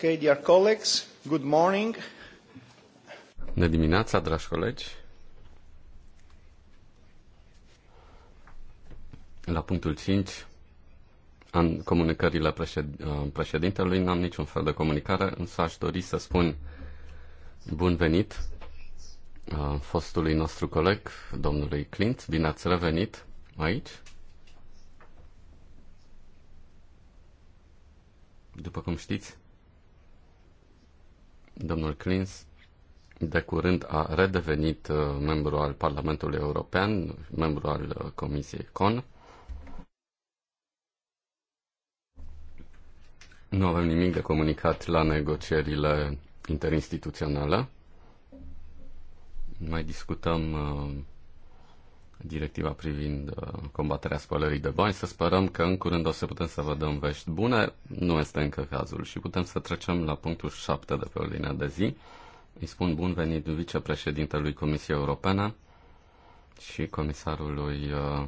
Okay, dear colleagues, good morning. Bună dimineața, dragi colegi. La punctul 5, în comunicările uh, președintelui, n-am niciun fel de comunicare, însă aș dori să spun bun venit uh, fostului nostru coleg, domnului Clint. Bine ați revenit aici. După cum știți, Domnul Clins de curând a redevenit uh, membru al Parlamentului European, membru al uh, Comisiei CON. Nu avem nimic de comunicat la negocierile interinstituționale. Mai discutăm uh, directiva privind uh, combaterea spălării de bani. Să sperăm că în curând o să putem să vă dăm vești bune. Nu este încă cazul și putem să trecem la punctul 7 de pe ordinea de zi. Îi spun bun venit vicepreședintelui Comisiei Europene și comisarului uh,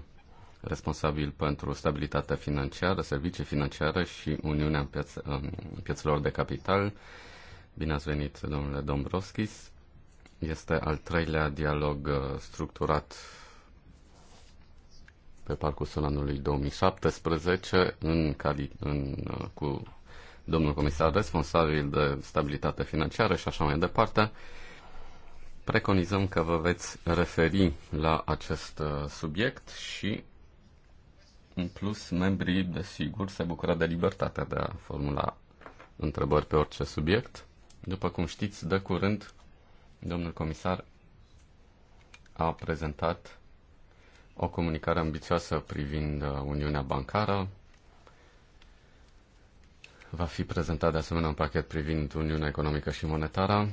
responsabil pentru stabilitatea financiară, servicii financiare și Uniunea Pieț- um, Piațelor de Capital. Bine ați venit, domnule Dombrovskis. Este al treilea dialog uh, structurat pe parcursul anului 2017 în, în, uh, cu domnul comisar responsabil de stabilitate financiară și așa mai departe. Preconizăm că vă veți referi la acest uh, subiect și, în plus, membrii, desigur, se bucură de libertatea de a formula întrebări pe orice subiect. După cum știți, de curând, domnul comisar a prezentat o comunicare ambițioasă privind uh, Uniunea Bancară. Va fi prezentat de asemenea un pachet privind Uniunea Economică și Monetară.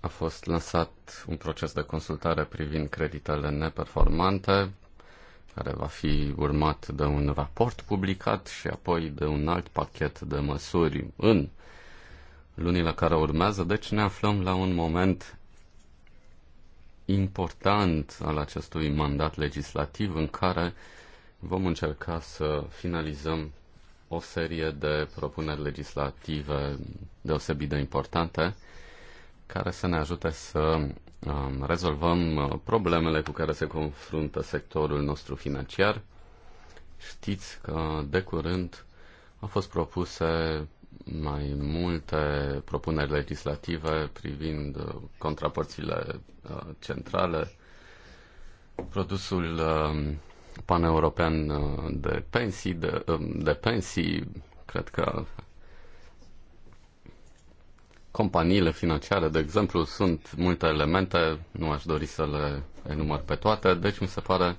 A fost lansat un proces de consultare privind creditele neperformante, care va fi urmat de un raport publicat și apoi de un alt pachet de măsuri în lunile care urmează, deci ne aflăm la un moment important al acestui mandat legislativ în care vom încerca să finalizăm o serie de propuneri legislative deosebit de importante care să ne ajute să um, rezolvăm uh, problemele cu care se confruntă sectorul nostru financiar. Știți că de curând au fost propuse mai multe propuneri legislative privind uh, contrapărțile uh, centrale, produsul um, paneuropean uh, de pensii, de, um, de pensii, cred că companiile financiare, de exemplu, sunt multe elemente, nu aș dori să le enumăr pe toate, deci mi se pare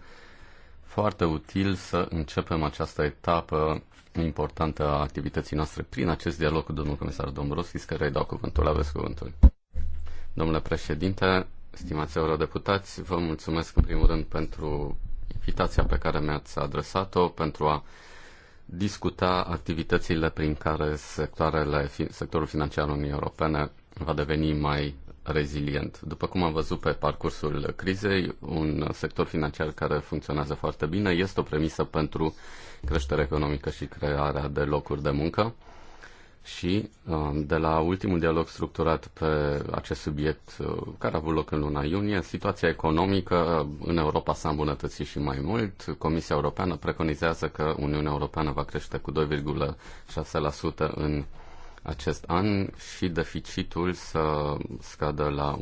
foarte util să începem această etapă importantă a activității noastre prin acest dialog cu domnul comisar Dombrovskis, care îi dau cuvântul. Aveți cuvântul. Domnule președinte, stimați eurodeputați, vă mulțumesc în primul rând pentru invitația pe care mi-ați adresat-o, pentru a discuta activitățile prin care sectoarele, sectorul financiar Uniunii Europene va deveni mai rezilient. După cum am văzut pe parcursul crizei, un sector financiar care funcționează foarte bine este o premisă pentru uh, creșterea economică și crearea de locuri de muncă. Și um, de la ultimul dialog structurat pe acest subiect uh, care a avut loc în luna iunie, situația economică uh, în Europa s-a îmbunătățit și mai mult. Comisia Europeană preconizează că Uniunea Europeană va crește cu 2,6% în acest an și deficitul să scadă la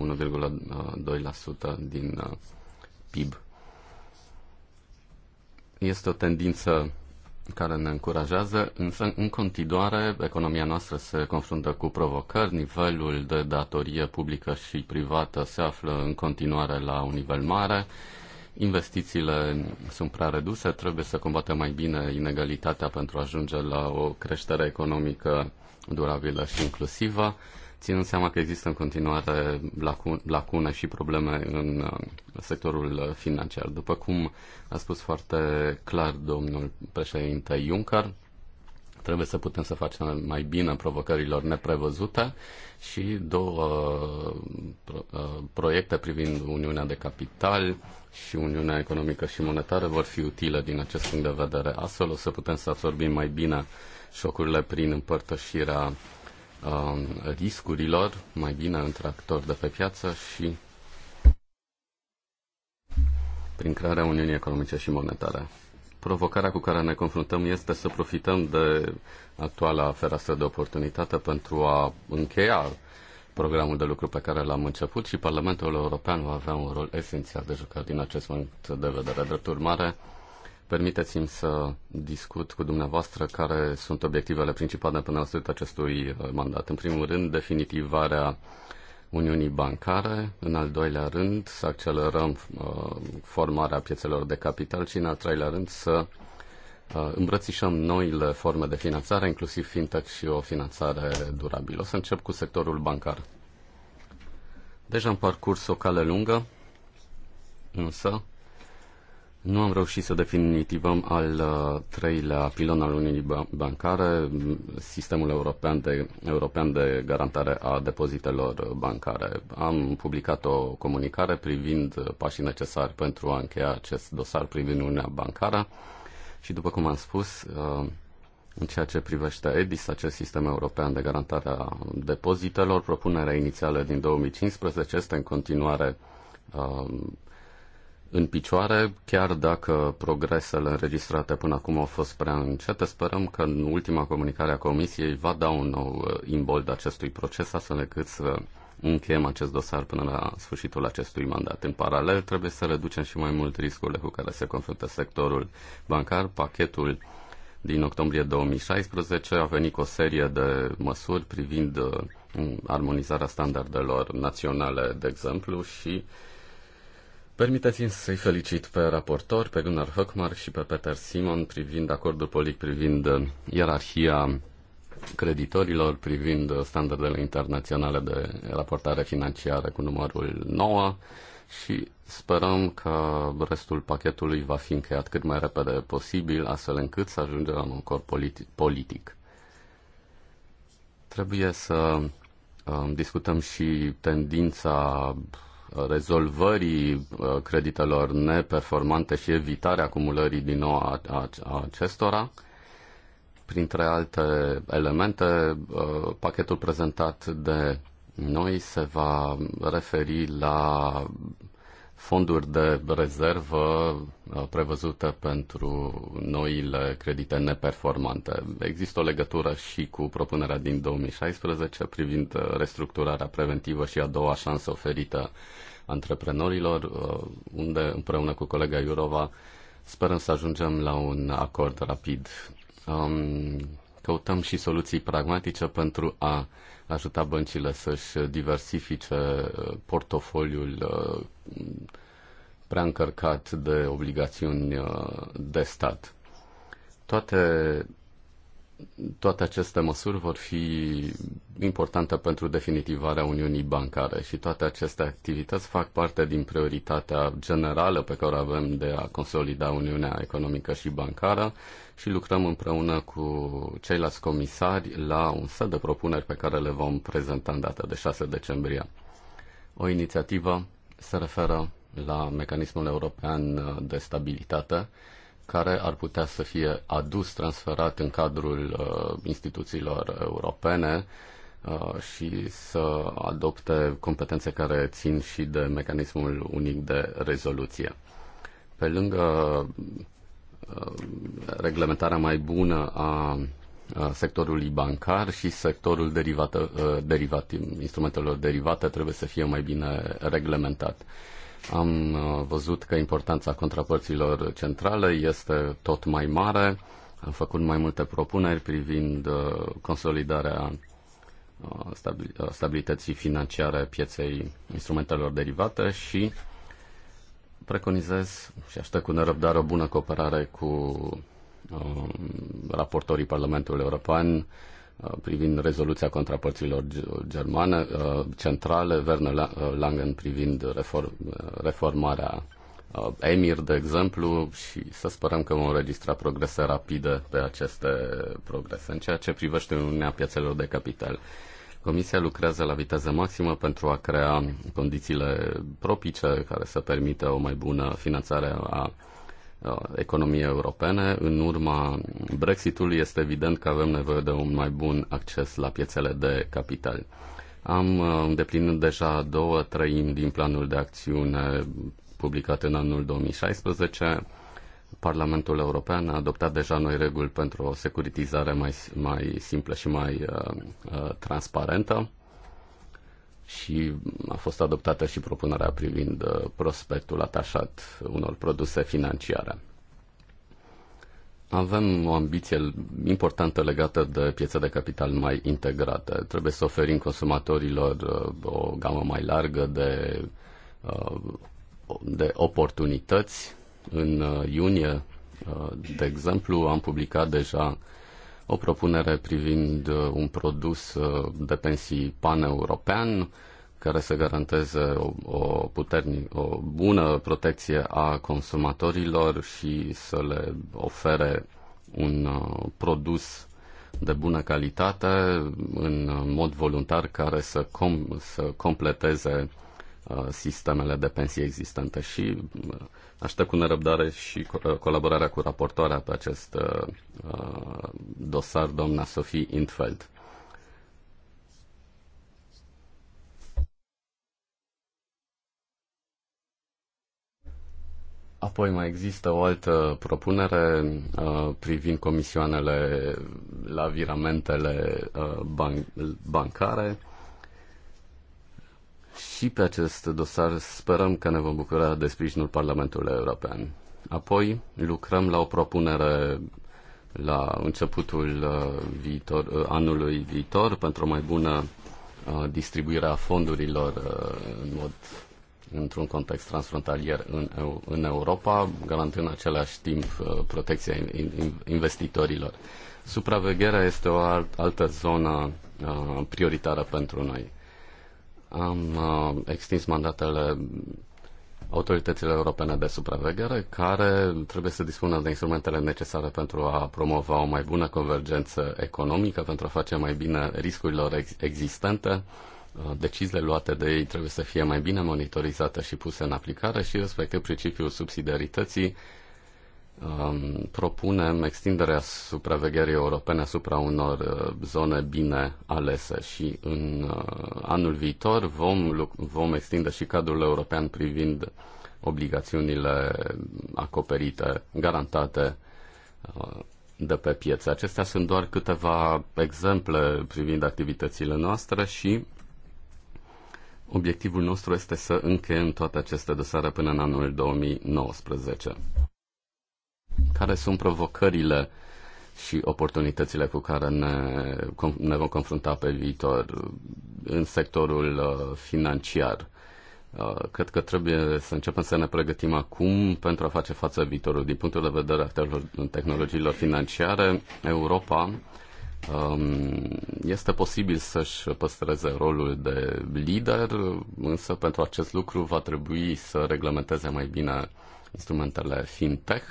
1,2% din uh, PIB. Este o tendință care ne încurajează, însă în continuare economia noastră se confruntă cu provocări, nivelul de datorie publică și privată se află în continuare la un nivel mare, investițiile sunt prea reduse, trebuie să combatem mai bine inegalitatea pentru a ajunge la o creștere economică durabilă și inclusivă ținând seama că există în continuare lacune și probleme în uh, sectorul financiar. După cum a spus foarte clar domnul președinte Juncker, trebuie să putem să facem mai bine provocărilor neprevăzute și două uh, uh, proiecte privind Uniunea de Capital și Uniunea Economică și Monetară vor fi utile din acest punct de vedere. Astfel o să putem să absorbim mai bine șocurile prin împărtășirea Um, riscurilor mai bine între actori de pe piață și prin crearea Uniunii Economice și Monetare. Provocarea cu care ne confruntăm este să profităm de actuala fereastră de oportunitate pentru a încheia programul de lucru pe care l-am început și Parlamentul European va avea un rol esențial de jucat din acest punct de vedere. Drept urmare, Permiteți-mi să discut cu dumneavoastră care sunt obiectivele principale până la sfârșitul acestui uh, mandat. În primul rând, definitivarea Uniunii Bancare, în al doilea rând să accelerăm uh, formarea piețelor de capital și în al treilea rând să uh, îmbrățișăm noile forme de finanțare, inclusiv fintech și o finanțare durabilă. O să încep cu sectorul bancar. Deja am parcurs o cale lungă, însă nu am reușit să definitivăm al uh, treilea pilon al Uniunii Bancare, sistemul european de, european de garantare a depozitelor bancare. Am publicat o comunicare privind uh, pașii necesari pentru a încheia acest dosar privind Uniunea Bancară și, după cum am spus, uh, în ceea ce privește EDIS, acest sistem european de garantare a depozitelor, propunerea inițială din 2015 este în continuare în picioare, chiar dacă progresele înregistrate până acum au fost prea încete. Sperăm că în ultima comunicare a Comisiei va da un nou uh, imbold acestui proces, astfel încât să încheiem acest dosar până la sfârșitul acestui mandat. În paralel, trebuie să reducem și mai mult riscurile cu care se confruntă sectorul bancar. Pachetul din octombrie 2016 a venit cu o serie de măsuri privind uh, armonizarea standardelor naționale, de exemplu, și uh, Permiteți-mi să-i felicit pe raportor, pe Gunnar Höckmark și pe Peter Simon privind acordul politic, privind uh, ierarhia creditorilor, privind uh, standardele internaționale de raportare financiară cu numărul 9 și sperăm că restul pachetului va fi încheiat cât mai repede posibil, astfel încât să ajungem la un acord politi- politic. Trebuie să um, discutăm și tendința rezolvării uh, creditelor neperformante și evitarea acumulării din nou a, a, a acestora. Printre alte elemente, uh, pachetul prezentat de noi se va referi la fonduri de rezervă uh, prevăzute pentru noile credite neperformante. Există o legătură și cu propunerea din 2016 privind uh, restructurarea preventivă și a doua șansă oferită antreprenorilor, uh, unde împreună cu colega Iurova sperăm să ajungem la un acord rapid. Um, căutăm și soluții pragmatice pentru a ajuta băncile să-și diversifice uh, portofoliul uh, prea încărcat de obligațiuni uh, de stat. Toate toate aceste măsuri vor fi importante pentru definitivarea Uniunii Bancare și toate aceste activități fac parte din prioritatea generală pe care o avem de a consolida Uniunea Economică și Bancară și lucrăm împreună cu ceilalți comisari la un set de propuneri pe care le vom prezenta în data de 6 decembrie. O inițiativă se referă la mecanismul european de stabilitate care ar putea să fie adus, transferat în cadrul uh, instituțiilor europene uh, și să adopte competențe care țin și de mecanismul unic de rezoluție. Pe lângă uh, reglementarea mai bună a sectorului bancar și sectorul derivat, uh, instrumentelor derivate trebuie să fie mai bine reglementat. Uh, am uh, văzut că importanța contrapărților centrale este tot mai mare. Am făcut mai multe propuneri privind uh, consolidarea uh, stabilității financiare pieței instrumentelor derivate și preconizez și aștept cu nerăbdare o bună cooperare cu um, raportorii Parlamentului European Uh, privind rezoluția contrapărților germane, uh, centrale, Werner uh, Langen privind reform, reformarea Emir, de exemplu, și să sperăm că vom registra progrese rapide pe aceste progrese. În ceea ce privește Uniunea Piațelor de Capital, Comisia lucrează la viteză maximă pentru a crea condițiile propice care să permită o mai bună finanțare a Uh, economie europene. În urma Brexitului este evident că avem nevoie de un mai bun acces la piețele de capital. Am uh, îndeplinit deja două treimi din planul de acțiune publicat în anul 2016. Parlamentul European a adoptat deja noi reguli pentru o securitizare mai, mai simplă și mai uh, uh transparentă și a fost adoptată și propunerea privind uh, prospectul atașat unor produse financiare. Avem o ambiție importantă legată de piețe de capital mai integrate. Trebuie să oferim consumatorilor uh, o gamă mai largă de, uh, de oportunități. În iunie, de exemplu, am publicat deja o propunere privind uh, un produs uh, de pensii paneuropean care să garanteze o, o, puternic, o bună protecție a consumatorilor și să le ofere un uh, produs de bună calitate în mod voluntar care să, com- să completeze sistemele de pensii existente și Aștept cu nerăbdare și uh, colaborarea cu raportoarea pe acest uh, uh, dosar, doamna Sophie Intfeld. Apoi mai există o altă propunere uh, privind comisioanele la viramentele uh, ban- bancare. Și pe acest dosar sperăm că ne vom bucura de sprijinul Parlamentului European. Apoi lucrăm la o propunere la începutul uh, viitor, uh, anului viitor pentru o mai bună uh, distribuire a fondurilor în mod într-un context transfrontalier în, în Europa, garantând în același timp protecția investitorilor. Supravegherea este o altă zonă prioritară pentru noi am uh, extins mandatele autorităților europene de supraveghere, care trebuie să dispună de instrumentele necesare pentru a promova o mai bună convergență economică, pentru a face mai bine riscurilor ex- existente. Uh, deciziile luate de ei trebuie să fie mai bine monitorizate și puse în aplicare și respectiv principiul subsidiarității um, propunem extinderea supravegherii europene asupra unor uh, zone bine alese și în uh, anul viitor vom, vom extinde și cadrul european privind obligațiunile acoperite, garantate uh, de pe piețe. Acestea sunt doar câteva exemple privind activitățile noastre și obiectivul nostru este să încheiem toate aceste dosare până în anul 2019 care sunt provocările și oportunitățile cu care ne, ne vom confrunta pe viitor în sectorul uh, financiar. Uh, cred că trebuie să începem să ne pregătim acum pentru a face față viitorul. Din punctul de vedere al tehnologiilor financiare, Europa um, este posibil să-și păstreze rolul de lider, însă pentru acest lucru va trebui să reglementeze mai bine instrumentele fintech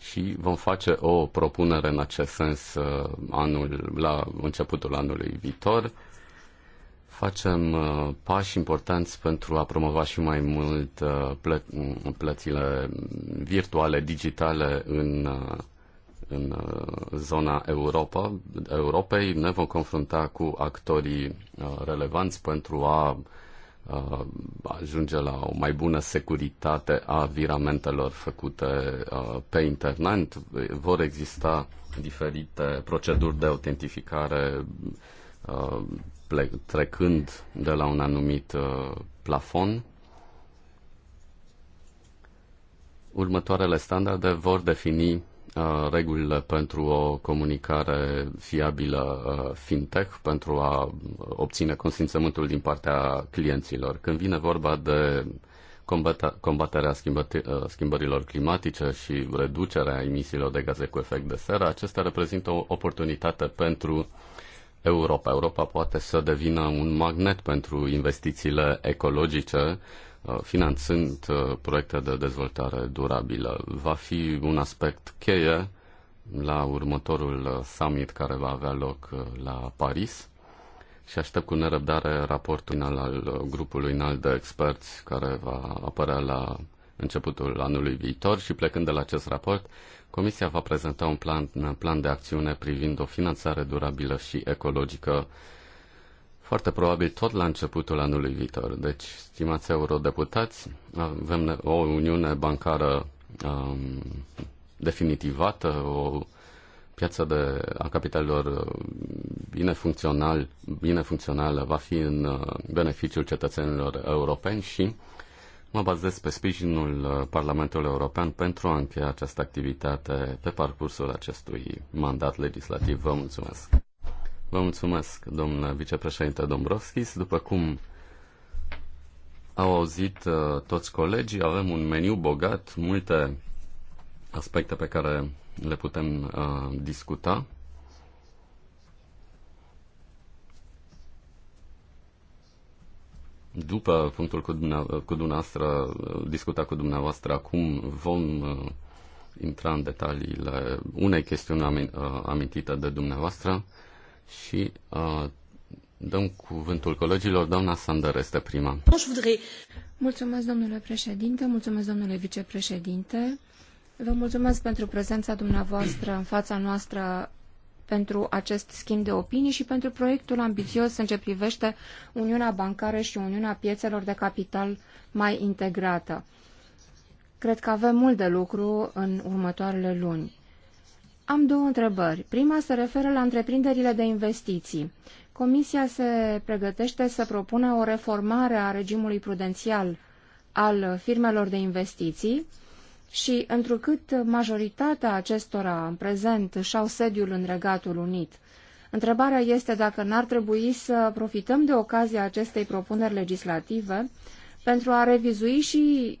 și vom face o propunere în acest sens uh, anul, la începutul anului viitor. Facem uh, pași importanți pentru a promova și mai mult uh, plă, mm, plățile virtuale, digitale în, în zona Europa, Europei. Ne vom confrunta cu actorii relevanți pentru a Uh, ajunge la o mai bună securitate a viramentelor făcute uh, pe internet. Vor exista diferite proceduri de autentificare uh, trecând de la un anumit plafon. Următoarele standarde vor defini Uh, regulile pentru o comunicare fiabilă uh, fintech, pentru a obține consimțământul din partea clienților. Când vine vorba de combaterea uh, schimbărilor climatice și reducerea emisiilor de gaze cu efect de seră, acestea reprezintă o oportunitate pentru Europa. Europa poate să devină un magnet pentru investițiile ecologice Uh, finanțând uh, proiecte de dezvoltare durabilă. Va fi un aspect cheie la următorul uh, summit care va avea loc la Paris și aștept cu nerăbdare raportul final al grupului înalt de experți care va apărea la începutul anului viitor și plecând de la acest raport, Comisia va prezenta un plan, un plan de acțiune privind o finanțare durabilă și ecologică foarte probabil tot la începutul anului viitor. Deci, stimați eurodeputați, avem o uniune bancară um, definitivată, o piață de, a capitalelor um, bine, funcțional, bine funcțională va fi în uh, beneficiul cetățenilor europeni și mă bazez pe sprijinul uh, Parlamentului European pentru a încheia această activitate pe parcursul acestui mandat legislativ. Vă mulțumesc! Vă mulțumesc, domnule vicepreședinte Dombrovskis. După cum au auzit uh, toți colegii, avem un meniu bogat, multe aspecte pe care le putem uh, discuta. După punctul cu, dumneavoastră, cu dumneavoastră, discuta cu dumneavoastră acum, vom uh, intra în detaliile unei chestiuni uh, amintite de dumneavoastră și uh, dăm cuvântul colegilor. Doamna Sander este prima. Mulțumesc, domnule președinte, mulțumesc, domnule vicepreședinte. Vă mulțumesc pentru prezența dumneavoastră în fața noastră pentru acest schimb de opinii și pentru proiectul ambițios în ce privește Uniunea Bancară și Uniunea Piețelor de Capital mai integrată. Cred că avem mult de lucru în următoarele luni. Am două întrebări. Prima se referă la întreprinderile de investiții. Comisia se pregătește să propună o reformare a regimului prudențial al firmelor de investiții și, întrucât majoritatea acestora în prezent își au sediul în Regatul Unit, întrebarea este dacă n-ar trebui să profităm de ocazia acestei propuneri legislative pentru a revizui și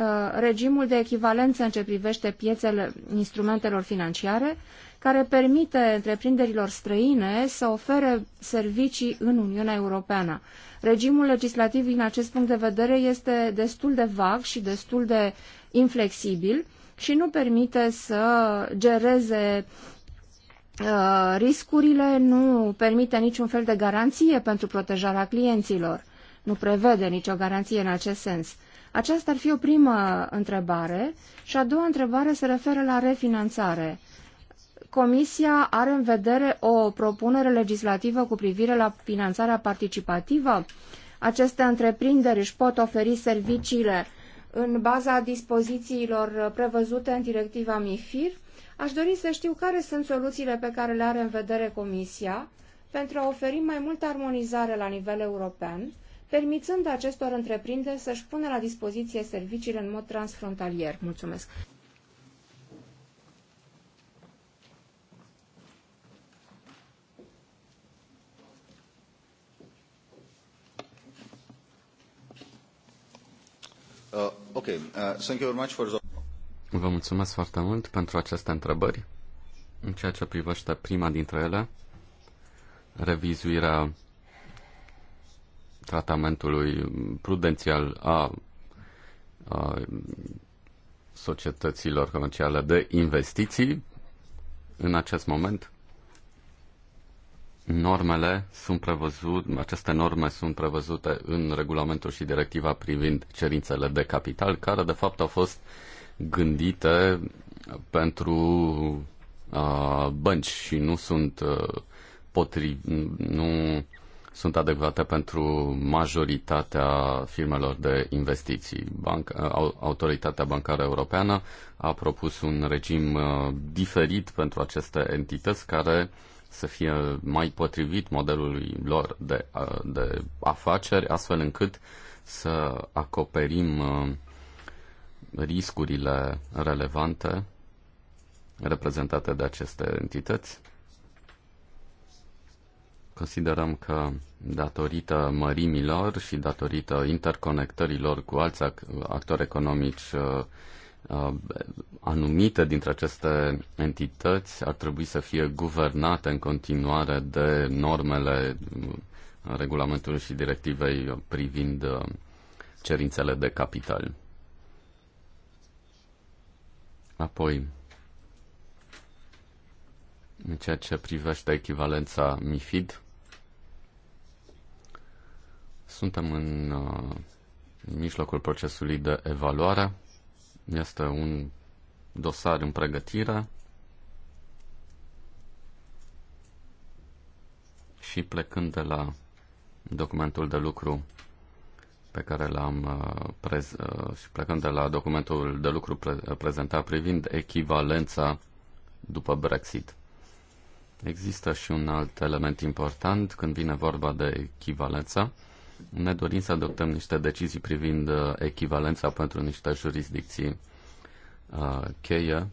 Uh, regimul de echivalență în ce privește piețele instrumentelor financiare, care permite întreprinderilor străine să ofere servicii în Uniunea Europeană. Regimul legislativ din acest punct de vedere este destul de vag și destul de inflexibil și nu permite să gereze uh, riscurile, nu permite niciun fel de garanție pentru protejarea clienților. Nu prevede nicio garanție în acest sens. Aceasta ar fi o primă întrebare și a doua întrebare se referă la refinanțare. Comisia are în vedere o propunere legislativă cu privire la finanțarea participativă? Aceste întreprinderi își pot oferi serviciile în baza dispozițiilor prevăzute în directiva MIFIR? Aș dori să știu care sunt soluțiile pe care le are în vedere Comisia pentru a oferi mai multă armonizare la nivel european permițând acestor întreprinderi să-și pună la dispoziție serviciile în mod transfrontalier. Mulțumesc! Uh, uh, thank you very much for the... Vă mulțumesc foarte mult pentru aceste întrebări. În ceea ce privește prima dintre ele, revizuirea tratamentului prudențial a, a societăților comerciale de investiții, în acest moment normele sunt prevăzute, aceste norme sunt prevăzute în regulamentul și directiva privind cerințele de capital, care de fapt au fost gândite pentru uh, bănci și nu sunt uh, potrivi, nu sunt adecvate pentru majoritatea firmelor de investiții. Banca, Autoritatea Bancară Europeană a propus un regim uh, diferit pentru aceste entități care să fie mai potrivit modelului lor de, uh, de afaceri, astfel încât să acoperim uh, riscurile relevante reprezentate de aceste entități Considerăm că datorită mărimilor și datorită interconectărilor cu alți actori economici uh, uh, anumite dintre aceste entități ar trebui să fie guvernate în continuare de normele uh, regulamentului și directivei privind cerințele de capital. Apoi, în ceea ce privește echivalența MIFID, suntem în uh, mijlocul procesului de evaluare. Este un dosar în pregătire și plecând de la documentul de lucru pe care l-am uh, prez- uh, și plecând de la documentul de lucru pre- uh, prezentat privind echivalența după Brexit. Există și un alt element important când vine vorba de echivalență ne dorim să adoptăm niște decizii privind uh, echivalența pentru niște jurisdicții uh, cheie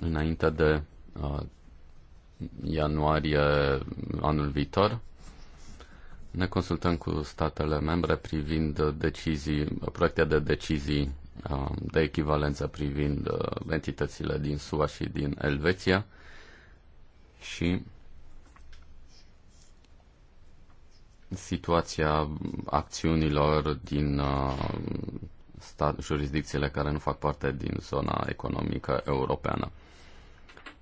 înainte de uh, ianuarie anul viitor. Ne consultăm cu statele membre privind decizii, proiecte de decizii uh, de echivalență privind uh, entitățile din SUA și din Elveția și situația acțiunilor din uh, stat, jurisdicțiile care nu fac parte din zona economică europeană.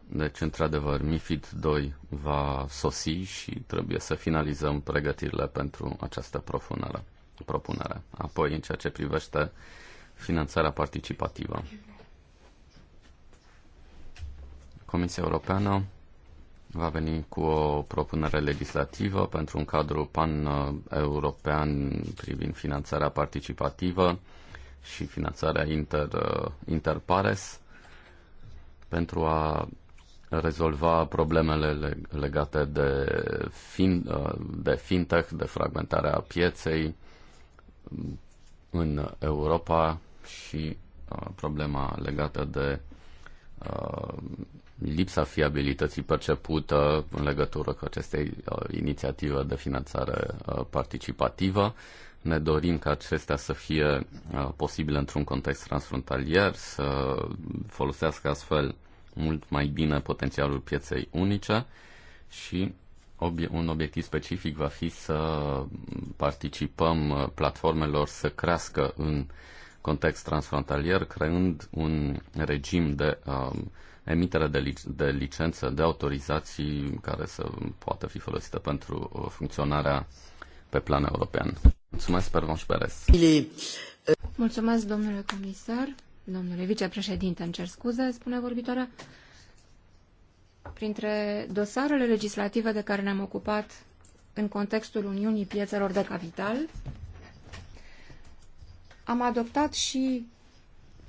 Deci, într-adevăr, MIFID 2 va sosi și trebuie să finalizăm pregătirile pentru această propunere. propunere. Apoi, în ceea ce privește finanțarea participativă. Comisia Europeană va veni cu o propunere legislativă pentru un cadru pan-european privind finanțarea participativă și finanțarea inter, interpares pentru a rezolva problemele legate de, fin, de fintech, de fragmentarea pieței în Europa și uh, problema legată de uh, lipsa fiabilității percepută în legătură cu aceste uh, inițiative de finanțare uh, participativă. Ne dorim ca acestea să fie uh, posibile într-un context transfrontalier, să folosească astfel mult mai bine potențialul pieței unice și un obiectiv specific va fi să participăm platformelor să crească în context transfrontalier, creând un regim de uh, emitere de, lic- de licență, de autorizații care să poată fi folosită pentru uh, funcționarea pe plan european. Mulțumesc, Pervanș Perez. Mulțumesc, domnule comisar, domnule vicepreședinte, îmi cer scuze, spune vorbitoarea. Printre dosarele legislative de care ne-am ocupat în contextul Uniunii Piețelor de Capital, am adoptat și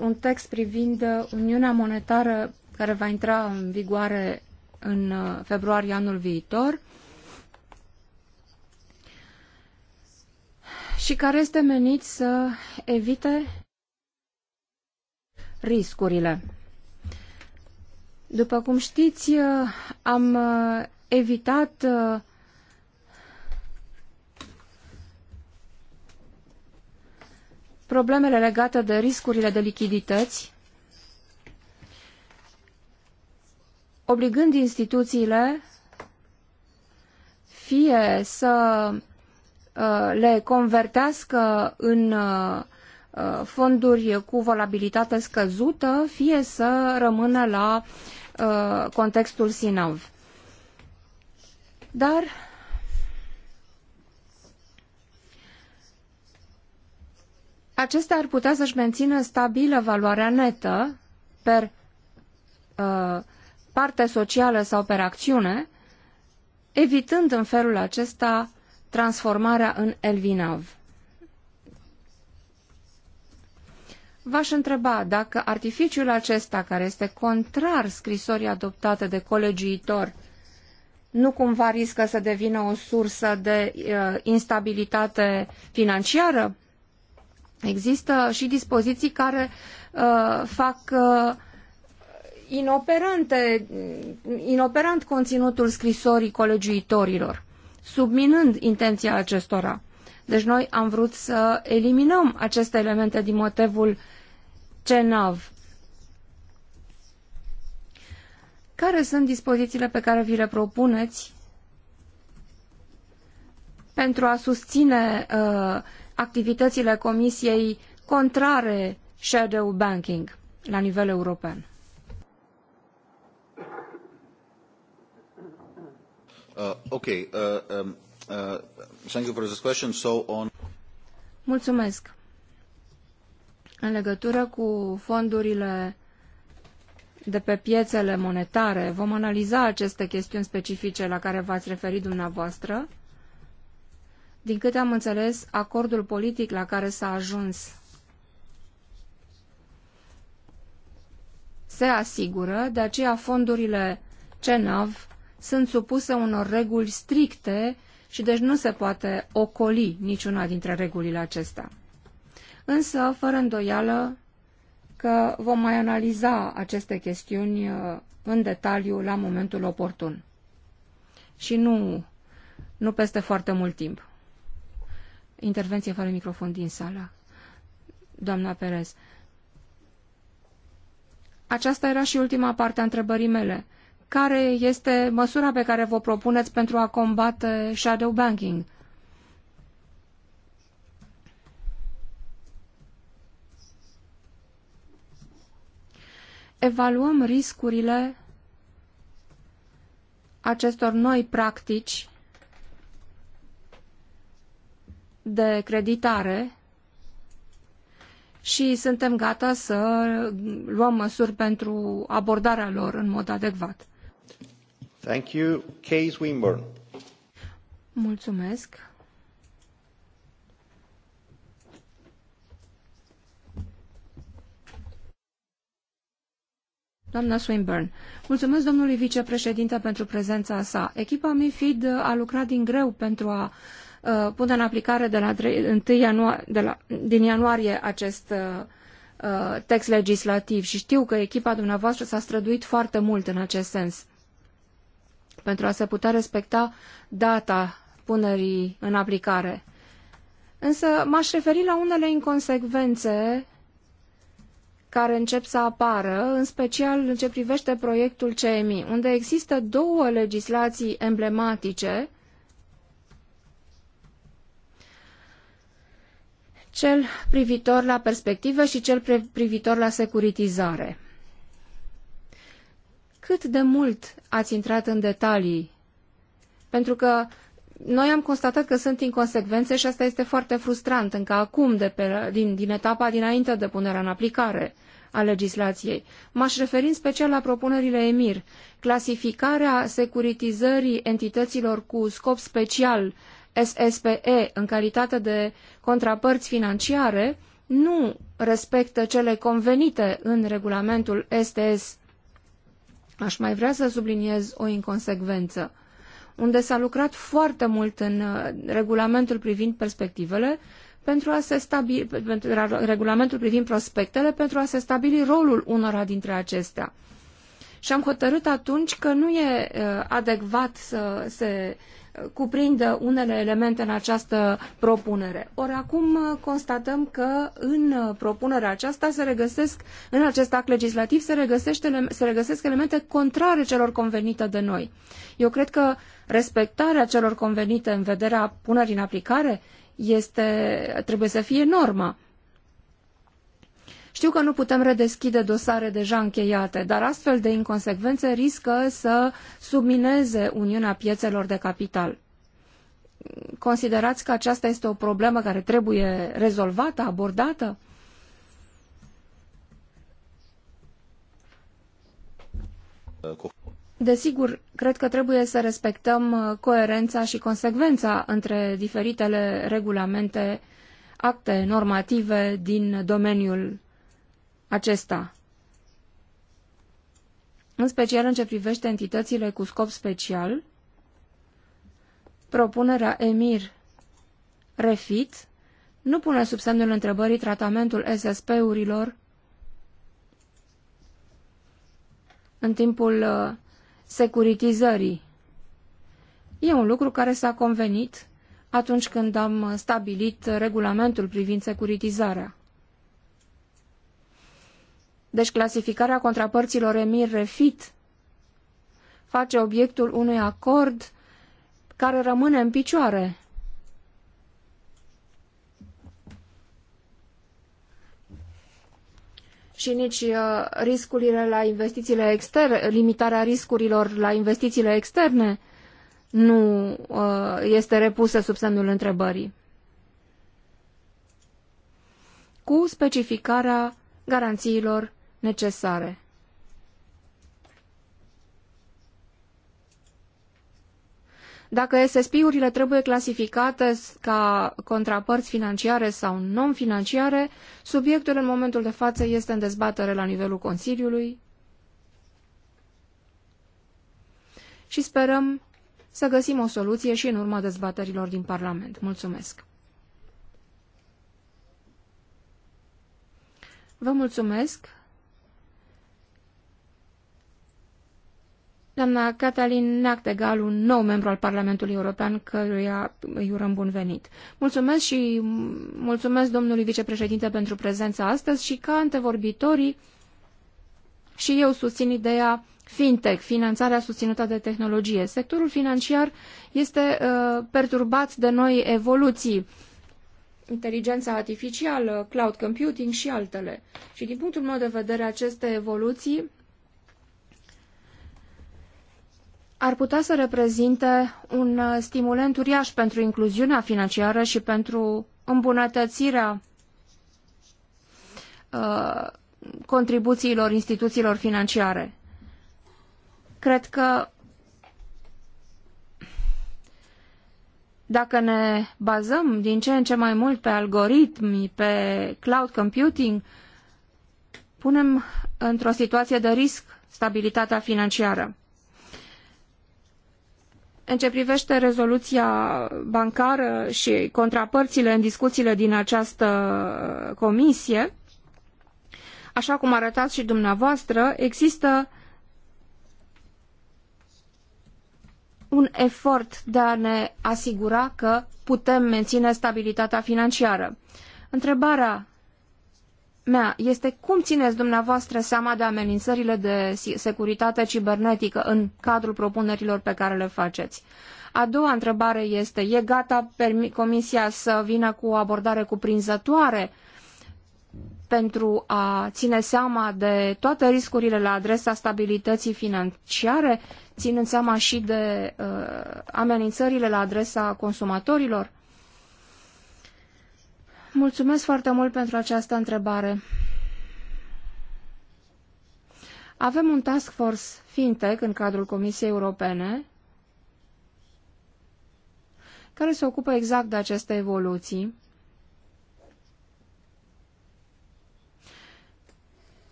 un text privind Uniunea Monetară care va intra în vigoare în uh, februarie anul viitor și care este menit să evite riscurile. După cum știți, uh, am uh, evitat problemele legate de riscurile de lichidități obligând instituțiile fie să uh, le convertească în uh, uh, fonduri cu volabilitate scăzută, fie să rămână la contextul SINAV. Dar acestea ar putea să-și mențină stabilă valoarea netă per uh, parte socială sau per acțiune, evitând în felul acesta transformarea în Elvinav. V-aș întreba dacă artificiul acesta, care este contrar scrisorii adoptate de colegiitor, nu cumva riscă să devină o sursă de uh, instabilitate financiară? Există și dispoziții care uh, fac uh, inoperante, inoperant conținutul scrisorii colegiuitorilor, subminând intenția acestora. Deci noi am vrut să eliminăm aceste elemente din motivul CENAV. Care sunt dispozițiile pe care vi le propuneți pentru a susține uh, activitățile Comisiei contrare shadow banking la nivel european? Uh, okay, uh, um, uh, thank you for this question. So on... Mulțumesc. În legătură cu fondurile de pe piețele monetare, vom analiza aceste chestiuni specifice la care v-ați referit dumneavoastră. Din câte am înțeles, acordul politic la care s-a ajuns se asigură, de aceea fondurile CENAV sunt supuse unor reguli stricte și deci nu se poate ocoli niciuna dintre regulile acestea. Însă, fără îndoială că vom mai analiza aceste chestiuni uh, în detaliu la momentul oportun. Și nu, nu peste foarte mult timp. Intervenție fără microfon din sala. Doamna Perez. Aceasta era și ultima parte a întrebării mele care este măsura pe care vă propuneți pentru a combate shadow banking? Evaluăm riscurile acestor noi practici de creditare și suntem gata să luăm măsuri pentru abordarea lor în mod adecvat. Mulțumesc. Doamna Swinburne, mulțumesc domnului vicepreședinte pentru prezența sa. Echipa MIFID a lucrat din greu pentru a uh, pune în aplicare de la 1 ianuarie, de la, din ianuarie acest uh, uh, text legislativ și știu că echipa dumneavoastră s-a străduit foarte mult în acest sens pentru a se putea respecta data punerii în aplicare. Însă m-aș referi la unele inconsecvențe care încep să apară, în special în ce privește proiectul CMI, unde există două legislații emblematice, cel privitor la perspective și cel privitor la securitizare cât de mult ați intrat în detalii? Pentru că noi am constatat că sunt inconsecvențe și asta este foarte frustrant încă acum, de pe, din, din etapa dinainte de punerea în aplicare a legislației. M-aș referi în special la propunerile EMIR, clasificarea securitizării entităților cu scop special SSPE în calitate de contrapărți financiare nu respectă cele convenite în regulamentul STS Aș mai vrea să subliniez o inconsecvență, unde s-a lucrat foarte mult în uh, regulamentul privind perspectivele, pentru a se stabili, pentru regulamentul privind prospectele, pentru a se stabili rolul unora dintre acestea. Și am hotărât atunci că nu e uh, adecvat să se cuprindă unele elemente în această propunere. Ori acum uh, constatăm că în uh, propunerea aceasta se regăsesc, în acest act legislativ se, regăsește, se regăsesc elemente contrare celor convenite de noi. Eu cred că respectarea celor convenite în vederea punerii în aplicare este, trebuie să fie norma. Știu că nu putem redeschide dosare deja încheiate, dar astfel de inconsecvențe riscă să submineze Uniunea Piețelor de Capital. Considerați că aceasta este o problemă care trebuie rezolvată, abordată? Desigur, cred că trebuie să respectăm coerența și consecvența între diferitele regulamente, acte normative din domeniul acesta, în special în ce privește entitățile cu scop special, propunerea EMIR refit nu pune sub semnul întrebării tratamentul SSP-urilor în timpul uh, securitizării. E un lucru care s-a convenit atunci când am stabilit regulamentul privind securitizarea. Deci clasificarea contrapărților EMIR-REFIT face obiectul unui acord care rămâne în picioare. Și nici uh, riscurile la investițiile externe, limitarea riscurilor la investițiile externe nu uh, este repusă sub semnul întrebării. Cu specificarea garanțiilor necesare. Dacă SSP-urile trebuie clasificate ca contrapărți financiare sau non-financiare, subiectul în momentul de față este în dezbatere la nivelul Consiliului și sperăm să găsim o soluție și în urma dezbaterilor din Parlament. Mulțumesc! Vă mulțumesc! doamna Catalin Nactegal, un nou membru al Parlamentului European, căruia îi urăm bun venit. Mulțumesc și mulțumesc domnului vicepreședinte pentru prezența astăzi și ca antevorbitorii și eu susțin ideea fintech, finanțarea susținută de tehnologie. Sectorul financiar este uh, perturbat de noi evoluții inteligența artificială, cloud computing și altele. Și din punctul meu de vedere, aceste evoluții ar putea să reprezinte un uh, stimulent uriaș pentru incluziunea financiară și pentru îmbunătățirea uh, contribuțiilor instituțiilor financiare. Cred că dacă ne bazăm din ce în ce mai mult pe algoritmi, pe cloud computing, punem într-o situație de risc stabilitatea financiară. În ce privește rezoluția bancară și contrapărțile în discuțiile din această comisie, așa cum arătați și dumneavoastră, există un efort de a ne asigura că putem menține stabilitatea financiară. Întrebarea mea este cum țineți dumneavoastră seama de amenințările de securitate cibernetică în cadrul propunerilor pe care le faceți? A doua întrebare este, e gata Comisia să vină cu o abordare cuprinzătoare pentru a ține seama de toate riscurile la adresa stabilității financiare, ținând seama și de uh, amenințările la adresa consumatorilor? Mulțumesc foarte mult pentru această întrebare. Avem un task force fintech în cadrul Comisiei Europene care se ocupă exact de aceste evoluții.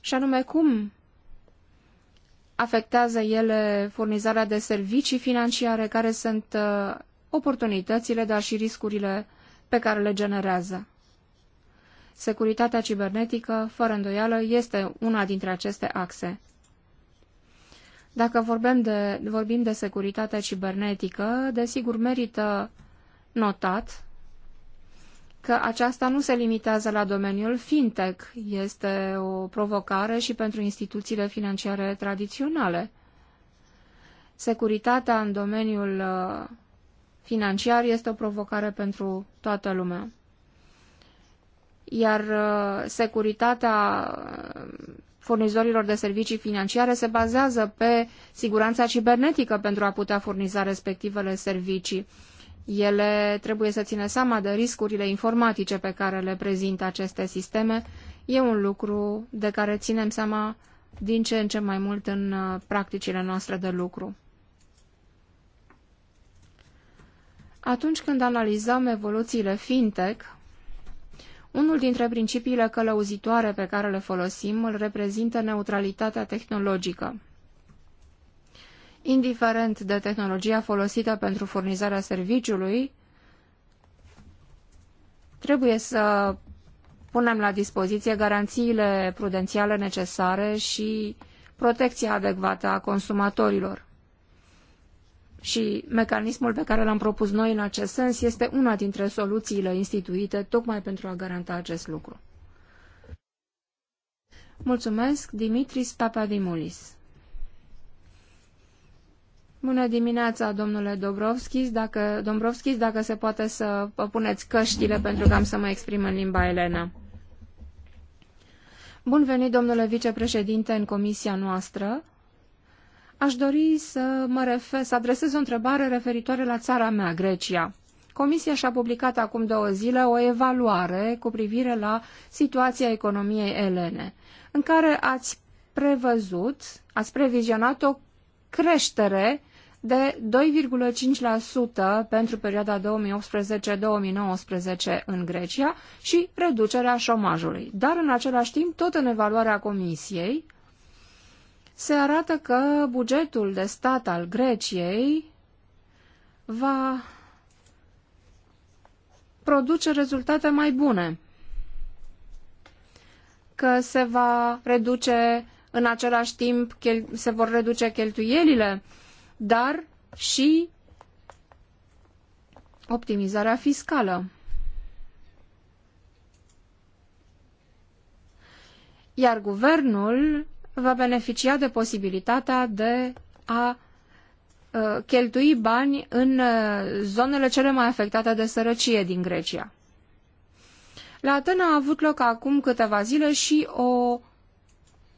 Și anume cum afectează ele furnizarea de servicii financiare, care sunt uh, oportunitățile, dar și riscurile pe care le generează. Securitatea cibernetică, fără îndoială, este una dintre aceste axe. Dacă vorbim de, vorbim de securitatea cibernetică, desigur merită notat că aceasta nu se limitează la domeniul fintech, este o provocare și pentru instituțiile financiare tradiționale. Securitatea în domeniul uh, financiar este o provocare pentru toată lumea. Iar uh, securitatea uh, furnizorilor de servicii financiare se bazează pe siguranța cibernetică pentru a putea furniza respectivele servicii. Ele trebuie să țină seama de riscurile informatice pe care le prezintă aceste sisteme. E un lucru de care ținem seama din ce în ce mai mult în uh, practicile noastre de lucru. Atunci când analizăm evoluțiile fintech, unul dintre principiile călăuzitoare pe care le folosim îl reprezintă neutralitatea tehnologică. Indiferent de tehnologia folosită pentru furnizarea serviciului, trebuie să punem la dispoziție garanțiile prudențiale necesare și protecția adecvată a consumatorilor și mecanismul pe care l-am propus noi în acest sens este una dintre soluțiile instituite tocmai pentru a garanta acest lucru. Mulțumesc, Dimitris Papadimulis. Bună dimineața, domnule Dobrovskis, dacă, Dobrovskis dacă se poate să vă puneți căștile pentru că am să mă exprim în limba elena. Bun venit, domnule vicepreședinte, în comisia noastră aș dori să mă refer, să adresez o întrebare referitoare la țara mea, Grecia. Comisia și-a publicat acum două zile o evaluare cu privire la situația economiei elene, în care ați prevăzut, ați previzionat o creștere de 2,5% pentru perioada 2018-2019 în Grecia și reducerea șomajului. Dar în același timp, tot în evaluarea Comisiei, se arată că bugetul de stat al Greciei va produce rezultate mai bune, că se va reduce în același timp, se vor reduce cheltuielile, dar și optimizarea fiscală. Iar guvernul va beneficia de posibilitatea de a uh, cheltui bani în uh, zonele cele mai afectate de sărăcie din Grecia. La Atena a avut loc acum câteva zile și o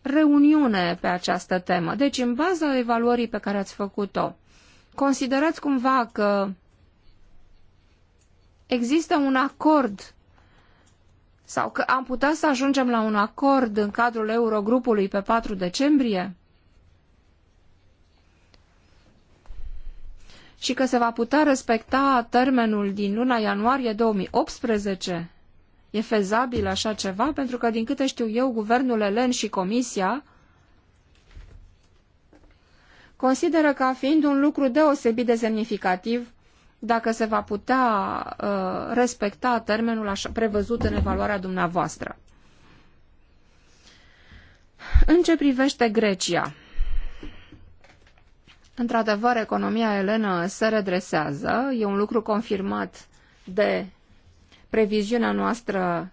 reuniune pe această temă. Deci, în baza evaluării pe care ați făcut-o, considerați cumva că există un acord sau că am putea să ajungem la un acord în cadrul Eurogrupului pe 4 decembrie? Și că se va putea respecta termenul din luna ianuarie 2018? E fezabil așa ceva? Pentru că, din câte știu eu, guvernul elen și comisia consideră ca fiind un lucru deosebit de semnificativ dacă se va putea uh, respecta termenul așa, prevăzut în evaluarea dumneavoastră. În ce privește Grecia, într-adevăr, economia elenă se redresează, e un lucru confirmat de previziunea noastră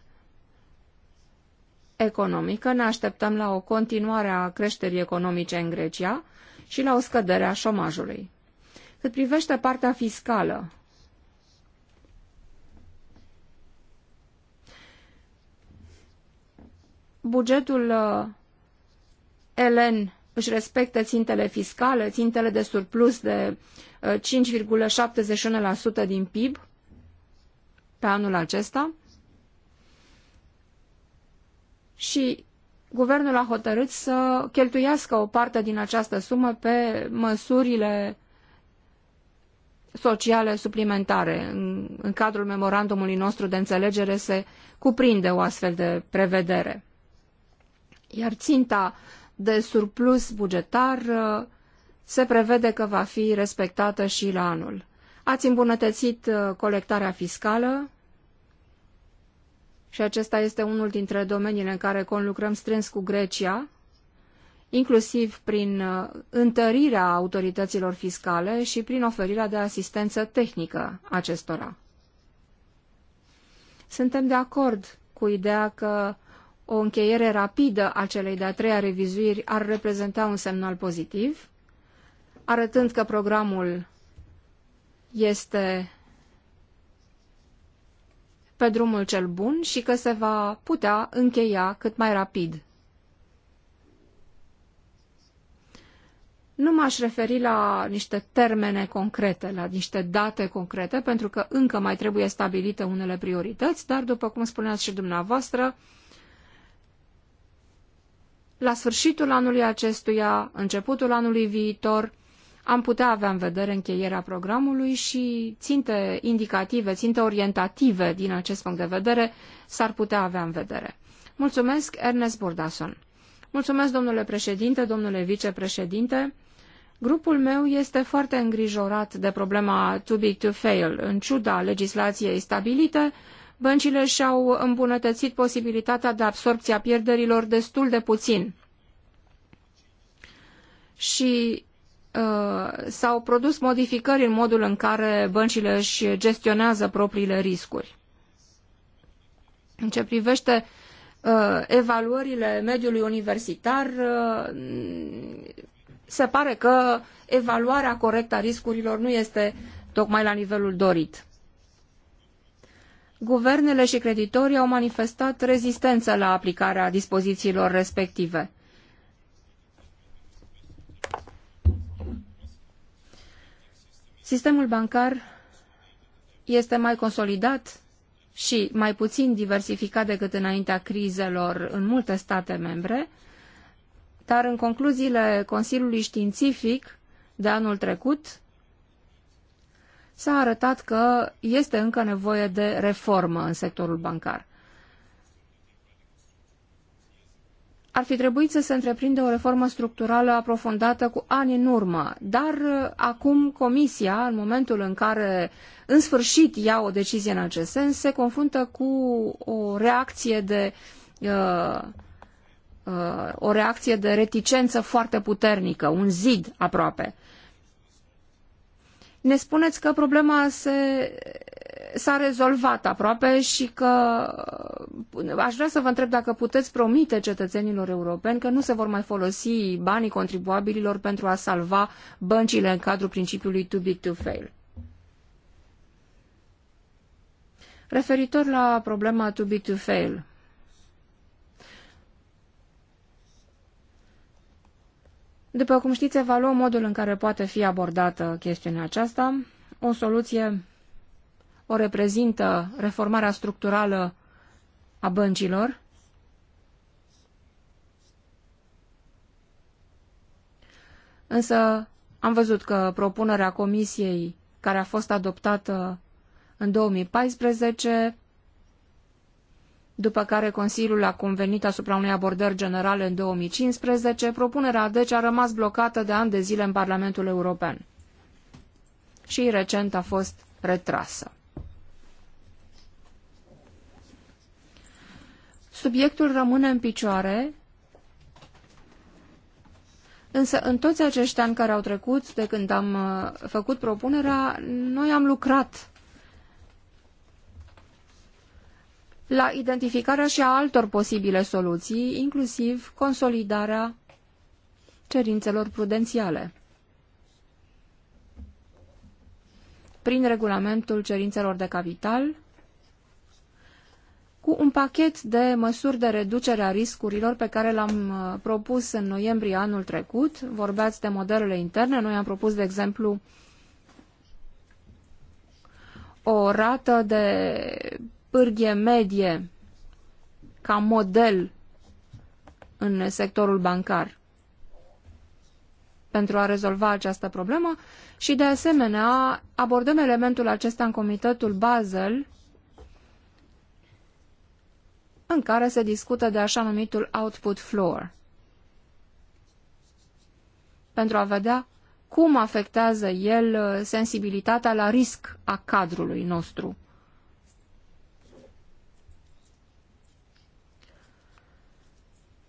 economică, ne așteptăm la o continuare a creșterii economice în Grecia și la o scădere a șomajului. Cât privește partea fiscală, bugetul uh, elen își respectă țintele fiscale, țintele de surplus de 5,71% uh, din PIB pe anul acesta și guvernul a hotărât să cheltuiască o parte din această sumă pe măsurile sociale suplimentare. În, în cadrul memorandumului nostru de înțelegere se cuprinde o astfel de prevedere. Iar ținta de surplus bugetar uh, se prevede că va fi respectată și la anul. Ați îmbunătățit uh, colectarea fiscală și acesta este unul dintre domeniile în care conlucrăm strâns cu Grecia, inclusiv prin uh, întărirea autorităților fiscale și prin oferirea de asistență tehnică acestora. Suntem de acord cu ideea că o încheiere rapidă a celei de-a treia revizuiri ar reprezenta un semnal pozitiv, arătând că programul este pe drumul cel bun și că se va putea încheia cât mai rapid Nu m-aș referi la niște termene concrete, la niște date concrete, pentru că încă mai trebuie stabilite unele priorități, dar, după cum spuneați și dumneavoastră, la sfârșitul anului acestuia, începutul anului viitor, am putea avea în vedere încheierea programului și ținte indicative, ținte orientative din acest punct de vedere s-ar putea avea în vedere. Mulțumesc, Ernest Bordason. Mulțumesc, domnule președinte, domnule vicepreședinte. Grupul meu este foarte îngrijorat de problema too big to fail. În ciuda legislației stabilite, băncile și-au îmbunătățit posibilitatea de absorbție a pierderilor destul de puțin. Și uh, s-au produs modificări în modul în care băncile își gestionează propriile riscuri. În ce privește Uh, evaluările mediului universitar, uh, se pare că evaluarea corectă a riscurilor nu este tocmai la nivelul dorit. Guvernele și creditorii au manifestat rezistență la aplicarea dispozițiilor respective. Sistemul bancar este mai consolidat și mai puțin diversificat decât înaintea crizelor în multe state membre, dar în concluziile Consiliului Științific de anul trecut s-a arătat că este încă nevoie de reformă în sectorul bancar. Ar fi trebuit să se întreprindă o reformă structurală aprofundată cu ani în urmă, dar acum Comisia, în momentul în care în sfârșit ia o decizie în acest sens, se confruntă cu o reacție de uh, uh, o reacție de reticență foarte puternică, un zid aproape. Ne spuneți că problema se s-a rezolvat aproape și că uh, aș vrea să vă întreb dacă puteți promite cetățenilor europeni că nu se vor mai folosi banii contribuabililor pentru a salva băncile în cadrul principiului too big to fail. Referitor la problema to be to fail, După cum știți, evaluăm modul în care poate fi abordată chestiunea aceasta. O soluție o reprezintă reformarea structurală a băncilor, însă am văzut că propunerea comisiei care a fost adoptată în 2014, după care Consiliul a convenit asupra unei abordări generale în 2015, propunerea deci a rămas blocată de ani de zile în Parlamentul European și recent a fost retrasă. Subiectul rămâne în picioare, însă în toți acești ani care au trecut de când am uh, făcut propunerea, noi am lucrat la identificarea și a altor posibile soluții, inclusiv consolidarea cerințelor prudențiale. Prin regulamentul cerințelor de capital, cu un pachet de măsuri de reducere a riscurilor pe care l-am uh, propus în noiembrie anul trecut. Vorbeați de modelele interne. Noi am propus, de exemplu, o rată de pârghie medie ca model în sectorul bancar pentru a rezolva această problemă și, de asemenea, abordăm elementul acesta în Comitetul Basel, în care se discută de așa numitul output floor, pentru a vedea cum afectează el uh, sensibilitatea la risc a cadrului nostru.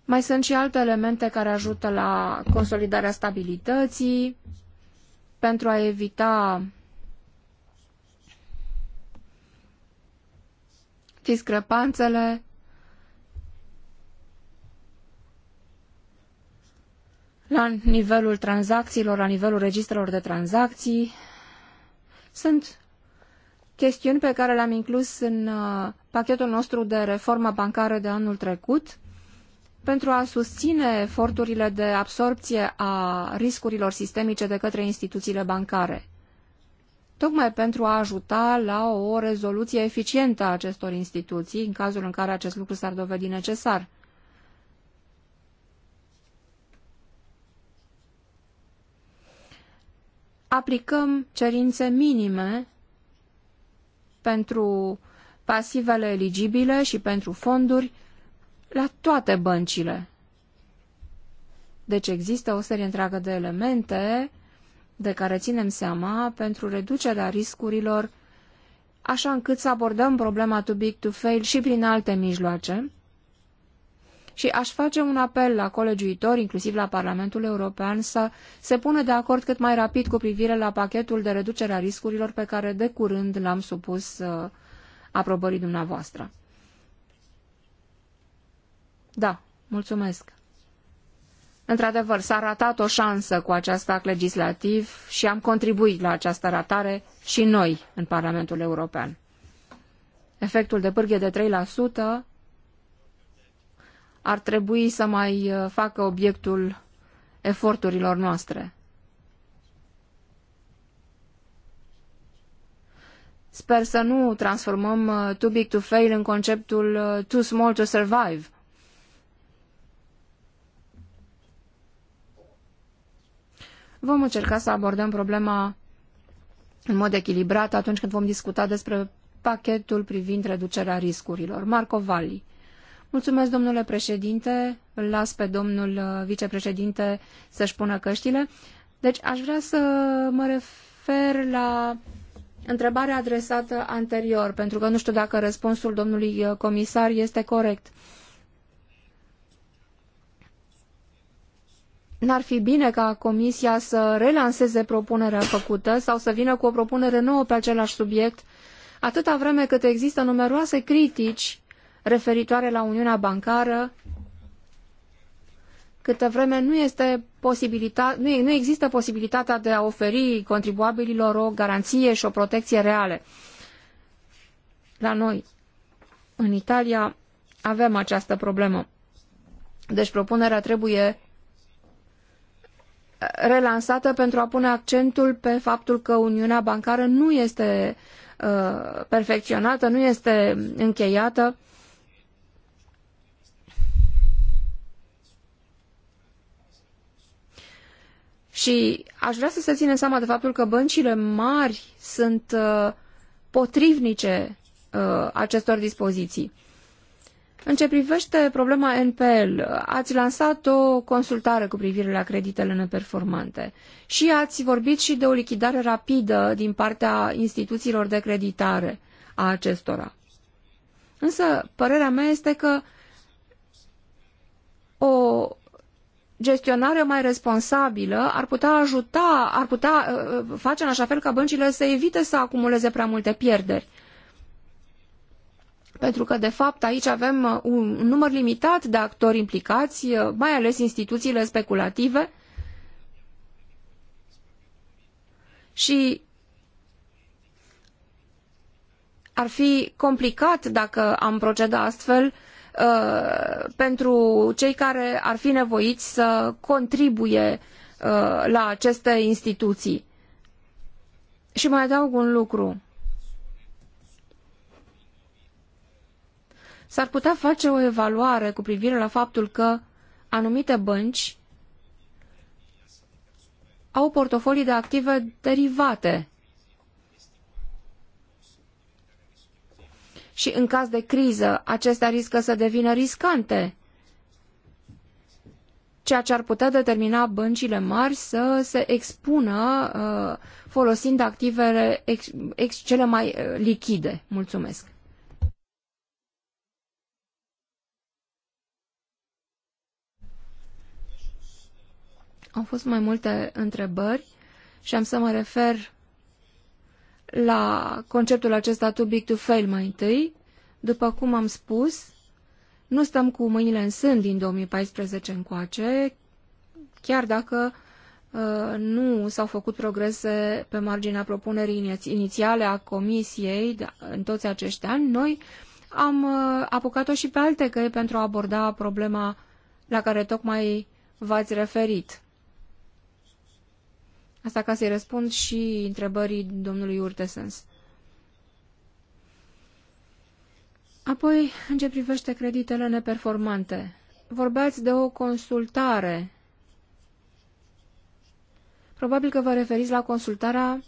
Mai sunt și alte elemente care ajută la consolidarea stabilității, pentru a evita discrepanțele la nivelul tranzacțiilor, la nivelul registrelor de tranzacții. Sunt chestiuni pe care le-am inclus în uh, pachetul nostru de reformă bancară de anul trecut, pentru a susține eforturile de absorpție a riscurilor sistemice de către instituțiile bancare, tocmai pentru a ajuta la o rezoluție eficientă a acestor instituții, în cazul în care acest lucru s-ar dovedi necesar. Aplicăm cerințe minime pentru pasivele eligibile și pentru fonduri, la toate băncile. Deci există o serie întreagă de elemente de care ținem seama pentru reducerea riscurilor, așa încât să abordăm problema too big to fail și prin alte mijloace. Și aș face un apel la colegiuitori, inclusiv la Parlamentul European, să se pună de acord cât mai rapid cu privire la pachetul de reducere a riscurilor pe care de curând l-am supus uh, aprobării dumneavoastră. Da, mulțumesc. Într-adevăr, s-a ratat o șansă cu acest act legislativ și am contribuit la această ratare și noi în Parlamentul European. Efectul de pârghie de 3% ar trebui să mai uh, facă obiectul eforturilor noastre. Sper să nu transformăm uh, too big to fail în conceptul uh, too small to survive, Vom încerca să abordăm problema în mod echilibrat atunci când vom discuta despre pachetul privind reducerea riscurilor. Marco Valli. Mulțumesc, domnule președinte. Îl las pe domnul uh, vicepreședinte să-și pună căștile. Deci aș vrea să mă refer la întrebarea adresată anterior, pentru că nu știu dacă răspunsul domnului uh, comisar este corect. n-ar fi bine ca Comisia să relanseze propunerea făcută sau să vină cu o propunere nouă pe același subiect, atâta vreme cât există numeroase critici referitoare la Uniunea Bancară, câtă vreme nu, este posibilita- nu, nu există posibilitatea de a oferi contribuabililor o garanție și o protecție reale. La noi, în Italia, avem această problemă. Deci propunerea trebuie relansată pentru a pune accentul pe faptul că Uniunea Bancară nu este uh, perfecționată, nu este încheiată. Și aș vrea să se ținem seama de faptul că băncile mari sunt uh, potrivnice uh, acestor dispoziții. În ce privește problema NPL, ați lansat o consultare cu privire la creditele neperformante și ați vorbit și de o lichidare rapidă din partea instituțiilor de creditare a acestora. Însă, părerea mea este că o gestionare mai responsabilă ar putea ajuta, ar putea uh, uh, face în așa fel ca băncile să evite să acumuleze prea multe pierderi pentru că, de fapt, aici avem uh, un număr limitat de actori implicați, uh, mai ales instituțiile speculative. Și ar fi complicat dacă am proceda astfel uh, pentru cei care ar fi nevoiți să contribuie la aceste instituții. Și mai adaug un lucru. s-ar putea face o evaluare cu privire la faptul că anumite bănci au portofolii de active derivate și în caz de criză acestea riscă să devină riscante, ceea ce ar putea determina băncile mari să se expună uh, folosind activele ex, ex, cele mai uh, lichide. Mulțumesc! Au fost mai multe întrebări și am să mă refer la conceptul acesta too big to fail mai întâi. După cum am spus, nu stăm cu mâinile în sân din 2014 încoace, chiar dacă uh, nu s-au făcut progrese pe marginea propunerii inițiale a Comisiei da, în toți acești ani, noi am uh, apucat-o și pe alte căi pentru a aborda problema la care tocmai v-ați referit. Asta ca să-i răspund și întrebării domnului Urtesens. Apoi, în ce privește creditele neperformante, vorbeați de o consultare. Probabil că vă referiți la consultarea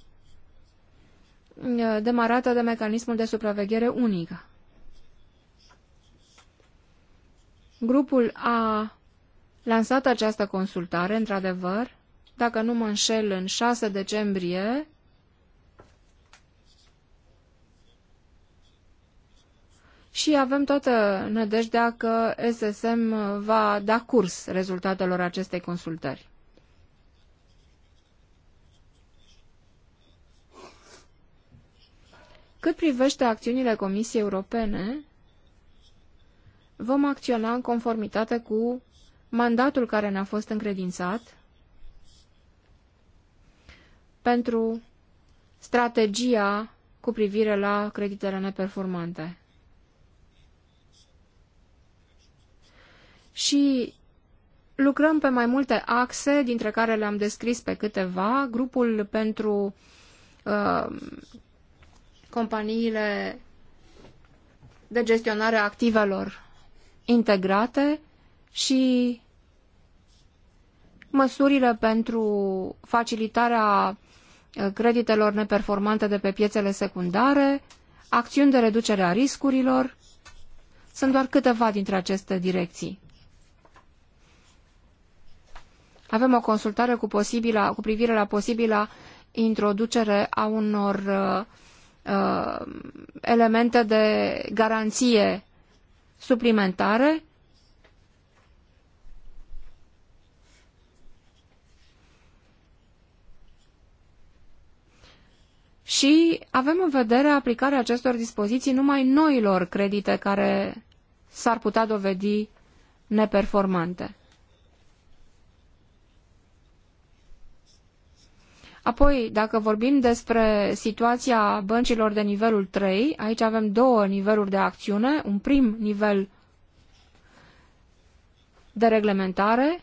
uh, demarată de mecanismul de supraveghere unică. Grupul a lansat această consultare, într-adevăr, dacă nu mă înșel, în 6 decembrie, și avem toată nădejdea că SSM va da curs rezultatelor acestei consultări. Cât privește acțiunile Comisiei Europene, vom acționa în conformitate cu mandatul care ne-a fost încredințat pentru strategia cu privire la creditele neperformante. Și lucrăm pe mai multe axe, dintre care le-am descris pe câteva. Grupul pentru uh, companiile de gestionare a activelor integrate și măsurile pentru facilitarea creditelor neperformante de pe piețele secundare, acțiuni de reducere a riscurilor. Sunt doar câteva dintre aceste direcții. Avem o consultare cu, posibila, cu privire la posibila introducere a unor uh, uh, elemente de garanție suplimentare și avem în vedere aplicarea acestor dispoziții numai noilor credite care s-ar putea dovedi neperformante. Apoi, dacă vorbim despre situația băncilor de nivelul 3, aici avem două niveluri de acțiune. Un prim nivel de reglementare,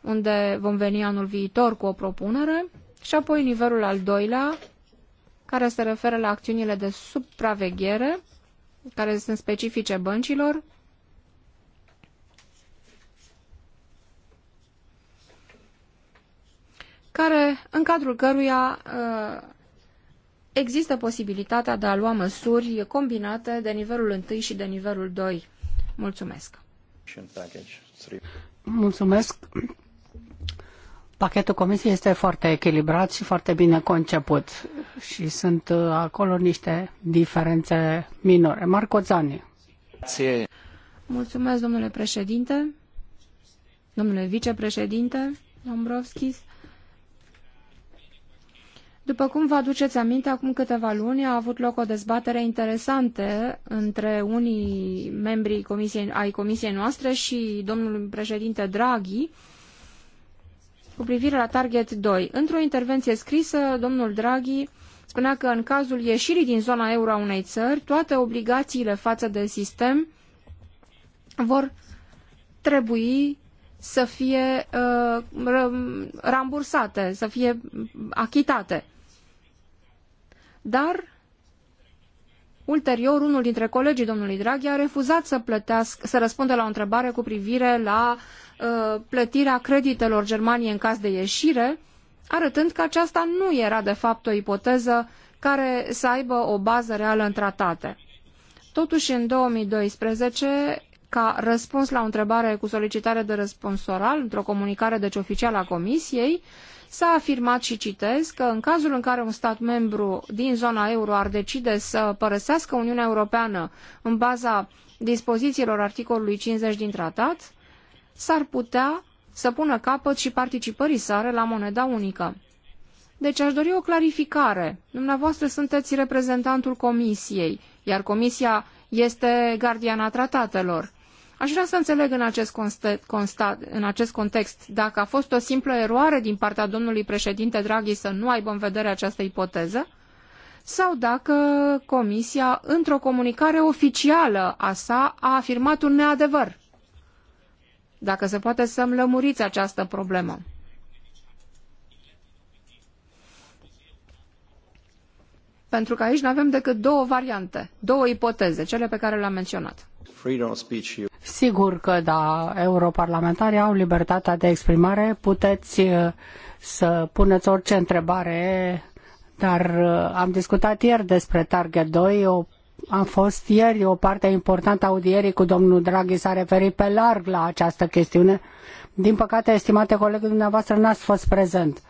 unde vom veni anul viitor cu o propunere, și apoi nivelul al doilea, care se referă la acțiunile de supraveghere, care sunt specifice băncilor. care, în cadrul căruia uh, există posibilitatea de a lua măsuri combinate de nivelul 1 și de nivelul 2. Mulțumesc! Mulțumesc! Pachetul Comisiei este foarte echilibrat și foarte bine conceput și sunt uh, acolo niște diferențe minore. Marco Zani. Mulțumesc, domnule președinte, domnule vicepreședinte Dombrovskis. După cum vă aduceți aminte, acum câteva luni a avut loc o dezbatere interesantă între unii membri comisiei, ai comisiei noastre și domnul președinte Draghi, cu privire la Target 2. Într-o intervenție scrisă, domnul Draghi spunea că în cazul ieșirii din zona euro a unei țări, toate obligațiile față de sistem vor trebui să fie uh, rambursate, să fie achitate. Dar, ulterior, unul dintre colegii domnului Draghi a refuzat să, plătească, să răspundă la o întrebare cu privire la Uh, plătirea creditelor Germaniei în caz de ieșire, arătând că aceasta nu era de fapt o ipoteză care să aibă o bază reală în tratate. Totuși, în 2012, ca răspuns la o întrebare cu solicitare de răspuns oral, într-o comunicare deci oficială a Comisiei, s-a afirmat și citez că în cazul în care un stat membru din zona euro ar decide să părăsească Uniunea Europeană în baza dispozițiilor articolului 50 din tratat, s-ar putea să pună capăt și participării sare la moneda unică. Deci aș dori o clarificare. Dumneavoastră sunteți reprezentantul Comisiei, iar Comisia este gardiana tratatelor. Aș vrea să înțeleg în acest, constat, constat, în acest context dacă a fost o simplă eroare din partea domnului președinte Draghi să nu aibă în vedere această ipoteză, sau dacă Comisia, într-o comunicare oficială a sa, a afirmat un neadevăr. Dacă se poate să-mi lămuriți această problemă. Pentru că aici nu avem decât două variante, două ipoteze, cele pe care le-am menționat. Sigur că da, europarlamentarii au libertatea de exprimare, puteți uh, să puneți orice întrebare, dar uh, am discutat ieri despre Target 2, o am fost ieri o parte importantă a audierii cu domnul Draghi, s-a referit pe larg la această chestiune. Din păcate, estimate colegul dumneavoastră, n-ați fost prezent.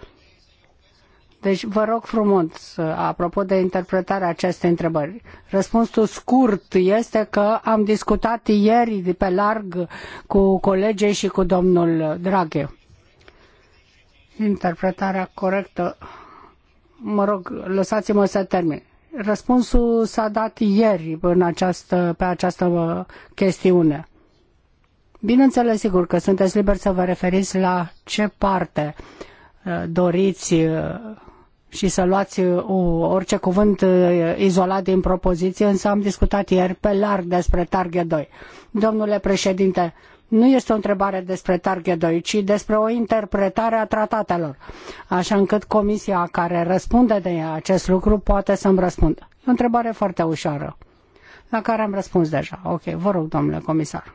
Deci vă rog frumos, apropo de interpretarea acestei întrebări, răspunsul scurt este că am discutat ieri pe larg cu colegii și cu domnul Draghi. Interpretarea corectă, mă rog, lăsați-mă să termin. Răspunsul s-a dat ieri în această, pe această chestiune. Bineînțeles, sigur că sunteți liberi să vă referiți la ce parte uh, doriți uh, și să luați uh, orice cuvânt izolat din propoziție, însă am discutat ieri pe larg despre Target 2. Domnule președinte, nu este o întrebare despre Target ci despre o interpretare a tratatelor, așa încât comisia care răspunde de acest lucru poate să-mi răspundă. E o întrebare foarte ușoară, la care am răspuns deja. Ok, vă rog, domnule comisar.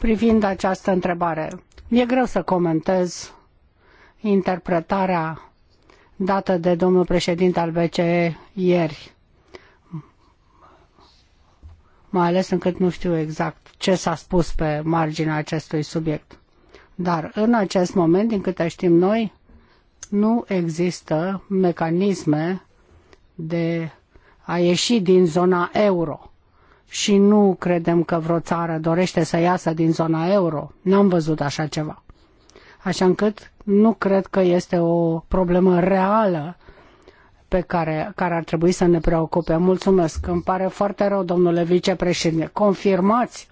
Privind această întrebare, e greu să comentez interpretarea dată de domnul președinte al BCE ieri mai ales încât nu știu exact ce s-a spus pe marginea acestui subiect. Dar în acest moment, din câte știm noi, nu există mecanisme de a ieși din zona euro. Și nu credem că vreo țară dorește să iasă din zona euro. N-am văzut așa ceva. Așa încât nu cred că este o problemă reală pe care, care ar trebui să ne preocupe. Mulțumesc. Îmi pare foarte rău, domnule vicepreședinte. Confirmați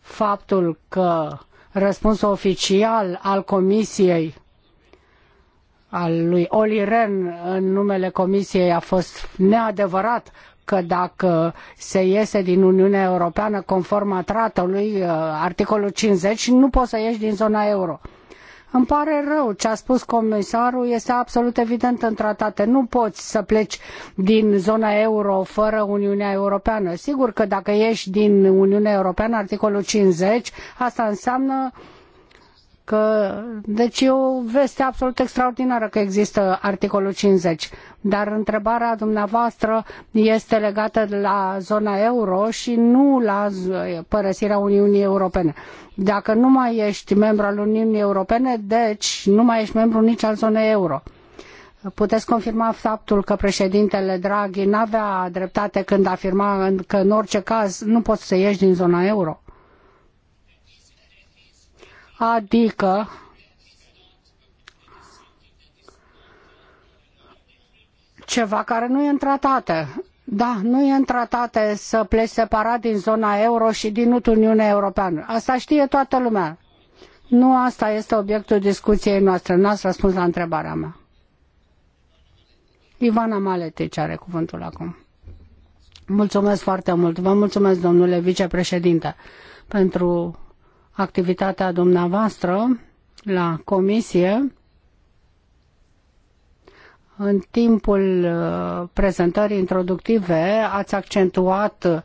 faptul că răspunsul oficial al Comisiei al lui Oli Ren în numele Comisiei a fost neadevărat că dacă se iese din Uniunea Europeană conform a tratului, uh, articolul 50, nu poți să ieși din zona euro. Îmi pare rău ce a spus comisarul, este absolut evident în tratate. Nu poți să pleci din zona euro fără Uniunea Europeană. Sigur că dacă ieși din Uniunea Europeană, articolul 50, asta înseamnă că, deci e o veste absolut extraordinară că există articolul 50. Dar întrebarea dumneavoastră este legată de la zona euro și nu la părăsirea Uniunii Europene. Dacă nu mai ești membru al Uniunii Europene, deci nu mai ești membru nici al zonei euro. Puteți confirma faptul că președintele Draghi n-avea dreptate când afirma că în orice caz nu poți să ieși din zona euro? adică ceva care nu e în tratate. Da, nu e în tratate să pleci separat din zona euro și din Uniunea Europeană. Asta știe toată lumea. Nu asta este obiectul discuției noastre. N-ați răspuns la întrebarea mea. Ivana Maletici are cuvântul acum. Mulțumesc foarte mult. Vă mulțumesc, domnule vicepreședinte, pentru activitatea dumneavoastră la comisie în timpul uh, prezentării introductive ați accentuat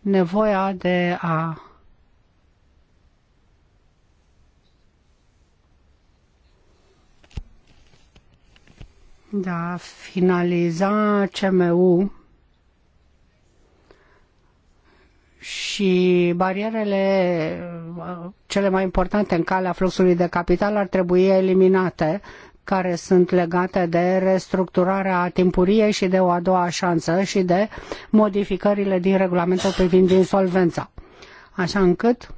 nevoia de a de a finaliza CMU și barierele cele mai importante în calea fluxului de capital ar trebui eliminate, care sunt legate de restructurarea timpurie și de o a doua șansă și de modificările din regulamentul privind insolvența. Așa încât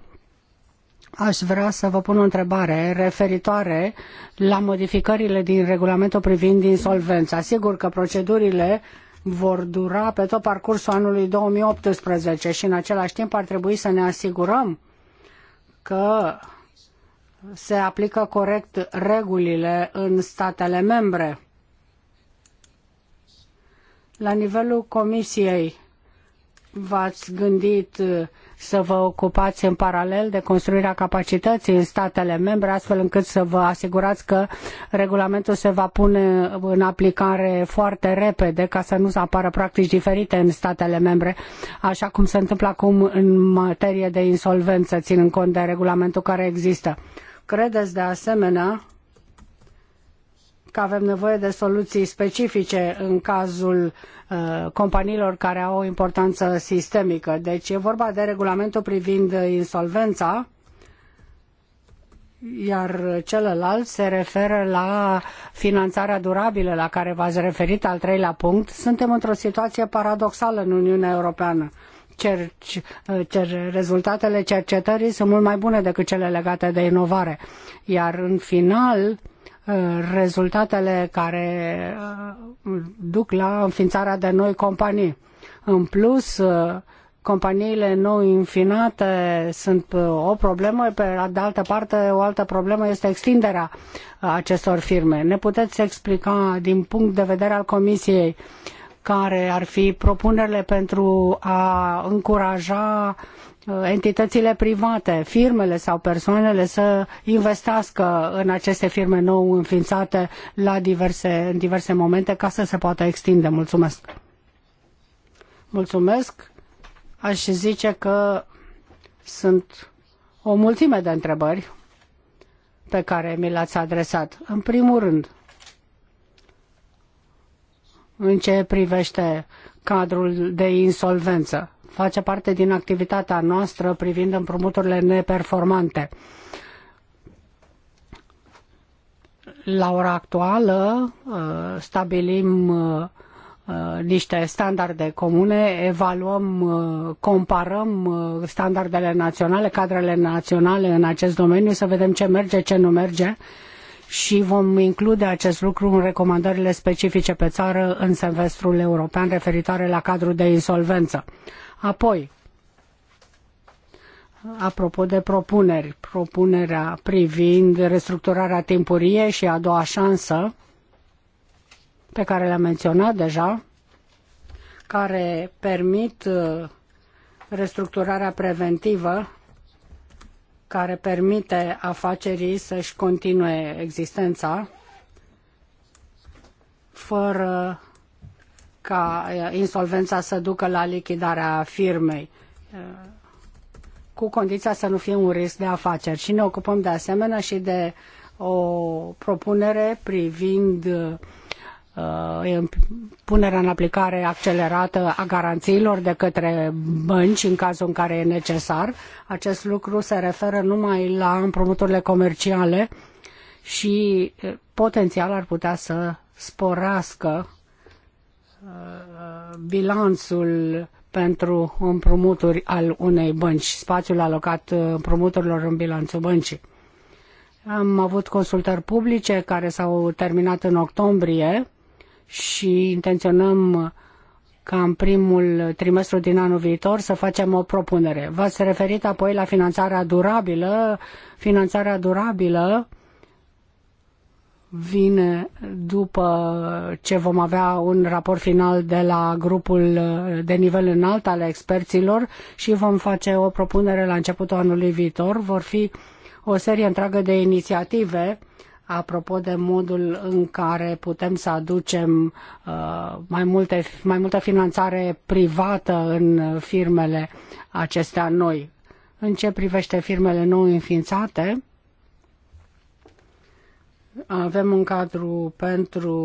aș vrea să vă pun o întrebare referitoare la modificările din regulamentul privind insolvența. Sigur că procedurile uh, vor dura pe tot parcursul anului 2018 și în același timp ar trebui să ne asigurăm că se aplică corect regulile în statele membre. La nivelul Comisiei v-ați gândit să vă ocupați în paralel de construirea capacității în statele membre, astfel încât să vă asigurați că regulamentul se va pune în aplicare foarte repede, ca să nu apară practici diferite în statele membre, așa cum se întâmplă acum în materie de insolvență, ținând cont de regulamentul care există. Credeți de asemenea că avem nevoie de soluții specifice în cazul uh, companiilor care au o importanță sistemică. Deci e vorba de regulamentul privind insolvența, iar celălalt se referă la finanțarea durabilă la care v-ați referit, al treilea punct. Suntem într-o situație paradoxală în Uniunea Europeană. Cer, cer, rezultatele cercetării sunt mult mai bune decât cele legate de inovare. Iar în final, rezultatele care uh, duc la înființarea de noi companii. În plus, uh, companiile nou infinate sunt uh, o problemă, pe de altă parte o altă problemă este extinderea acestor firme. Ne puteți explica din punct de vedere al Comisiei care ar fi propunerile pentru a încuraja Uh, entitățile private, firmele sau persoanele să investească în aceste firme nou înființate la diverse, în diverse momente ca să se poată extinde. Mulțumesc! Mulțumesc! Aș zice că sunt o mulțime de întrebări pe care mi le-ați adresat. În primul rând, în ce privește cadrul de insolvență face parte din activitatea noastră privind împrumuturile neperformante. La ora actuală uh, stabilim uh, uh, niște standarde comune, evaluăm, comparăm standardele naționale, cadrele naționale în acest domeniu, să vedem ce merge, ce nu merge și vom include acest lucru în recomandările specifice pe țară în semestrul european referitoare la cadrul de insolvență. Apoi, apropo de propuneri, propunerea privind restructurarea timpurie și a doua șansă, pe care le-am menționat deja, care permit uh, restructurarea preventivă, care permite afacerii să-și continue existența fără ca eh, insolvența să ducă la lichidarea firmei eh, cu condiția să nu fie un risc de afaceri. Și ne ocupăm de asemenea și de o propunere privind eh, punerea în aplicare accelerată a garanțiilor de către bănci în cazul în care e necesar. Acest lucru se referă numai la împrumuturile comerciale și potențial ar putea să sporească Uh, bilanțul pentru împrumuturi al unei bănci, spațiul alocat uh, împrumuturilor în bilanțul băncii. Am avut consultări publice care s-au terminat în octombrie și intenționăm ca în primul trimestru din anul viitor să facem o propunere. V-ați referit apoi la finanțarea durabilă. Finanțarea durabilă vine după ce vom avea un raport final de la grupul uh, de nivel înalt al experților și vom face o propunere la începutul anului viitor. Vor fi o serie întreagă de inițiative apropo de modul în care putem să aducem uh, mai, multe, mai multă finanțare privată în firmele acestea noi. În ce privește firmele nou înființate, avem un cadru pentru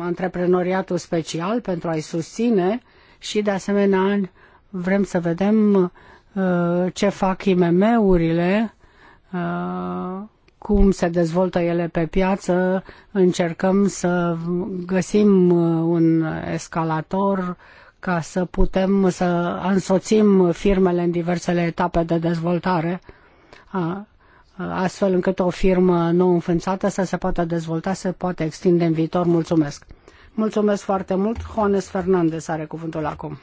antreprenoriatul special, pentru a-i susține și, de asemenea, vrem să vedem uh, ce fac IMM-urile, uh, cum se dezvoltă ele pe piață, încercăm să găsim uh, un escalator ca să putem să însoțim firmele în diversele etape de dezvoltare astfel încât o firmă nou înființată să se poată dezvolta, să poată extinde în viitor. Mulțumesc! Mulțumesc foarte mult! Joanes Fernandez are cuvântul acum.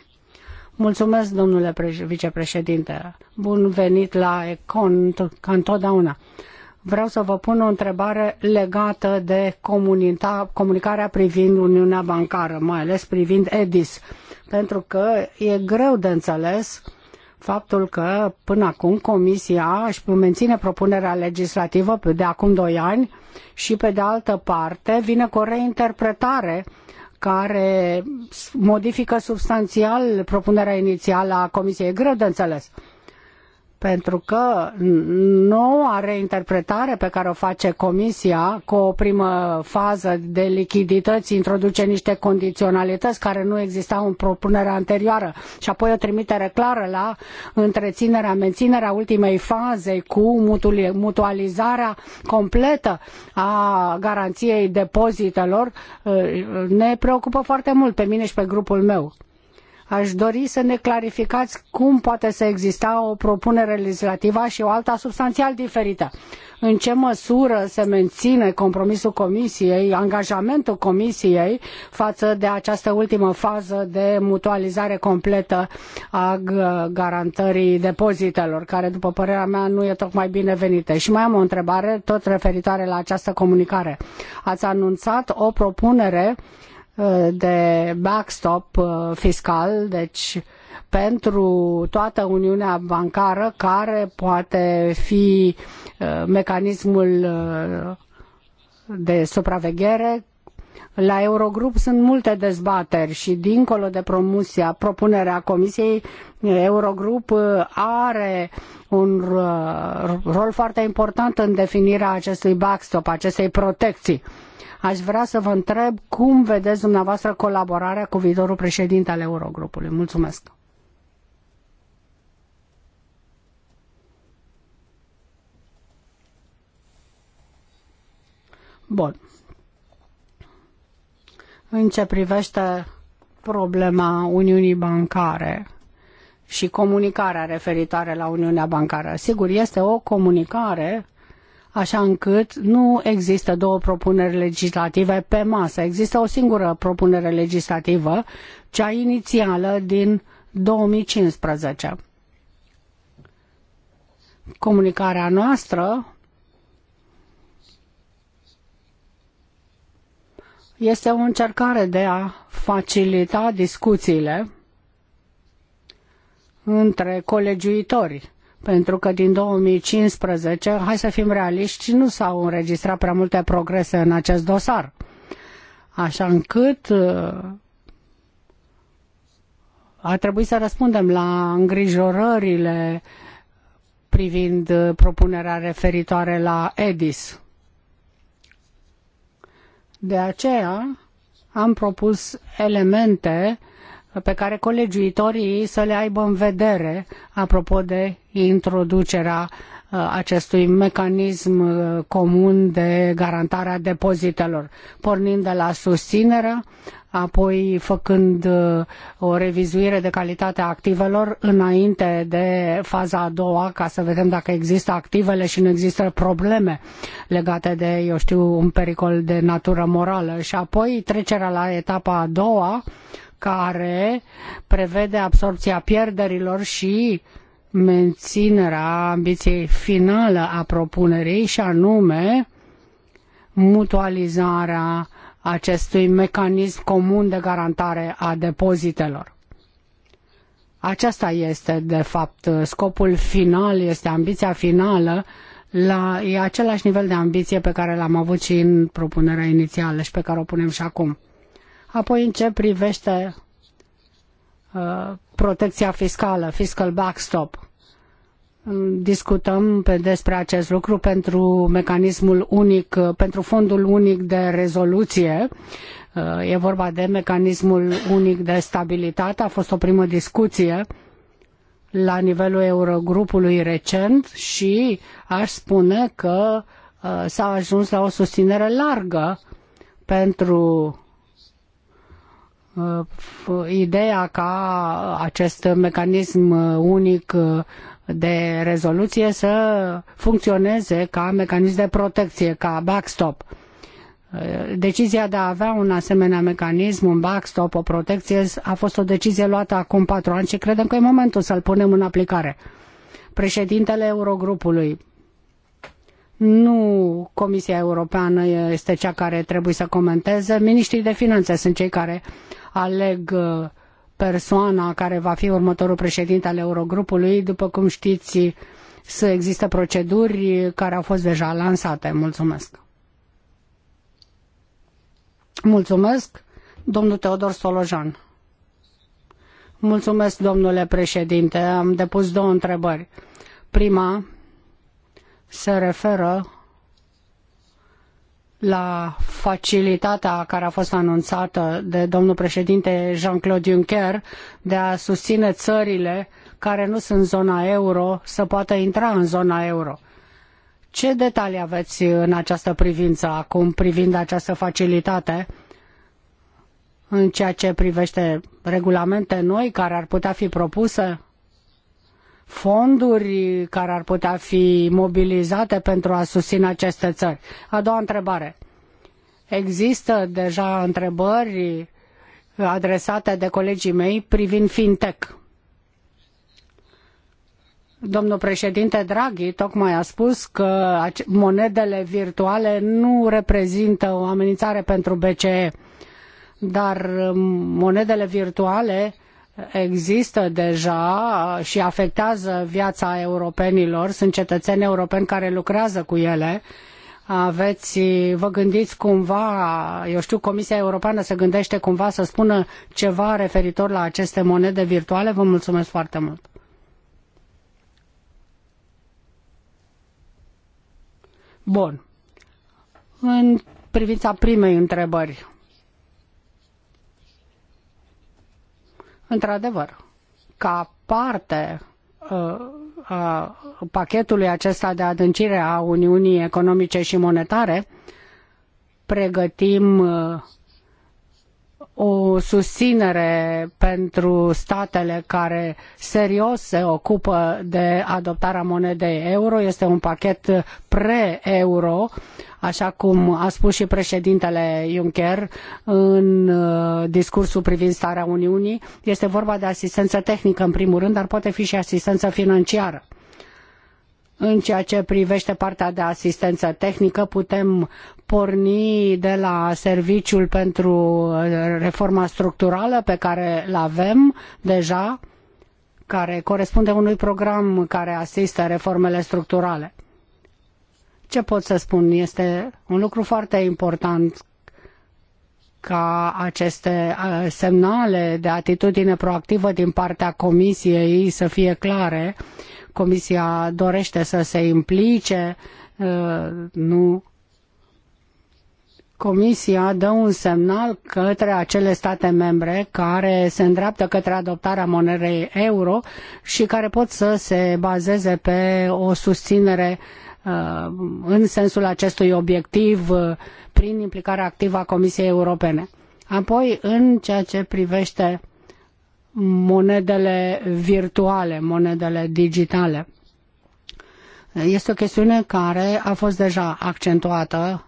Mulțumesc, domnule vicepreședinte. Bun venit la Econ, ca întotdeauna. Vreau să vă pun o întrebare legată de comunicarea privind Uniunea Bancară, mai ales privind EDIS, pentru că e greu de înțeles faptul că până acum Comisia își menține propunerea legislativă de acum doi ani și pe de altă parte vine cu o reinterpretare care modifică substanțial propunerea inițială a Comisiei. E greu de înțeles pentru că noua reinterpretare pe care o face Comisia cu o primă fază de lichidități introduce niște condiționalități care nu existau în propunerea anterioară și apoi o trimitere clară la întreținerea, menținerea ultimei faze cu mutualizarea completă a garanției depozitelor ne preocupă foarte mult pe mine și pe grupul meu Aș dori să ne clarificați cum poate să exista o propunere legislativă și o alta substanțial diferită. În ce măsură se menține compromisul Comisiei, angajamentul Comisiei față de această ultimă fază de mutualizare completă a garantării depozitelor, care, după părerea mea, nu e tocmai binevenită. Și mai am o întrebare, tot referitoare la această comunicare. Ați anunțat o propunere de backstop uh, fiscal, deci pentru toată Uniunea Bancară, care poate fi uh, mecanismul uh, de supraveghere. La Eurogrup sunt multe dezbateri și dincolo de promusia, propunerea Comisiei, Eurogrup are un rol foarte important în definirea acestui backstop, acestei protecții Aș vrea să vă întreb cum vedeți dumneavoastră colaborarea cu viitorul președinte al Eurogrupului. Mulțumesc! Bun. În ce privește problema Uniunii Bancare și comunicarea referitoare la Uniunea Bancară, sigur, este o comunicare așa încât nu există două propuneri legislative pe masă. Există o singură propunere legislativă, cea inițială din 2015. Comunicarea noastră este o încercare de a facilita discuțiile între colegiuitori pentru că din 2015, hai să fim realiști, nu s-au înregistrat prea multe progrese în acest dosar. Așa încât uh, a trebuit să răspundem la îngrijorările privind uh, propunerea referitoare la EDIS. De aceea am propus elemente pe care colegiuitorii să le aibă în vedere apropo de introducerea uh, acestui mecanism uh, comun de garantare a depozitelor, pornind de la susținere, apoi făcând uh, o revizuire de calitate a activelor înainte de faza a doua, ca să vedem dacă există activele și nu există probleme legate de, eu știu, un pericol de natură morală. Și apoi trecerea la etapa a doua, care prevede absorpția pierderilor și menținerea ambiției finale a propunerii și anume mutualizarea acestui mecanism comun de garantare a depozitelor. Aceasta este, de fapt, scopul final, este ambiția finală, la, e același nivel de ambiție pe care l-am avut și în propunerea inițială și pe care o punem și acum. Apoi, în ce privește uh, protecția fiscală, fiscal backstop, um, discutăm despre acest lucru pentru mecanismul unic, uh, pentru fondul unic de rezoluție. Uh, e vorba de mecanismul unic de stabilitate. A fost o primă discuție la nivelul Eurogrupului recent și aș spune că s-a ajuns la o susținere largă pentru Uh, ideea ca acest mecanism unic de rezoluție să funcționeze ca mecanism de protecție, ca backstop. Uh, decizia de a avea un asemenea mecanism, un backstop, o protecție, a fost o decizie luată acum patru ani și credem că e momentul să-l punem în aplicare. Președintele Eurogrupului, nu Comisia Europeană este cea care trebuie să comenteze, miniștrii de finanțe sunt cei care uh, aleg uh, persoana care va fi următorul președinte al Eurogrupului. După cum știți, să există proceduri care au fost deja lansate. Mulțumesc. Mulțumesc, domnul Teodor Solojan. Mulțumesc, domnule președinte. Am depus două întrebări. Prima se referă la facilitatea care a fost anunțată de domnul președinte Jean-Claude Juncker de a susține țările care nu sunt zona euro să poată intra în zona euro. Ce detalii aveți în această privință acum privind această facilitate în ceea ce privește regulamente noi care ar putea fi propuse fonduri care ar putea fi mobilizate pentru a susține aceste țări? A doua întrebare. Există deja întrebări adresate de colegii mei privind fintech. Domnul președinte Draghi tocmai a spus că monedele virtuale nu reprezintă o amenințare pentru BCE, dar monedele virtuale există deja și afectează viața europenilor, sunt cetățeni europeni care lucrează cu ele. Aveți, vă gândiți cumva, eu știu, Comisia Europeană se gândește cumva să spună ceva referitor la aceste monede virtuale? Vă mulțumesc foarte mult! Bun. În privința primei întrebări, Într-adevăr, ca parte uh, a pachetului acesta de adâncire a Uniunii Economice și Monetare, pregătim uh, o susținere pentru statele care serios se ocupă de adoptarea monedei euro. Este un pachet pre-euro, așa cum a spus și președintele Juncker în uh, discursul privind starea Uniunii. Este vorba de asistență tehnică în primul rând, dar poate fi și asistență financiară. În ceea ce privește partea de asistență tehnică, putem porni de la serviciul pentru uh, reforma structurală pe care îl avem deja, care corespunde unui program care asistă reformele structurale. Ce pot să spun? Este un lucru foarte important ca aceste uh, semnale de atitudine proactivă din partea Comisiei să fie clare. Comisia dorește să se implice, uh, nu Comisia dă un semnal către acele state membre care se îndreaptă către adoptarea monedei euro și care pot să se bazeze pe o susținere uh, în sensul acestui obiectiv uh, prin implicarea activă a Comisiei Europene. Apoi, în ceea ce privește monedele virtuale, monedele digitale, este o chestiune care a fost deja accentuată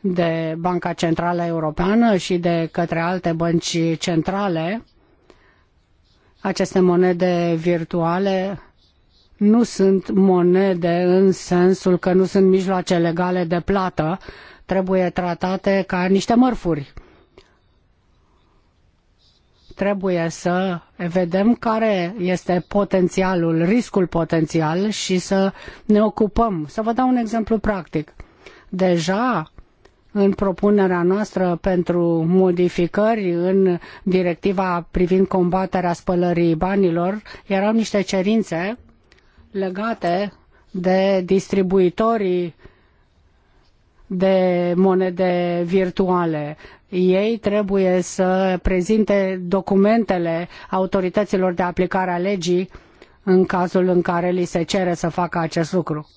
de Banca Centrală Europeană și de către alte bănci centrale, aceste monede virtuale nu sunt monede în sensul că nu sunt mijloace legale de plată, trebuie tratate ca niște mărfuri. Trebuie să vedem care este potențialul, riscul potențial și să ne ocupăm. Să vă dau un exemplu practic. Deja în propunerea noastră pentru modificări în directiva privind combaterea spălării banilor erau niște cerințe legate de distribuitorii de monede virtuale. Ei trebuie să prezinte documentele autorităților de aplicare a legii în cazul în care li se cere să facă acest lucru.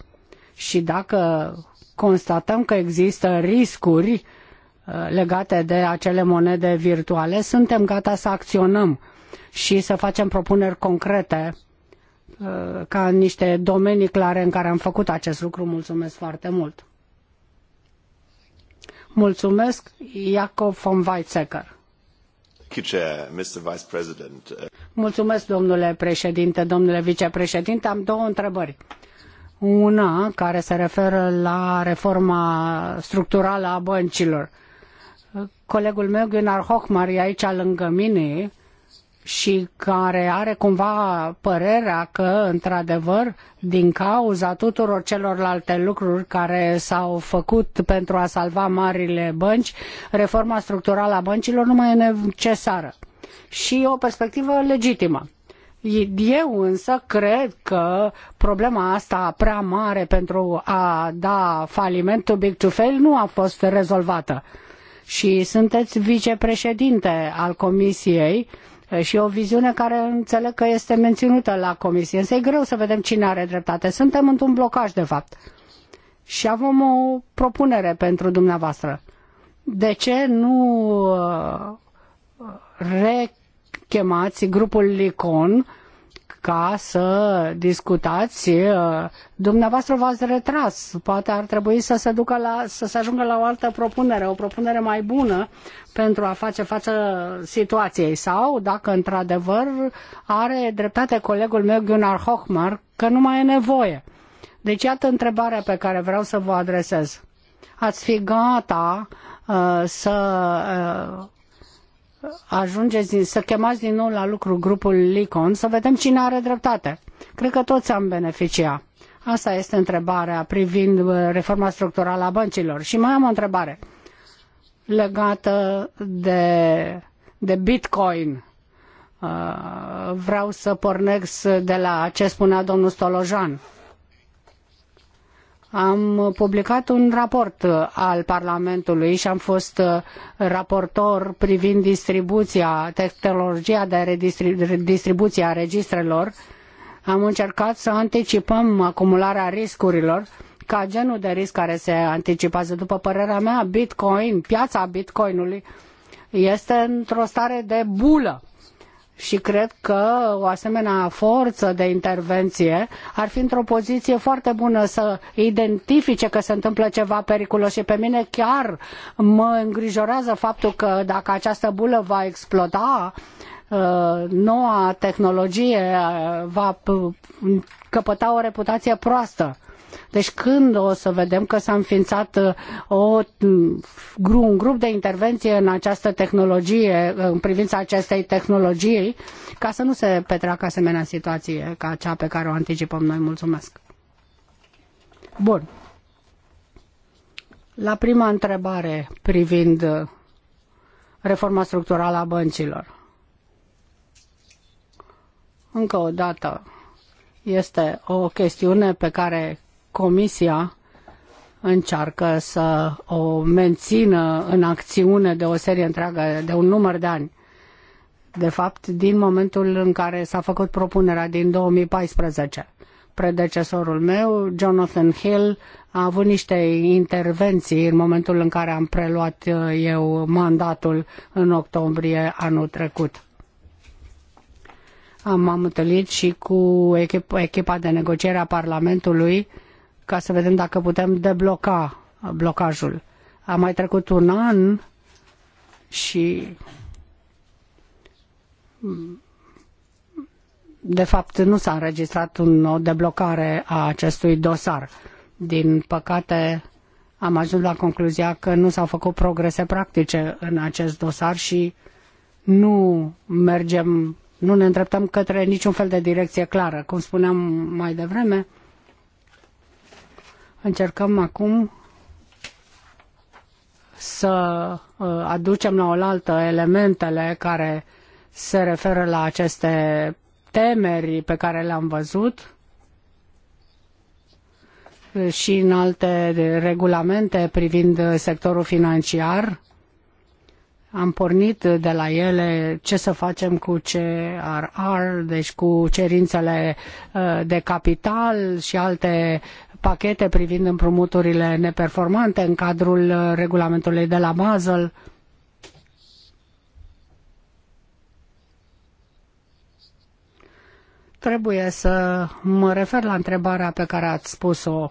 Și dacă constatăm că există riscuri uh, legate de acele monede virtuale, suntem gata să acționăm și să facem propuneri concrete uh, ca niște domenii clare în care am făcut acest lucru. Mulțumesc foarte mult! Mulțumesc, Jacob von Weizsäcker. Mulțumesc, domnule președinte, domnule vicepreședinte. Am două întrebări una care se referă la reforma structurală a băncilor. Colegul meu, Gunnar Hochmar, e aici lângă mine și care are cumva părerea că, într-adevăr, din cauza tuturor celorlalte lucruri care s-au făcut pentru a salva marile bănci, reforma structurală a băncilor nu mai e necesară. Și o perspectivă legitimă. Eu însă cred că problema asta prea mare pentru a da faliment too big to fail nu a fost rezolvată. Și sunteți vicepreședinte al comisiei și o viziune care înțeleg că este menținută la comisie. Însă e greu să vedem cine are dreptate. Suntem într-un blocaj, de fapt. Și avem o propunere pentru dumneavoastră. De ce nu re chemați grupul Licon ca să discutați. Dumneavoastră v-ați retras. Poate ar trebui să se, ducă la, să se ajungă la o altă propunere, o propunere mai bună pentru a face față situației. Sau, dacă într-adevăr are dreptate colegul meu Gunnar Hochmar, că nu mai e nevoie. Deci iată întrebarea pe care vreau să vă adresez. Ați fi gata uh, să uh, ajungeți din, să chemați din nou la lucru grupul Licon să vedem cine are dreptate. Cred că toți am beneficia. Asta este întrebarea privind uh, reforma structurală a băncilor. Și mai am o întrebare legată de, de Bitcoin. Uh, vreau să pornesc de la ce spunea domnul Stolojan am publicat un raport uh, al Parlamentului și am fost uh, raportor privind distribuția, tehnologia de redistribuție a registrelor. Am încercat să anticipăm acumularea riscurilor ca genul de risc care se anticipează. După părerea mea, Bitcoin, piața Bitcoinului este într-o stare de bulă și cred că o asemenea forță de intervenție ar fi într-o poziție foarte bună să identifice că se întâmplă ceva periculos și pe mine chiar mă îngrijorează faptul că dacă această bulă va exploda, uh, noua tehnologie uh, va căpăta o reputație proastă deci când o să vedem că s-a înființat uh, o, un grup de intervenție în această tehnologie, uh, în privința acestei tehnologii, ca să nu se petreacă asemenea situație ca cea pe care o anticipăm noi. Mulțumesc. Bun. La prima întrebare privind uh, reforma structurală a băncilor. Încă o dată, este o chestiune pe care Comisia încearcă să o mențină în acțiune de o serie întreagă, de un număr de ani. De fapt, din momentul în care s-a făcut propunerea din 2014. Predecesorul meu, Jonathan Hill, a avut niște intervenții în momentul în care am preluat uh, eu mandatul în octombrie anul trecut. am întâlnit și cu echipa de negociere a Parlamentului ca să vedem dacă putem debloca blocajul. A mai trecut un an și de fapt nu s-a înregistrat un, o deblocare a acestui dosar. Din păcate am ajuns la concluzia că nu s-au făcut progrese practice în acest dosar și nu mergem, nu ne îndreptăm către niciun fel de direcție clară. Cum spuneam mai devreme, uh, Încercăm acum să uh, aducem la oaltă elementele care se referă la aceste temeri pe care le-am văzut și în alte regulamente privind sectorul financiar. Am pornit de la ele ce să facem cu CRR, deci cu cerințele uh, de capital și alte pachete privind împrumuturile neperformante în cadrul uh, regulamentului de la Basel. Trebuie să mă refer la întrebarea pe care ați spus-o.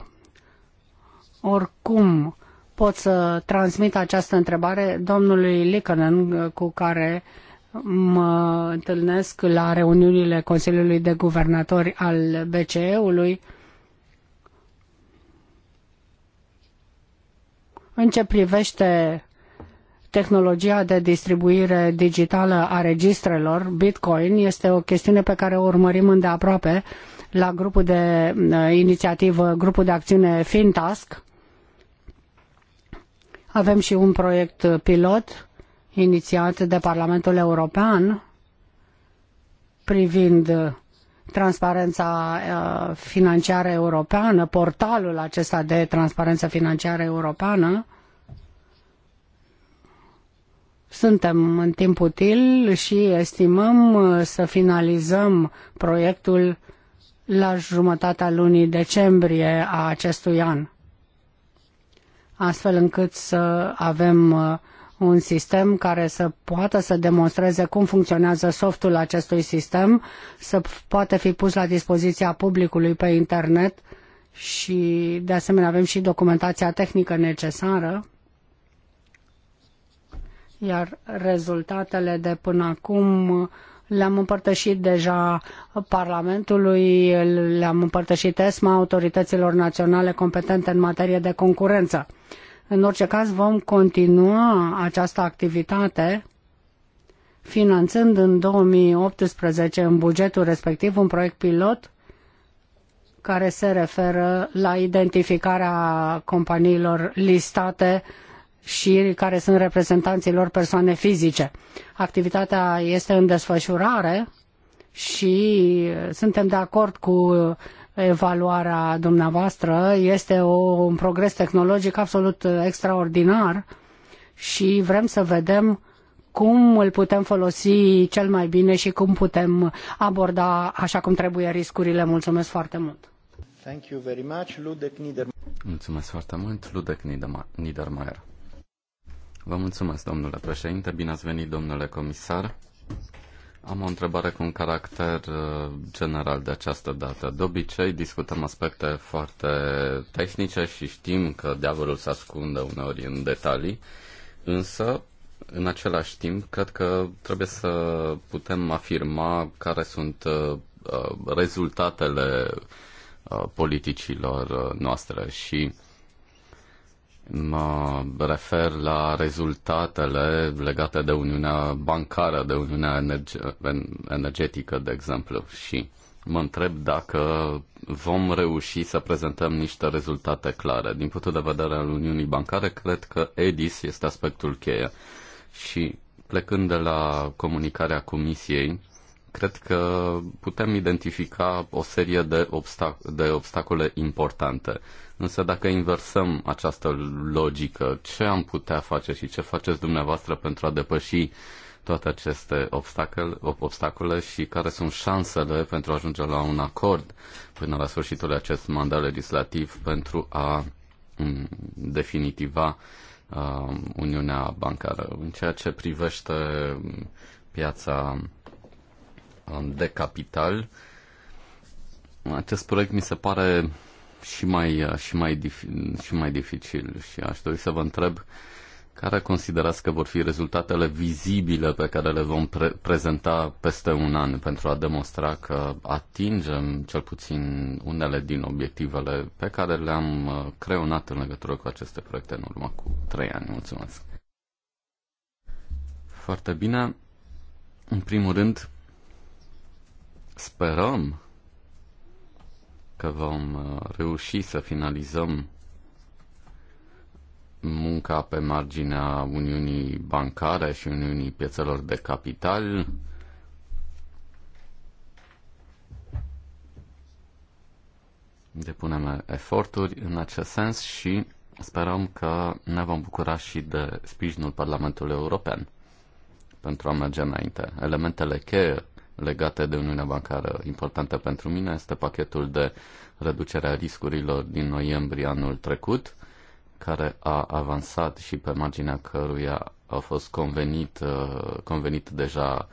Oricum, pot să transmit această întrebare domnului Likkonen, uh, cu care mă întâlnesc la reuniunile Consiliului de Guvernatori al BCE-ului În ce privește tehnologia de distribuire digitală a registrelor, Bitcoin este o chestiune pe care o urmărim îndeaproape la grupul de uh, inițiativă, grupul de acțiune Fintask. Avem și un proiect pilot inițiat de Parlamentul European privind transparența uh, financiară europeană, portalul acesta de transparență financiară europeană. Suntem în timp util și estimăm uh, să finalizăm proiectul la jumătatea lunii decembrie a acestui an, astfel încât să avem uh, un sistem care să poată să demonstreze cum funcționează softul acestui sistem, să poată fi pus la dispoziția publicului pe internet și de asemenea avem și documentația tehnică necesară iar rezultatele de până acum le-am împărtășit deja Parlamentului, le-am împărtășit ESMA, autorităților naționale competente în materie de concurență. În orice caz vom continua această activitate finanțând în 2018 în bugetul respectiv un proiect pilot care se referă la identificarea companiilor listate și care sunt reprezentanții lor persoane fizice. Activitatea este în desfășurare și suntem de acord cu evaluarea dumneavoastră. Este o, un progres tehnologic absolut extraordinar și vrem să vedem cum îl putem folosi cel mai bine și cum putem aborda așa cum trebuie riscurile. Mulțumesc foarte mult! Thank you very much, Ludek Mulțumesc foarte mult, Ludek Niedermayer. Vă mulțumesc, domnule președinte, bine ați venit, domnule comisar. Am o întrebare cu un caracter uh, general de această dată. De obicei discutăm aspecte foarte tehnice și știm că diavolul se ascunde uneori în detalii, însă în același timp cred că trebuie să putem afirma care sunt uh, uh, rezultatele politicilor noastre și uh, Mă refer la rezultatele legate de Uniunea Bancară, de Uniunea Energe- Energetică, de exemplu, și mă întreb dacă vom reuși să prezentăm niște rezultate clare. Din punctul de vedere al Uniunii Bancare, cred că EDIS este aspectul cheie. Și plecând de la comunicarea Comisiei cred că putem identifica o serie de, obstac- de obstacole importante. Însă dacă inversăm această logică, ce am putea face și ce faceți dumneavoastră pentru a depăși toate aceste obstacole, obstacole și care sunt șansele pentru a ajunge la un acord până la sfârșitul acest mandat legislativ pentru a mm, definitiva uh, Uniunea Bancară. În ceea ce privește mm, piața de capital. Acest proiect mi se pare și mai, și mai, și mai dificil și aș dori să vă întreb care considerați că vor fi rezultatele vizibile pe care le vom pre- prezenta peste un an pentru a demonstra că atingem cel puțin unele din obiectivele pe care le-am uh, creonat în legătură cu aceste proiecte în urmă cu trei ani. Mulțumesc! Foarte bine. În primul rând, Sperăm că vom uh, reuși să finalizăm munca pe marginea Uniunii Bancare și Uniunii Piețelor de Capital. Depunem eforturi în acest sens și sperăm că ne vom bucura și de sprijinul Parlamentului European pentru a merge înainte. Elementele cheie legate de Uniunea Bancară importantă pentru mine este pachetul de reducere a riscurilor din noiembrie anul trecut, care a avansat și pe marginea căruia a fost convenit, uh, convenit deja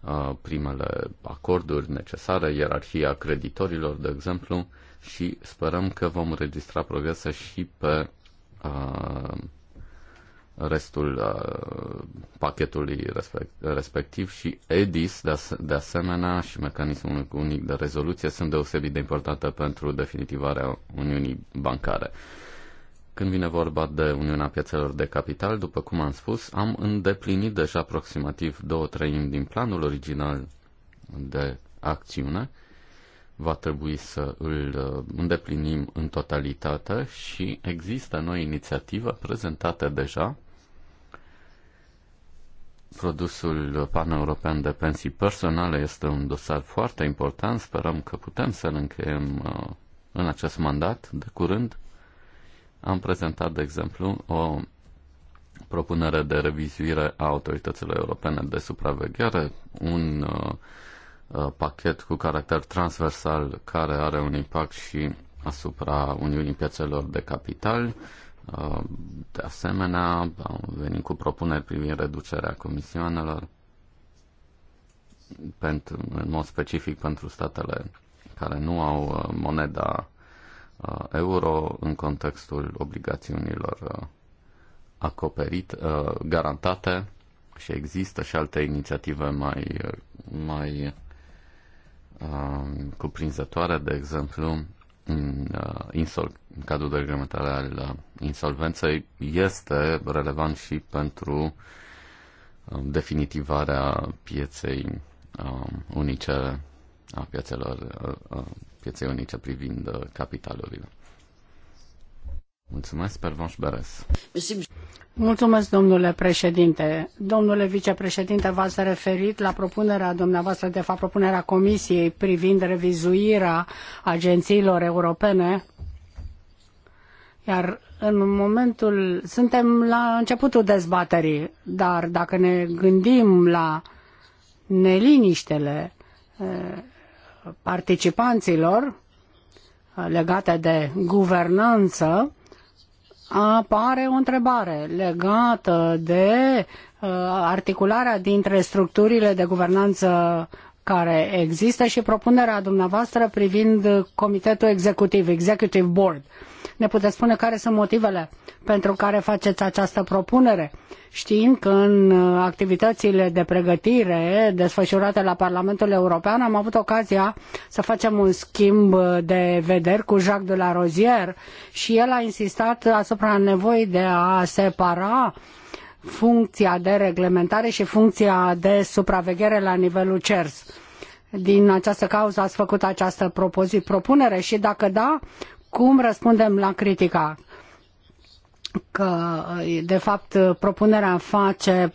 uh, primele acorduri necesare, ierarhia creditorilor, de exemplu, și sperăm că vom registra progrese și pe uh, restul uh, pachetului respect, respectiv și EDIS, de, as- de asemenea, și mecanismul unic de rezoluție sunt deosebit de importante pentru definitivarea Uniunii Bancare. Când vine vorba de Uniunea Piețelor de Capital, după cum am spus, am îndeplinit deja aproximativ două treimi din planul original de acțiune va trebui să îl uh, îndeplinim în totalitate și există noi inițiative prezentate deja. Produsul pan-european de pensii personale este un dosar foarte important. Sperăm că putem să-l încheiem uh, în acest mandat de curând. Am prezentat, de exemplu, o propunere de revizuire a autorităților europene de supraveghere, un uh, Uh, pachet cu caracter transversal care are un impact și asupra Uniunii Piețelor de Capital. Uh, de asemenea, am venit cu propuneri privind reducerea comisioanelor, pentru, în mod specific pentru statele care nu au uh, moneda euro în contextul obligațiunilor acoperite, garantate și există și alte inițiative mai, mai Um, cuprinzătoare, de exemplu, în, uh, insol, în cadrul de reglementare al uh, insolvenței, este relevant și pentru uh, definitivarea pieței uh, unice a piețelor, uh, uh, pieței unice privind uh, capitalurile. Mulțumesc, Pervanș Beres. Mulțumesc, domnule președinte. Domnule vicepreședinte, v-ați referit la propunerea dumneavoastră, de fapt propunerea Comisiei privind revizuirea agențiilor europene, iar în momentul, suntem la începutul dezbaterii, dar dacă ne gândim la neliniștele participanților legate de guvernanță, apare o întrebare legată de uh, articularea dintre structurile de guvernanță care există și propunerea dumneavoastră privind Comitetul Executiv, Executive Board. Uh, ne puteți spune care sunt motivele pentru care faceți această propunere, știind că în uh, activitățile de pregătire desfășurate la Parlamentul European am avut ocazia să facem un schimb uh, de vederi cu Jacques de la Rozier și el a insistat asupra nevoii de a separa funcția de reglementare și funcția de supraveghere la nivelul CERS. Din această cauză ați făcut această propunere și dacă da, cum răspundem la critica că, de fapt, propunerea face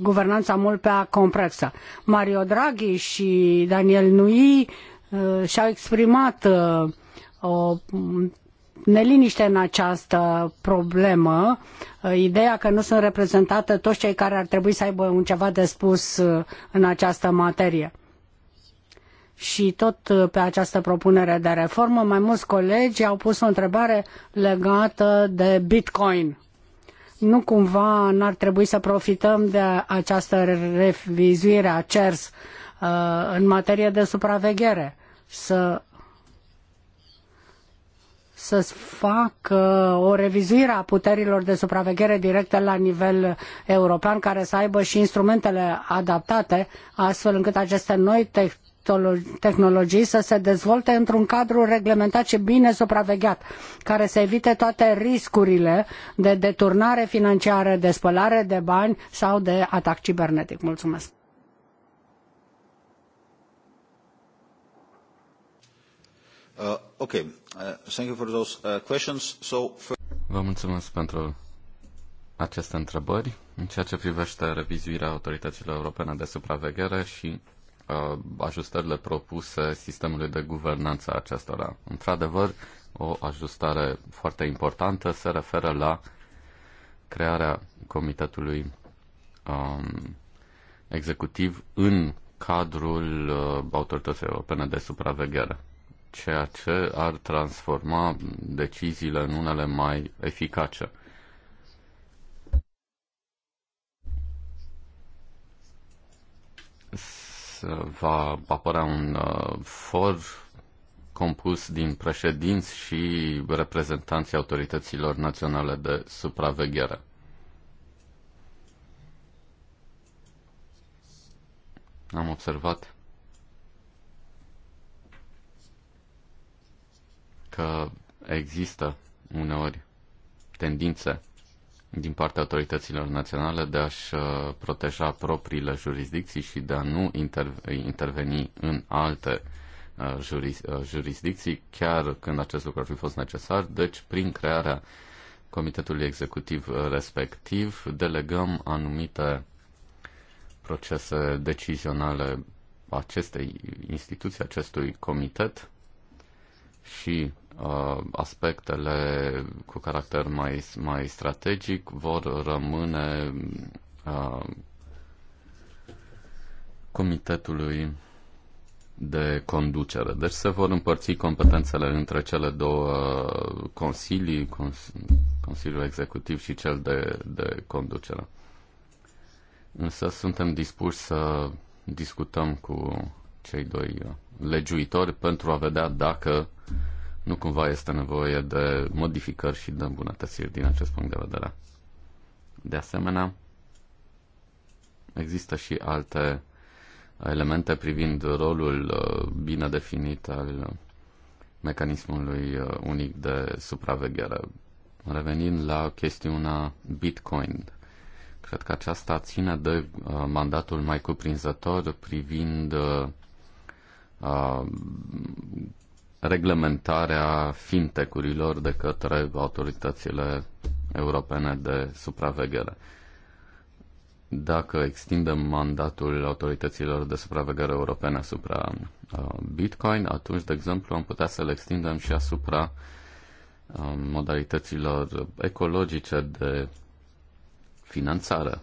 guvernanța mult prea complexă. Mario Draghi și Daniel Nui uh, și-au exprimat uh, o neliniște în această problemă, uh, ideea că nu sunt reprezentate toți cei care ar trebui să aibă un ceva de spus în această materie și tot uh, pe această propunere de reformă, mai mulți colegi au pus o întrebare legată de Bitcoin. Nu cumva n-ar trebui să profităm de această revizuire a CERS uh, în materie de supraveghere, să să facă o revizuire a puterilor de supraveghere directă la nivel european, care să aibă și instrumentele adaptate, astfel încât aceste noi tehnologii să se dezvolte într-un cadru reglementat și bine supravegheat, care să evite toate riscurile de deturnare financiară, de spălare de bani sau de atac cibernetic. Mulțumesc! Uh, okay. uh, thank you for those uh, questions. So, for... Vă mulțumesc pentru aceste întrebări în ceea ce privește revizuirea autorităților europene de supraveghere și Uh, ajustările propuse sistemului de guvernanță a acestora. Într-adevăr, o ajustare foarte importantă se referă la crearea comitetului um, executiv în cadrul uh, Autorității Europene de Supraveghere, ceea ce ar transforma deciziile în unele mai eficace. va apărea un uh, for compus din președinți și reprezentanții autorităților naționale de supraveghere. Am observat că există uneori tendințe din partea autorităților naționale de a-și uh, proteja propriile jurisdicții și de a nu inter- interveni în alte uh, juris, uh, jurisdicții, chiar când acest lucru ar fi fost necesar. Deci, prin crearea comitetului executiv respectiv, delegăm anumite procese decizionale acestei instituții, acestui comitet și Uh, aspectele cu caracter mai, mai strategic vor rămâne uh, comitetului de conducere. Deci se vor împărți competențele între cele două consilii, cons- Consiliul Executiv și cel de, de conducere. Însă suntem dispuși să discutăm cu cei doi legiuitori pentru a vedea dacă uh, nu cumva este nevoie de modificări și de îmbunătățiri din acest punct de vedere. De asemenea, există și alte elemente privind rolul uh, bine definit al mecanismului uh, unic de supraveghere. Revenind la chestiunea Bitcoin, cred că aceasta ține de uh, mandatul mai cuprinzător privind reglementarea fintecurilor de către autoritățile europene de supraveghere. Dacă extindem mandatul autorităților de supraveghere europene asupra uh, Bitcoin, atunci, de exemplu, am putea să le extindem și asupra uh, modalităților ecologice de finanțare,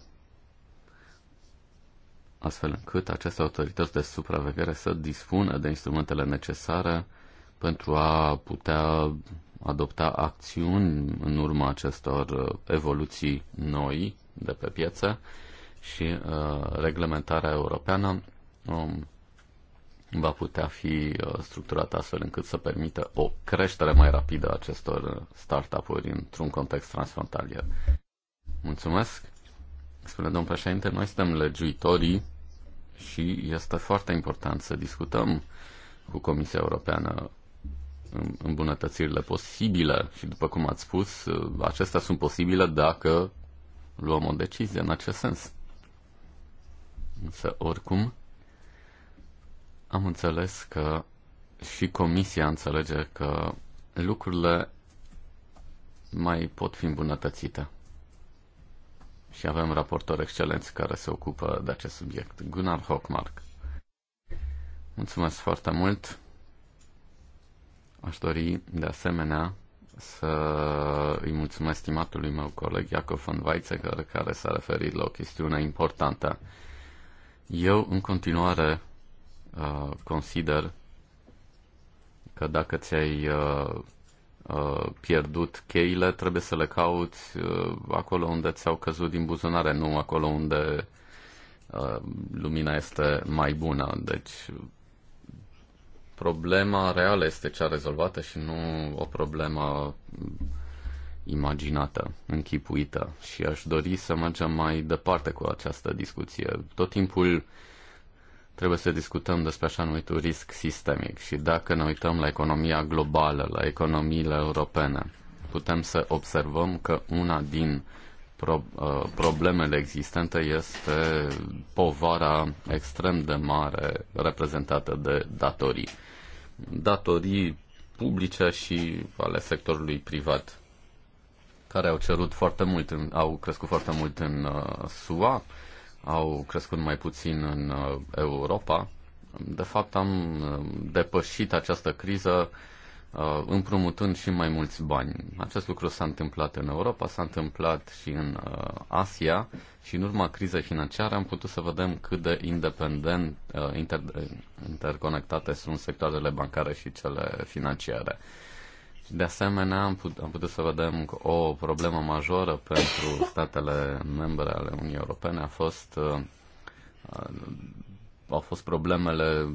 astfel încât aceste autorități de supraveghere să dispună de instrumentele necesare pentru a putea adopta acțiuni în urma acestor uh, evoluții noi de pe piață și uh, reglementarea europeană um, va putea fi uh, structurată astfel încât să permită o creștere mai rapidă a acestor uh, startup-uri într-un context transfrontalier. Mulțumesc! Spune domnul președinte, noi suntem legiuitorii și este foarte important să discutăm cu Comisia Europeană îmbunătățirile posibile și după cum ați spus, uh, acestea sunt posibile dacă luăm o decizie în acest sens. Însă, oricum, am înțeles că și Comisia înțelege că lucrurile mai pot fi îmbunătățite. Și avem raportori excelenți care se ocupă de acest subiect. Gunnar Hockmark. Mulțumesc foarte mult! Aș dori, de asemenea, să îi mulțumesc stimatului meu coleg Iacov von Weizsäcker, care s-a referit la o chestiune importantă. Eu, în continuare, uh, consider că dacă ți-ai uh, uh, pierdut cheile, trebuie să le cauți acolo unde ți-au căzut din buzunare, nu acolo unde lumina este mai bună. Deci problema reală este cea rezolvată și nu o problemă imaginată, închipuită. Și aș dori să mergem mai departe cu această discuție. Tot timpul trebuie să discutăm despre așa numitul risc sistemic și dacă ne uităm la economia globală, la economiile europene, putem să observăm că una din pro, uh, problemele existente este povara extrem de mare reprezentată de datorii datorii publice și ale sectorului privat, care au cerut foarte mult, în, au crescut foarte mult în uh, SUA, au crescut mai puțin în uh, Europa. De fapt, am uh, depășit această criză uh, Uh, împrumutând și mai mulți bani. Acest lucru s-a întâmplat în Europa, s-a întâmplat și în uh, Asia și în urma crizei financiare am putut să vedem cât de independent uh, inter, interconectate sunt sectoarele bancare și cele financiare. De asemenea, am, put, am putut să vedem că o problemă majoră pentru statele membre ale Uniunii Europene a fost au fost problemele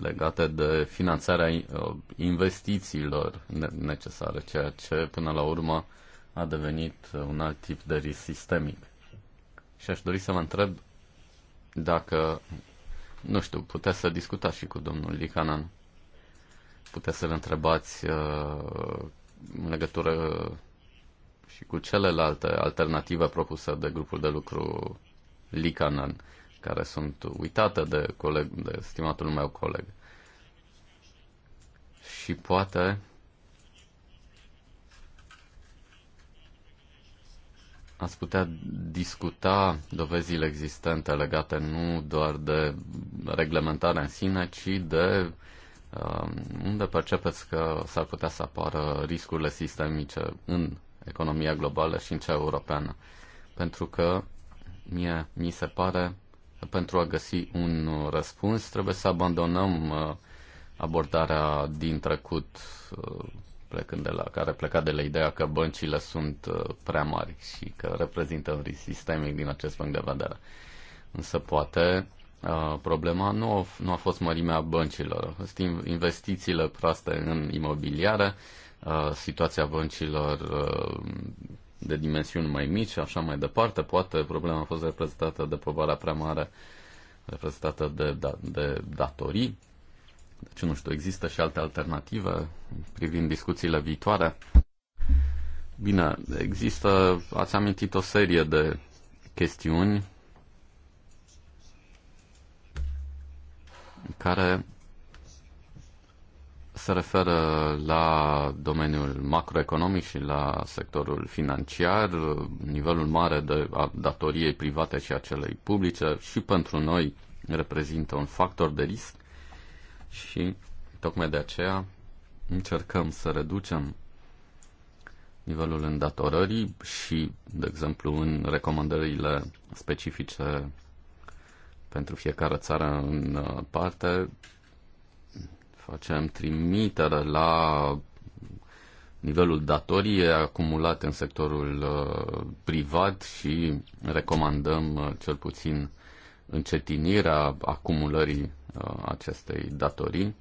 legate de finanțarea uh, investițiilor necesare, ceea ce până la urmă a devenit uh, un alt tip de risc sistemic. Și aș dori să mă întreb dacă, nu știu, puteți să discutați și cu domnul Licanan. Puteți să-l întrebați uh, în legătură și cu celelalte alternative propuse de grupul de lucru Licanan care sunt uitate de, coleg, de stimatul meu coleg. Și poate ați putea discuta dovezile existente legate nu doar de reglementarea în sine, ci de uh, unde percepeți că s-ar putea să apară riscurile sistemice în economia globală și în cea europeană. Pentru că mie mi se pare pentru a găsi un răspuns, trebuie să abandonăm uh, abordarea din trecut, uh, plecând de la, care pleca de la ideea că băncile sunt uh, prea mari și că reprezintă un risc sistemic din acest punct de vedere. Însă poate problema nu a, nu a fost mărimea băncilor, a investițiile proaste în imobiliare, situația băncilor de dimensiuni mai mici și așa mai departe. Poate problema a fost reprezentată de povara prea mare reprezentată de, da, de datorii. Deci, nu știu, există și alte alternative privind discuțiile viitoare. Bine, există, ați amintit o serie de chestiuni care se referă la domeniul macroeconomic și la sectorul financiar, nivelul mare de a datoriei private și a celei publice și pentru noi reprezintă un factor de risc și tocmai de aceea încercăm să reducem nivelul îndatorării și, de exemplu, în recomandările specifice pentru fiecare țară în parte, facem trimitere la nivelul datoriei acumulate în sectorul uh, privat și recomandăm uh, cel puțin încetinirea acumulării uh, acestei datorii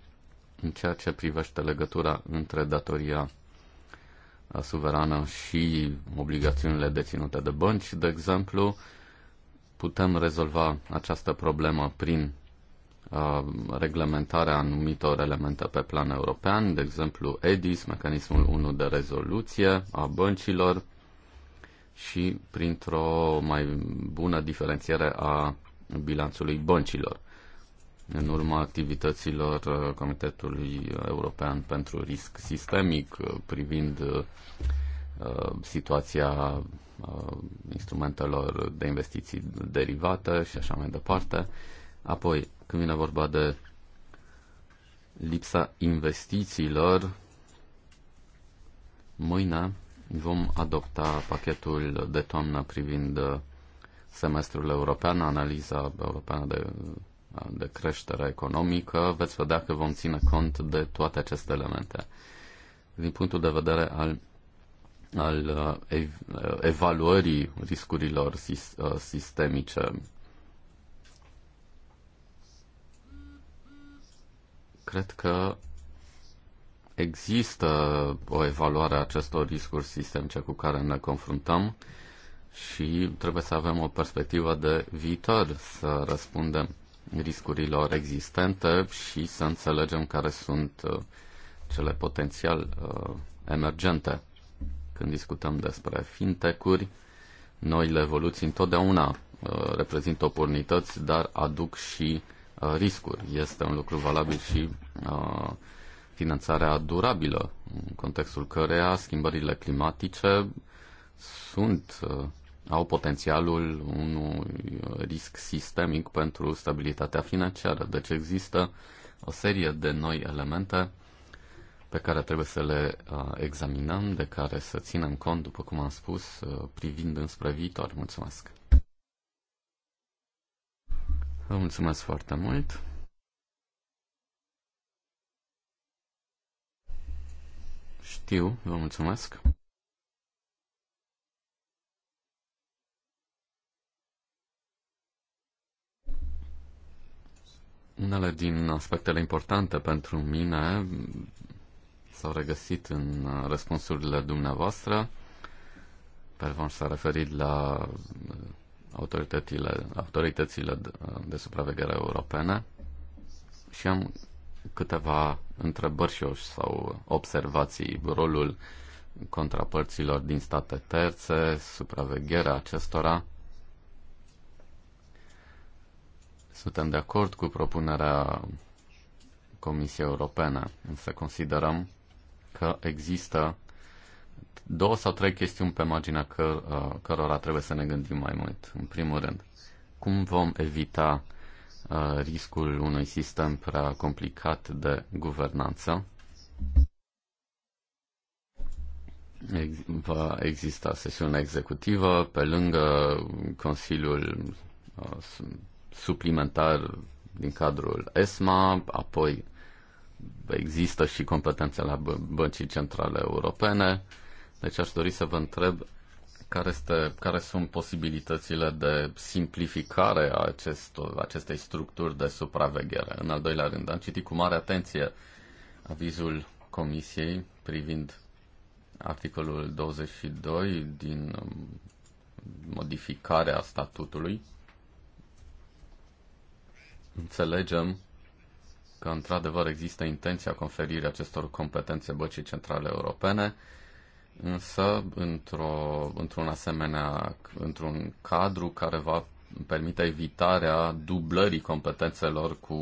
în ceea ce privește legătura între datoria suverană și obligațiunile deținute de bănci, de exemplu, putem rezolva această problemă prin Um, reglementarea anumitor elemente pe plan european, de exemplu EDIS, mecanismul 1 de rezoluție a băncilor și printr-o mai bună diferențiere a bilanțului băncilor în urma activităților uh, Comitetului European pentru Risc Sistemic uh, privind uh, situația instrumentelor de investiții derivate și așa mai departe. Apoi, când vine vorba de lipsa investițiilor, mâine vom adopta pachetul de toamnă privind semestrul european, analiza europeană de, de creștere economică. Veți vedea că vom ține cont de toate aceste elemente. Din punctul de vedere al al uh, uh, evaluării riscurilor uh, sistemice Cred că există o evaluare a acestor riscuri sistemice cu care ne confruntăm și trebuie să avem o perspectivă de viitor să răspundem riscurilor existente și să înțelegem care sunt uh, cele potențial uh, emergente. Când discutăm despre fintech-uri, noile evoluții întotdeauna uh, reprezintă oportunități, dar aduc și uh, Uh, riscuri. Este un lucru valabil și uh, finanțarea durabilă, în contextul căreia schimbările climatice sunt, uh, au potențialul unui risc sistemic pentru stabilitatea financiară. Deci există o serie de noi elemente pe care trebuie să le examinăm, de care să ținem cont, după cum am spus, privind înspre viitor. Mulțumesc! Vă mulțumesc foarte mult. Știu, vă mulțumesc. Unele din aspectele importante pentru mine s-au regăsit în răspunsurile dumneavoastră. Pervan s-a referit la autoritățile, autoritățile de supraveghere europene și am câteva întrebări și sau observații, rolul contrapărților din state terțe, supravegherea acestora. Suntem de acord cu propunerea Comisiei Europene, însă considerăm că există două sau trei chestiuni pe marginea căr, uh, cărora trebuie să ne gândim mai mult. În primul rând, cum vom evita uh, riscul unui sistem prea complicat de guvernanță? Ex- va exista sesiunea executivă pe lângă Consiliul uh, suplimentar din cadrul ESMA, apoi există și competențe la Băncii Centrale Europene, deci aș dori să vă întreb care, este, care sunt posibilitățile de simplificare a acestor, acestei structuri de supraveghere. În al doilea rând, am citit cu mare atenție avizul Comisiei privind articolul 22 din um, modificarea statutului. Înțelegem că într-adevăr există intenția conferirii acestor competențe băcii centrale europene, însă într-o, într-un asemenea, într-un cadru care va permite evitarea dublării competențelor cu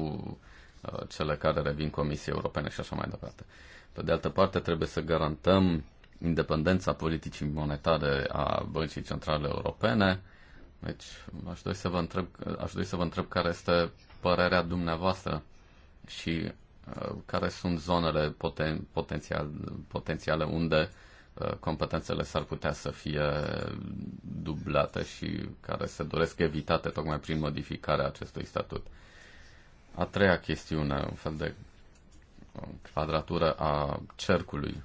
uh, cele care revin Comisiei Europene și așa mai departe. Pe de altă parte, trebuie să garantăm independența politicii monetare a Băncii Centrale Europene. Deci, aș dori să vă întreb, aș dori să vă întreb care este părerea dumneavoastră și uh, care sunt zonele poten, potențial, potențiale unde uh, Uh, competențele s-ar putea să fie dublate și care se doresc evitate tocmai prin modificarea acestui statut. A treia chestiune, un fel de quadratură a cercului.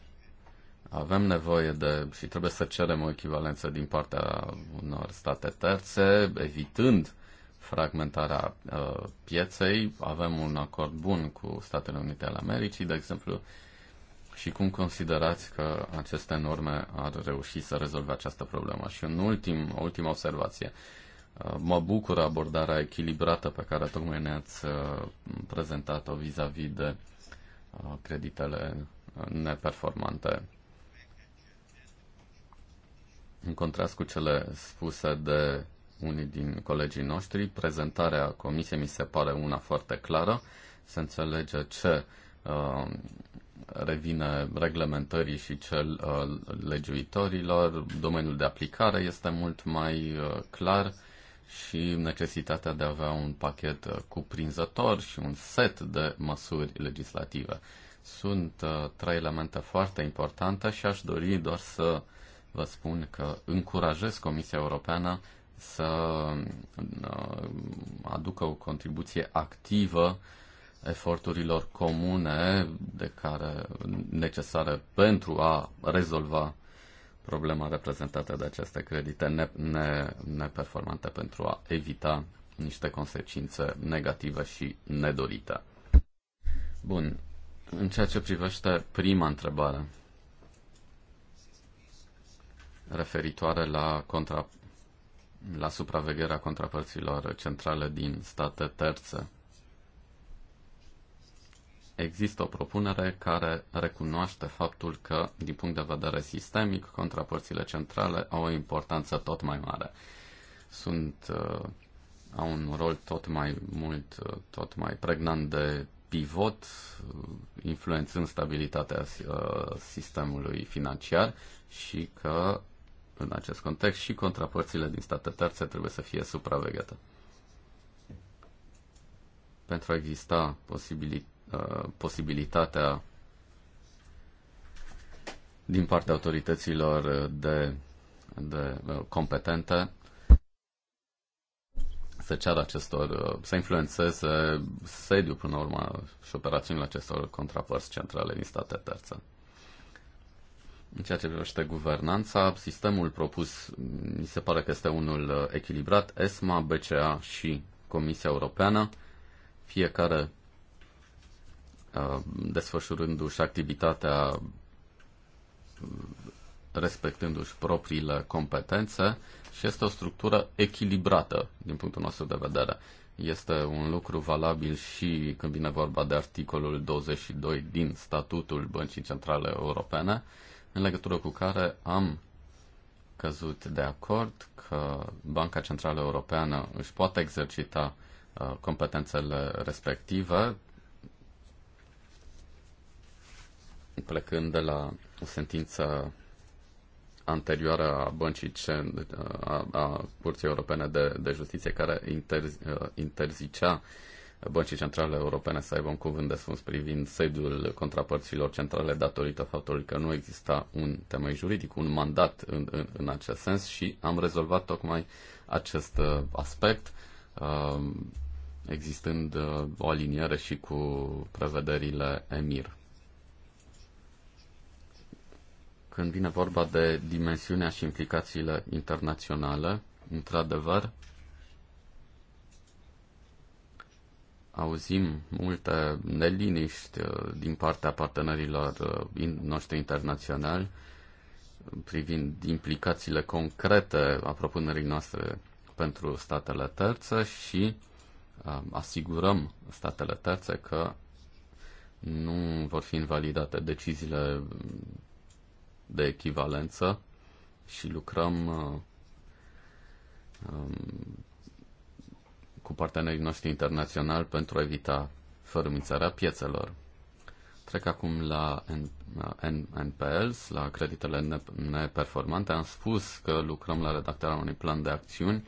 Avem nevoie de și trebuie să cerem o echivalență din partea unor state terțe, evitând fragmentarea uh, pieței. Avem un acord bun cu Statele Unite ale Americii, de exemplu, și cum considerați că aceste norme ar reuși să rezolve această problemă? Și în ultim, ultima observație, uh, mă bucură abordarea echilibrată pe care tocmai ne-ați uh, prezentat-o vis-a-vis de uh, creditele neperformante în contrast cu cele spuse de unii din colegii noștri, prezentarea comisiei mi se pare una foarte clară. Se înțelege ce revine reglementării și cel uh, legiuitorilor. Domeniul de aplicare este mult mai uh, clar și necesitatea de a avea un pachet uh, cuprinzător și un set de măsuri legislative. Sunt uh, trei elemente foarte importante și aș dori doar să vă spun că încurajez Comisia Europeană să uh, aducă o contribuție activă uh, eforturilor comune de care necesare pentru a rezolva problema reprezentată de aceste credite neperformante pentru a evita niște consecințe negative și nedorite. Bun. În ceea ce privește prima întrebare referitoare la, contra, la supravegherea contrapărților centrale din state terțe, există o propunere care recunoaște faptul că, din punct de vedere sistemic, contrapărțile centrale au o importanță tot mai mare. Sunt, uh, au un rol tot mai mult, uh, tot mai pregnant de pivot, uh, influențând stabilitatea uh, sistemului financiar și că, în acest context, și contrapărțile din state terțe trebuie să fie supravegheate. Pentru a exista posibilitatea Uh, posibilitatea din partea autorităților de, de uh, competente să ceară acestor, uh, să influențeze sediu până la urmă și operațiunile acestor contrapărți centrale din state terțe. În ceea ce privește guvernanța, sistemul propus mi se pare că este unul echilibrat. ESMA, BCA și Comisia Europeană, fiecare Uh, desfășurându-și activitatea uh, respectându-și propriile competențe și este o structură echilibrată din punctul nostru de vedere. Este un lucru valabil și când vine vorba de articolul 22 din statutul Băncii Centrale Europene, în legătură cu care am căzut de acord că Banca Centrală Europeană își poate exercita uh, competențele respective plecând de la o sentință anterioară a băncii a, a Curții Europene de, de Justiție care interzi, interzicea Băncii Centrale Europene să aibă un cuvânt de spus privind sediul contrapărților centrale datorită faptului că nu exista un temei juridic, un mandat în, în, în acest sens și am rezolvat tocmai acest uh, aspect uh, existând uh, o aliniere și cu prevederile EMIR. când vine vorba de dimensiunea și implicațiile internaționale, într-adevăr, auzim multe neliniști uh, din partea partenerilor uh, noștri internaționali privind implicațiile concrete a propunerii noastre pentru statele terțe și uh, asigurăm statele terțe că nu vor fi invalidate deciziile de echivalență și lucrăm uh, um, cu partenerii noștri internaționali pentru a evita fărâmițarea piețelor. Trec acum la NPLs, la creditele neperformante. Am spus că lucrăm la redactarea unui plan de acțiuni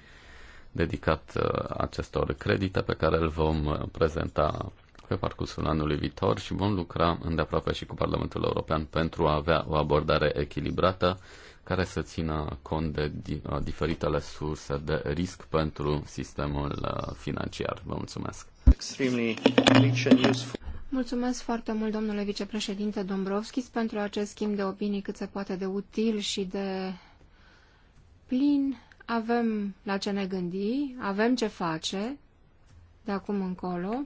dedicat uh, acestor credite pe care îl vom uh, prezenta pe parcursul anului viitor și vom lucra îndeaproape și cu Parlamentul European pentru a avea o abordare echilibrată care să țină cont de diferitele surse de risc pentru sistemul financiar. Vă mulțumesc! Mulțumesc foarte mult, domnule vicepreședinte Dombrovskis, pentru acest schimb de opinii cât se poate de util și de plin. Avem la ce ne gândi, avem ce face de acum încolo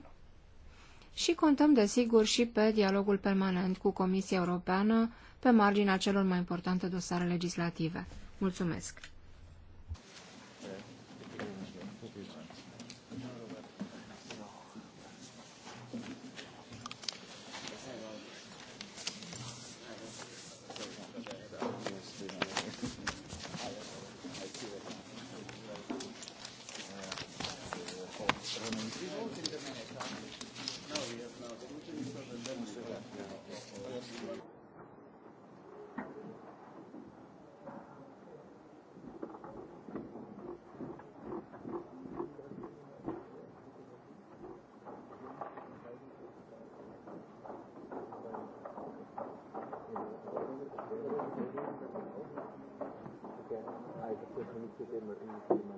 și contăm, desigur, și pe dialogul permanent cu Comisia Europeană pe marginea celor mai importante dosare legislative. Mulțumesc! Thank you.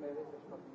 mele să-și facă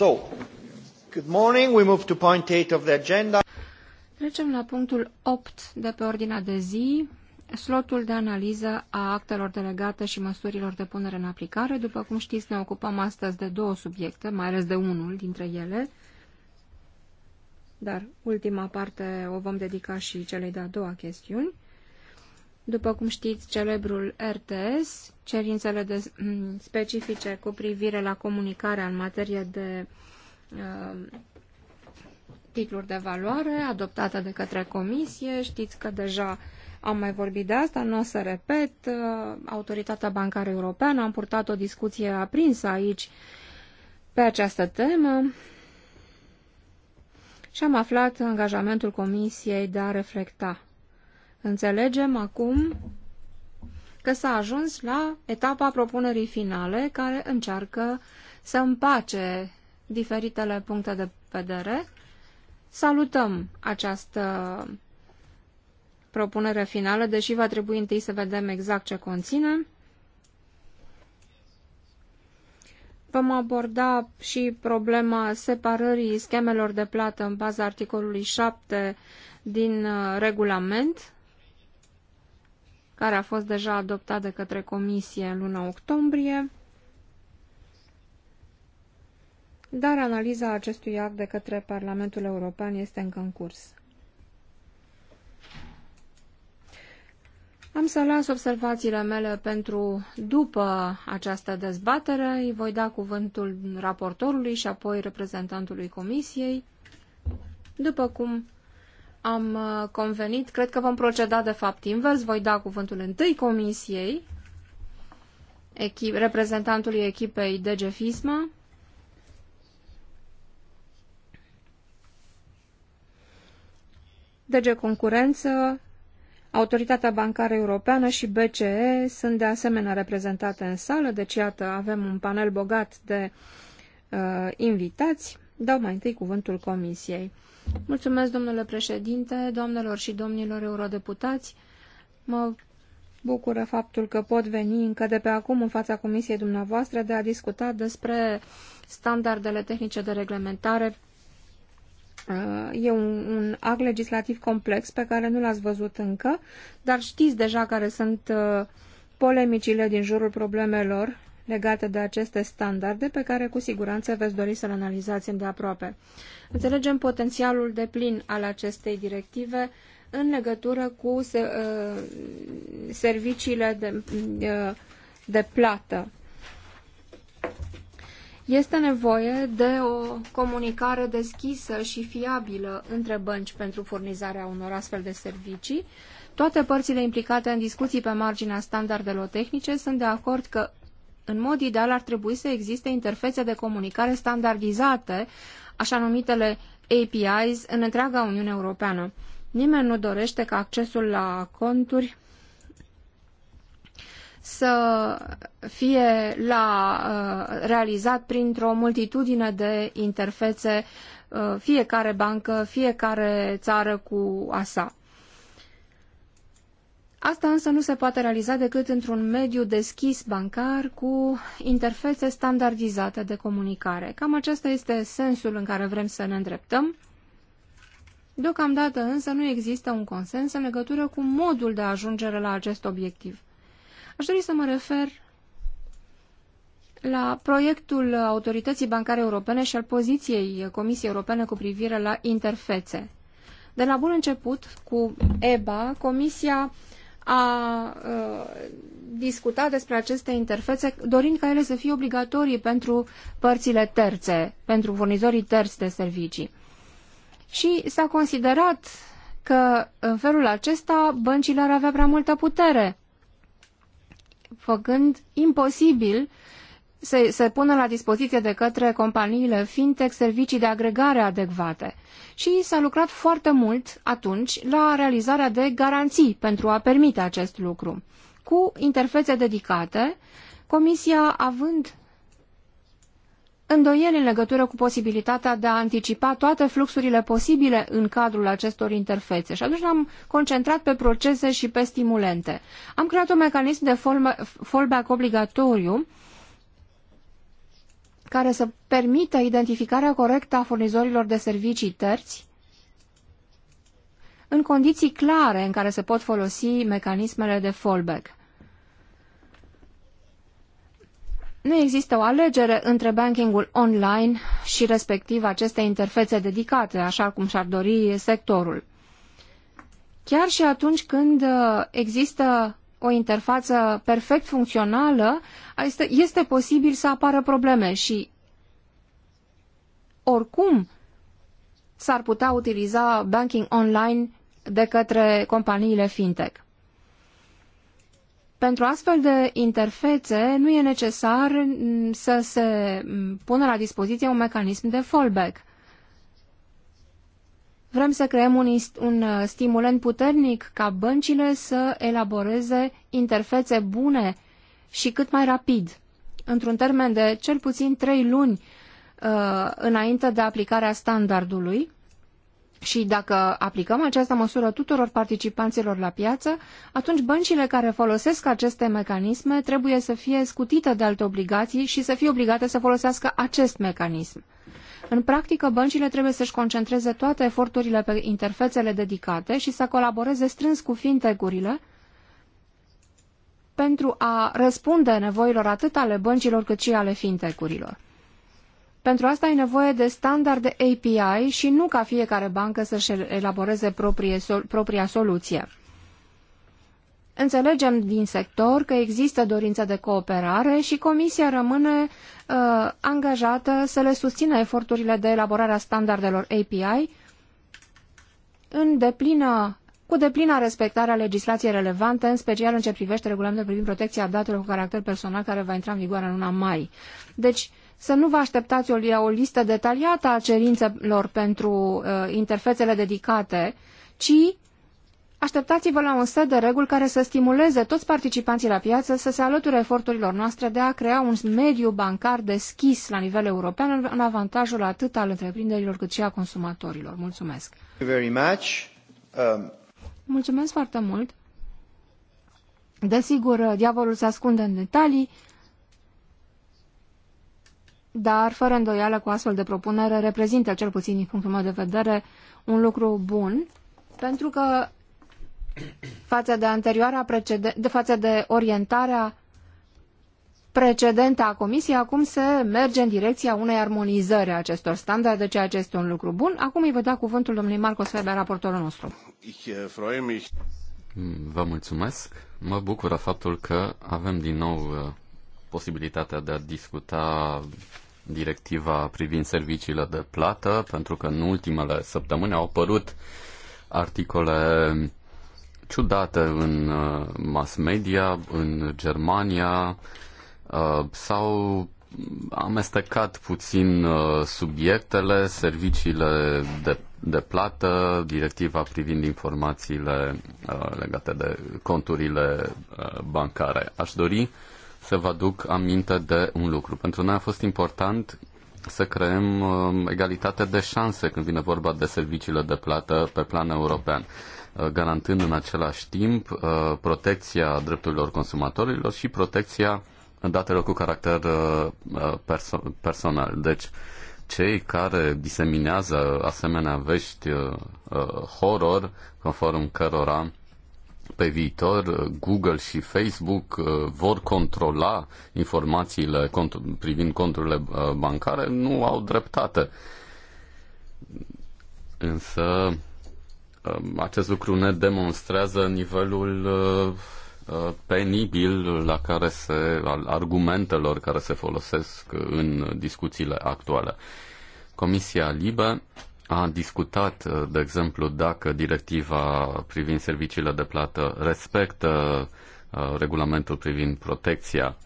So, good morning. We move to point 8 of the agenda. Trecem la punctul 8 de pe ordinea de zi, slotul de analiză a actelor delegate și măsurilor de punere în aplicare. După cum știți, ne ocupăm astăzi de două subiecte, mai ales de unul dintre ele, dar ultima parte o vom dedica și celei de-a doua chestiuni. După cum știți, celebrul RTS, cerințele de, mm, specifice cu privire la comunicarea în materie de uh, titluri de valoare, adoptată de către comisie. Știți că deja am mai vorbit de asta, nu o să repet. Uh, Autoritatea Bancară Europeană am purtat o discuție aprinsă aici pe această temă și am aflat angajamentul comisiei de a reflecta Înțelegem acum că s-a ajuns la etapa propunerii finale care încearcă să împace diferitele puncte de vedere. Salutăm această propunere finală, deși va trebui întâi să vedem exact ce conține. Vom aborda și problema separării schemelor de plată în baza articolului 7 din uh, regulament, care a fost deja adoptat de către Comisie în luna octombrie, dar analiza acestui act de către Parlamentul European este încă în curs. Am să las observațiile mele pentru după această dezbatere. Îi voi da cuvântul raportorului și apoi reprezentantului comisiei. După cum am uh, convenit, cred că vom proceda de fapt invers, voi da cuvântul întâi comisiei, echip, reprezentantului echipei DG FISMA, DG Concurență, Autoritatea Bancară Europeană și BCE sunt de asemenea reprezentate în sală, deci iată, avem un panel bogat de uh, invitați. Dau mai întâi cuvântul Comisiei. Mulțumesc, domnule președinte, doamnelor și domnilor eurodeputați. Mă bucură faptul că pot veni încă de pe acum în fața Comisiei dumneavoastră de a discuta despre standardele tehnice de reglementare. E un, un act legislativ complex pe care nu l-ați văzut încă, dar știți deja care sunt uh, polemicile din jurul problemelor legate de aceste standarde pe care cu siguranță veți dori să le analizați îndeaproape. Înțelegem potențialul de plin al acestei directive în legătură cu uh, serviciile de, uh, de plată. Este nevoie de o comunicare deschisă și fiabilă între bănci pentru furnizarea unor astfel de servicii. Toate părțile implicate în discuții pe marginea standardelor tehnice sunt de acord că în mod ideal ar trebui să existe interfețe de comunicare standardizate, așa numitele APIs, în întreaga Uniune Europeană. Nimeni nu dorește ca accesul la conturi să fie la, uh, realizat printr-o multitudine de interfețe, uh, fiecare bancă, fiecare țară cu a sa. Asta însă nu se poate realiza decât într-un mediu deschis bancar cu interfețe standardizate de comunicare. Cam acesta este sensul în care vrem să ne îndreptăm. Deocamdată însă nu există un consens în legătură cu modul de ajungere la acest obiectiv. Aș dori să mă refer la proiectul Autorității Bancare Europene și al poziției Comisiei Europene cu privire la interfețe. De la bun început, cu EBA, Comisia a discuta despre aceste interfețe, dorind ca ele să fie obligatorii pentru părțile terțe, pentru furnizorii terți de servicii. Și s-a considerat că în felul acesta băncile ar avea prea multă putere, făcând imposibil uh, se, se pună la dispoziție de către companiile fintech servicii de agregare adecvate. Și s-a lucrat foarte mult atunci la realizarea de garanții pentru a permite acest lucru. Cu interfețe dedicate, Comisia având îndoieli în legătură cu posibilitatea de a anticipa toate fluxurile posibile în cadrul acestor interfețe și atunci ne-am concentrat pe procese și pe stimulente. Am creat un mecanism de fallback obligatoriu care să permită identificarea corectă a furnizorilor de servicii terți în condiții clare în care se pot folosi mecanismele de fallback. Nu există o alegere între bankingul online și respectiv aceste interfețe dedicate, așa cum și-ar dori sectorul. Chiar și atunci când uh, există o interfață perfect funcțională, este, este posibil să apară probleme și oricum s-ar putea utiliza banking online de către companiile fintech. Pentru astfel de interfețe nu e necesar să se pună la dispoziție un mecanism de fallback. Vrem să creăm un, un uh, stimulant puternic ca băncile să elaboreze interfețe bune și cât mai rapid, într-un termen de cel puțin trei luni uh, înainte de aplicarea standardului, și dacă aplicăm această măsură tuturor participanților la piață, atunci băncile care folosesc aceste mecanisme trebuie să fie scutite de alte obligații și să fie obligate să folosească acest mecanism. În practică, băncile trebuie să-și concentreze toate eforturile pe interfețele dedicate și să colaboreze strâns cu fintecurile pentru a răspunde nevoilor atât ale băncilor cât și ale fintecurilor. Pentru asta e nevoie de standarde API și nu ca fiecare bancă să-și elaboreze proprie, sol, propria soluție. Înțelegem din sector că există dorință de cooperare și Comisia rămâne uh, angajată să le susțină eforturile de elaborare a standardelor API în deplină, cu deplină respectarea legislației relevante, în special în ce privește regulamentul privind protecția datelor cu caracter personal care va intra în vigoare în luna mai. Deci, să nu vă așteptați o, o listă detaliată a cerințelor pentru uh, interfețele dedicate, ci Așteptați-vă la un set de reguli care să stimuleze toți participanții la piață să se alăture eforturilor noastre de a crea un mediu bancar deschis la nivel european în avantajul atât al întreprinderilor cât și a consumatorilor. Mulțumesc! Um, Mulțumesc foarte mult! Desigur, diavolul se ascunde în detalii, dar fără îndoială cu astfel de propunere reprezintă, cel puțin din punctul meu de vedere, un lucru bun, pentru că față de anterioara de față de orientarea precedentă a comisiei, acum se merge în direcția unei armonizări a acestor standarde, ceea ce este un lucru bun. Acum îi voi da cuvântul domnului Marcos Weber, raportorul nostru. Eh, Vă mulțumesc. Mă bucură faptul că avem din nou eh, posibilitatea de a discuta directiva privind serviciile de plată, pentru că în ultimele săptămâni au apărut articole ciudată în uh, mass media, în Germania. Uh, s-au amestecat puțin uh, subiectele, serviciile de, de plată, directiva privind informațiile legate de conturile bancare. Aș dori să vă aduc aminte de un lucru. Pentru noi a fost important să creăm um, egalitate de șanse când vine vorba de serviciile de plată pe plan european. Uh, garantând în același timp uh, protecția drepturilor consumatorilor și protecția datelor cu caracter uh, perso- personal. Deci, cei care diseminează asemenea vești horror, conform cărora pe viitor Google și Facebook vor controla informațiile cont- privind conturile bancare, nu au dreptate. Însă Um, acest lucru ne demonstrează nivelul uh, uh, penibil la care se, al argumentelor care se folosesc în discuțiile actuale. Comisia Libe a discutat, uh, de exemplu, dacă directiva privind serviciile de plată respectă regulamentul privind protecția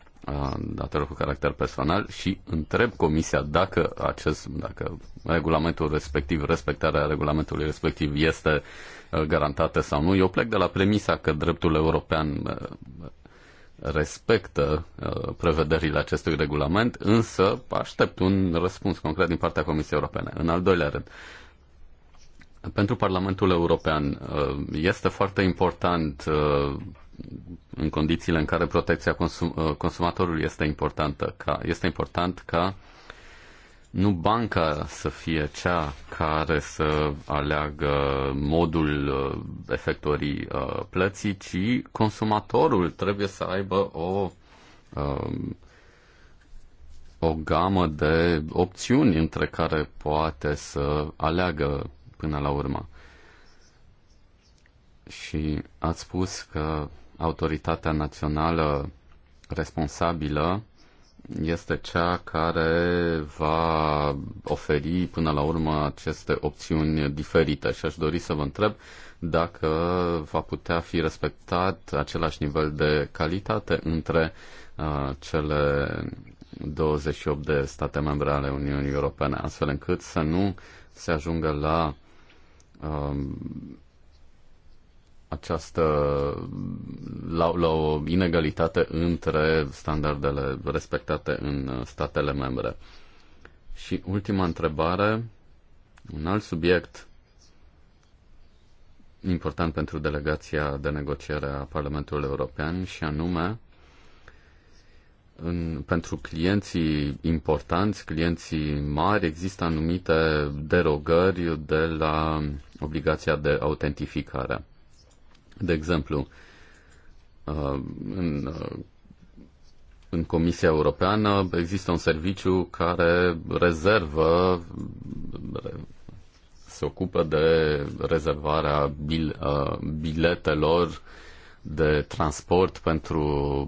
datelor cu caracter personal și întreb comisia dacă acest, dacă regulamentul respectiv, respectarea regulamentului respectiv este garantată sau nu. Eu plec de la premisa că dreptul european respectă prevederile acestui regulament, însă aștept un răspuns concret din partea Comisiei Europene. În al doilea rând, pentru Parlamentul European este foarte important în condițiile în care protecția consum, uh, consumatorului este importantă, ca, este important ca nu banca să fie cea care să aleagă modul uh, efectorii uh, plății, ci consumatorul trebuie să aibă o um, o gamă de opțiuni între care poate să aleagă până la urmă. Și ați spus că autoritatea națională responsabilă este cea care va oferi până la urmă aceste opțiuni diferite și aș dori să vă întreb dacă va putea fi respectat același nivel de calitate între uh, cele 28 de state membre ale Uniunii Europene, astfel încât să nu se ajungă la um, această, la, la o inegalitate între standardele respectate în statele membre. Și ultima întrebare, un alt subiect important pentru delegația de negociere a Parlamentului European și anume în, pentru clienții importanți, clienții mari, există anumite derogări de la obligația de autentificare. De exemplu, uh, în, uh, în Comisia Europeană există un serviciu care rezervă, se ocupă de rezervarea bil, uh, biletelor de transport pentru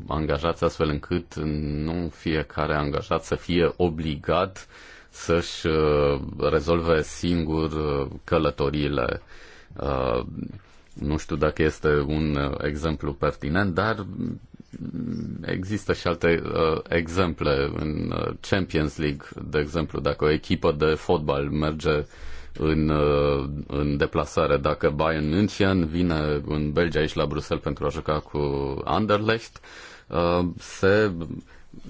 angajați astfel încât nu fiecare angajat să fie obligat să-și rezolve singur călătoriile nu știu dacă este un uh, exemplu pertinent, dar există și alte uh, exemple. În uh, Champions League, de exemplu, dacă o echipă de fotbal merge în, uh, în deplasare, dacă Bayern München vine în Belgia aici la Bruxelles pentru a juca cu Anderlecht, uh, se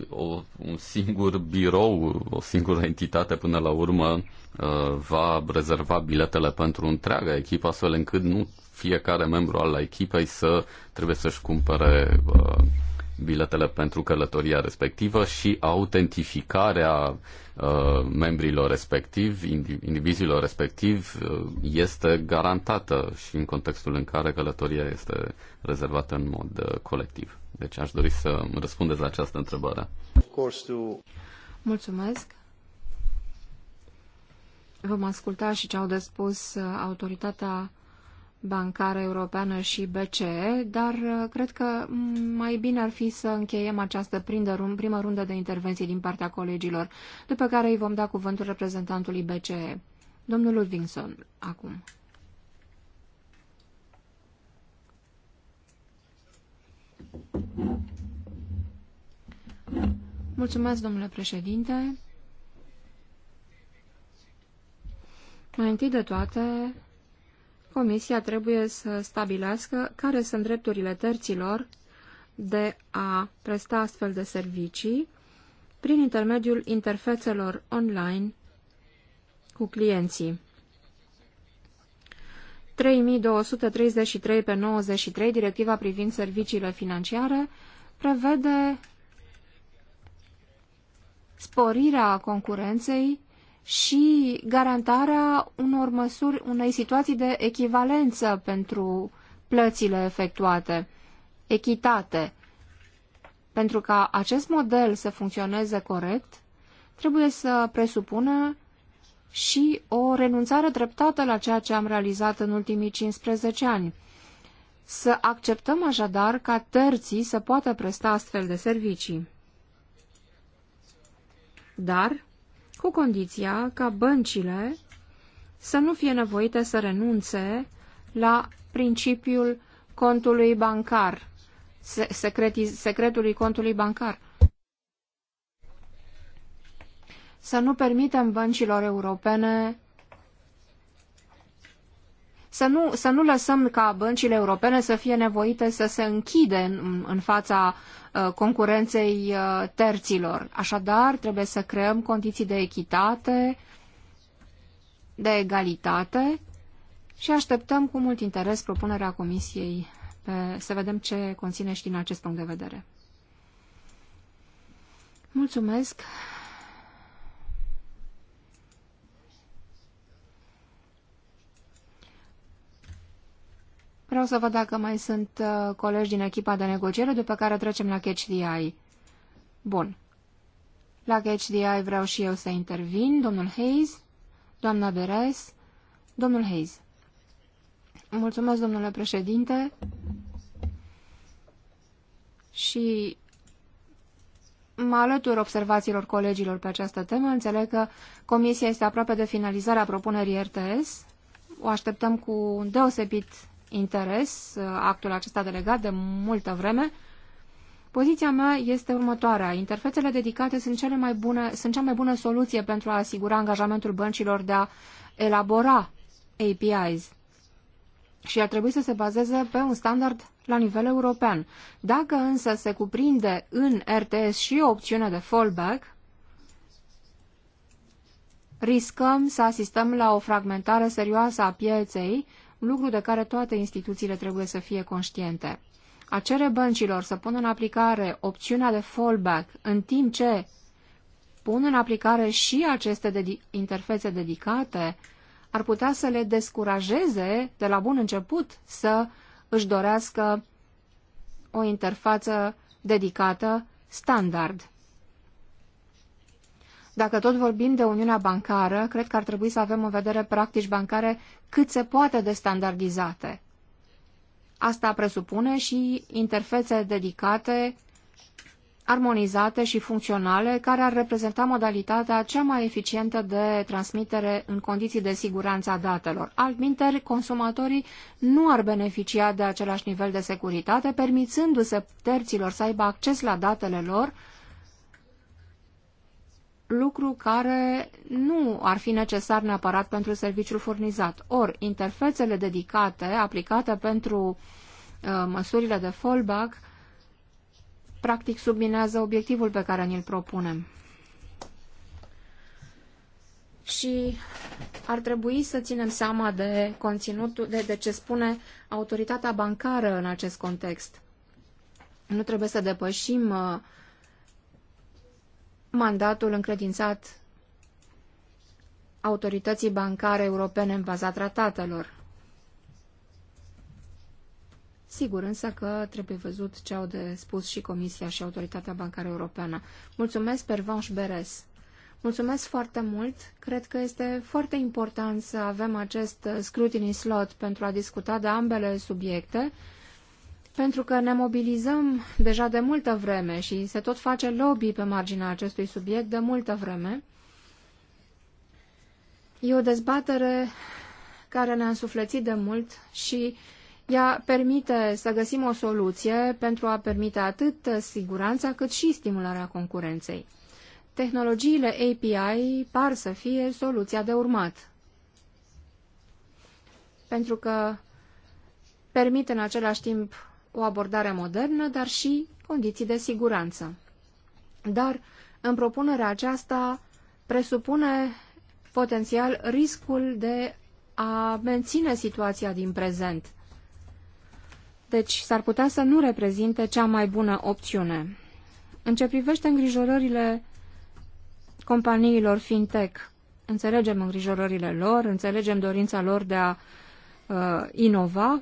o, un singur birou, o singură entitate până la urmă uh, va rezerva biletele pentru întreaga echipă astfel încât nu fiecare membru al echipei să trebuie să-și cumpere uh, biletele pentru călătoria respectivă și autentificarea uh, membrilor respectivi, indivizilor respectiv, uh, este garantată și în contextul în care călătoria este rezervată în mod uh, colectiv. Deci aș dori să răspundeți la această întrebare. Mulțumesc. Vom asculta și ce au de spus uh, autoritatea Bancară Europeană și BCE, dar uh, cred că mm, mai bine ar fi să încheiem această primă rundă de intervenții din partea colegilor, după care îi vom da cuvântul reprezentantului BCE. Domnul Ludvingson, acum. Mulțumesc, domnule președinte. Mai întâi de toate, Comisia trebuie să stabilească care sunt drepturile terților de a presta astfel de servicii prin intermediul interfețelor online cu clienții. 3233 pe 93, directiva privind serviciile financiare, prevede sporirea concurenței și garantarea unor măsuri, unei situații de echivalență pentru plățile efectuate, echitate. Pentru ca acest model să funcționeze corect, trebuie să presupună și o renunțare treptată la ceea ce am realizat în ultimii 15 ani. Să acceptăm așadar ca terții să poată presta astfel de servicii. Dar cu condiția ca băncile să nu fie nevoite să renunțe la principiul contului bancar, secretului contului bancar. Să nu permitem băncilor europene să nu, să nu lăsăm ca băncile europene să fie nevoite să se închide în, în fața uh, concurenței uh, terților. Așadar, trebuie să creăm condiții de echitate, de egalitate și așteptăm cu mult interes propunerea Comisiei pe, să vedem ce conține și din acest punct de vedere. Mulțumesc! Vreau să văd dacă mai sunt uh, colegi din echipa de negociere, după care trecem la Catch the Eye. Bun. La Catch the Eye vreau și eu să intervin. Domnul Hayes, doamna Beres, domnul Hayes. Mulțumesc, domnule președinte. Și mă alătur observațiilor colegilor pe această temă. Înțeleg că comisia este aproape de finalizarea propunerii RTS. O așteptăm cu deosebit interes uh, actul acesta delegat de multă vreme. Poziția mea este următoarea. Interfețele dedicate sunt, cele mai bune, sunt cea mai bună soluție pentru a asigura angajamentul băncilor de a elabora APIs și ar trebui să se bazeze pe un standard la nivel european. Dacă însă se cuprinde în RTS și o opțiune de fallback, riscăm să asistăm la o fragmentare serioasă a pieței un lucru de care toate instituțiile trebuie să fie conștiente. A cere băncilor să pună în aplicare opțiunea de fallback în timp ce pun în aplicare și aceste de interfețe dedicate, ar putea să le descurajeze de la bun început să își dorească o interfață dedicată standard. Dacă tot vorbim de Uniunea Bancară, cred că ar trebui să avem în vedere practici bancare cât se poate de standardizate. Asta presupune și interfețe dedicate, armonizate și funcționale, care ar reprezenta modalitatea cea mai eficientă de transmitere în condiții de siguranță a datelor. Altminte, consumatorii nu ar beneficia de același nivel de securitate, permițându-se terților să aibă acces la datele lor, lucru care nu ar fi necesar neapărat pentru serviciul furnizat. Ori, interfețele dedicate, aplicate pentru uh, măsurile de fallback, practic subminează obiectivul pe care ni-l propunem. Și ar trebui să ținem seama de conținutul, de, de ce spune autoritatea bancară în acest context. Nu trebuie să depășim uh, mandatul încredințat autorității bancare europene în baza tratatelor. Sigur însă că trebuie văzut ce au de spus și Comisia și Autoritatea Bancară Europeană. Mulțumesc, Pervanș Beres. Mulțumesc foarte mult. Cred că este foarte important să avem acest scrutiny slot pentru a discuta de ambele subiecte pentru că ne mobilizăm deja de multă vreme și se tot face lobby pe marginea acestui subiect de multă vreme. E o dezbatere care ne-a însuflețit de mult și ea permite să găsim o soluție pentru a permite atât siguranța cât și stimularea concurenței. Tehnologiile API par să fie soluția de urmat, pentru că permit în același timp o abordare modernă, dar și condiții de siguranță. Dar, în propunerea aceasta, presupune potențial riscul de a menține situația din prezent. Deci, s-ar putea să nu reprezinte cea mai bună opțiune. În ce privește îngrijorările companiilor fintech, înțelegem îngrijorările lor, înțelegem dorința lor de a uh, inova,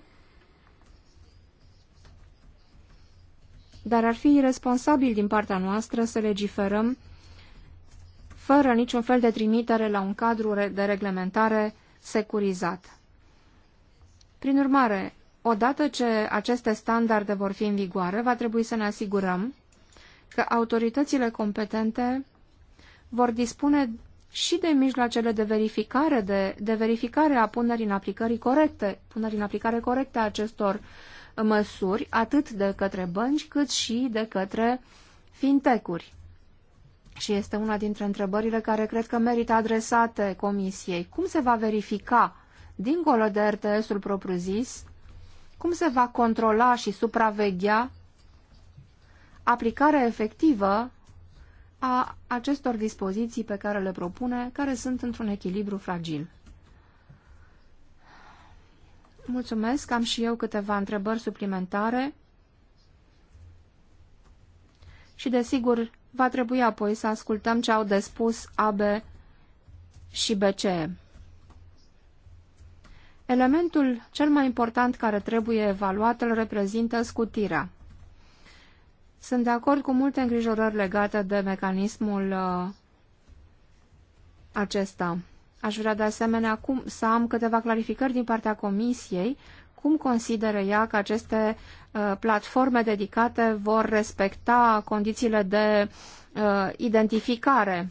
dar ar fi irresponsabil din partea noastră să legiferăm fără niciun fel de trimitere la un cadru de reglementare securizat. Prin urmare, odată ce aceste standarde vor fi în vigoare, va trebui să ne asigurăm că autoritățile competente vor dispune și de mijloacele de verificare, de, de verificare a punerii în, aplicării corecte, punerii în aplicare corecte a acestor măsuri atât de către bănci cât și de către fintecuri. Și este una dintre întrebările care cred că merită adresate Comisiei. Cum se va verifica, dincolo de RTS-ul propriu-zis, cum se va controla și supraveghea aplicarea efectivă a acestor dispoziții pe care le propune, care sunt într-un echilibru fragil? Mulțumesc, am și eu câteva întrebări suplimentare. Și desigur, va trebui apoi să ascultăm ce au de spus AB și BCE. Elementul cel mai important care trebuie evaluat îl reprezintă scutirea. Sunt de acord cu multe îngrijorări legate de mecanismul uh, acesta. Aș vrea de asemenea acum să am câteva clarificări din partea Comisiei, cum consideră ea că aceste uh, platforme dedicate vor respecta condițiile de uh, identificare,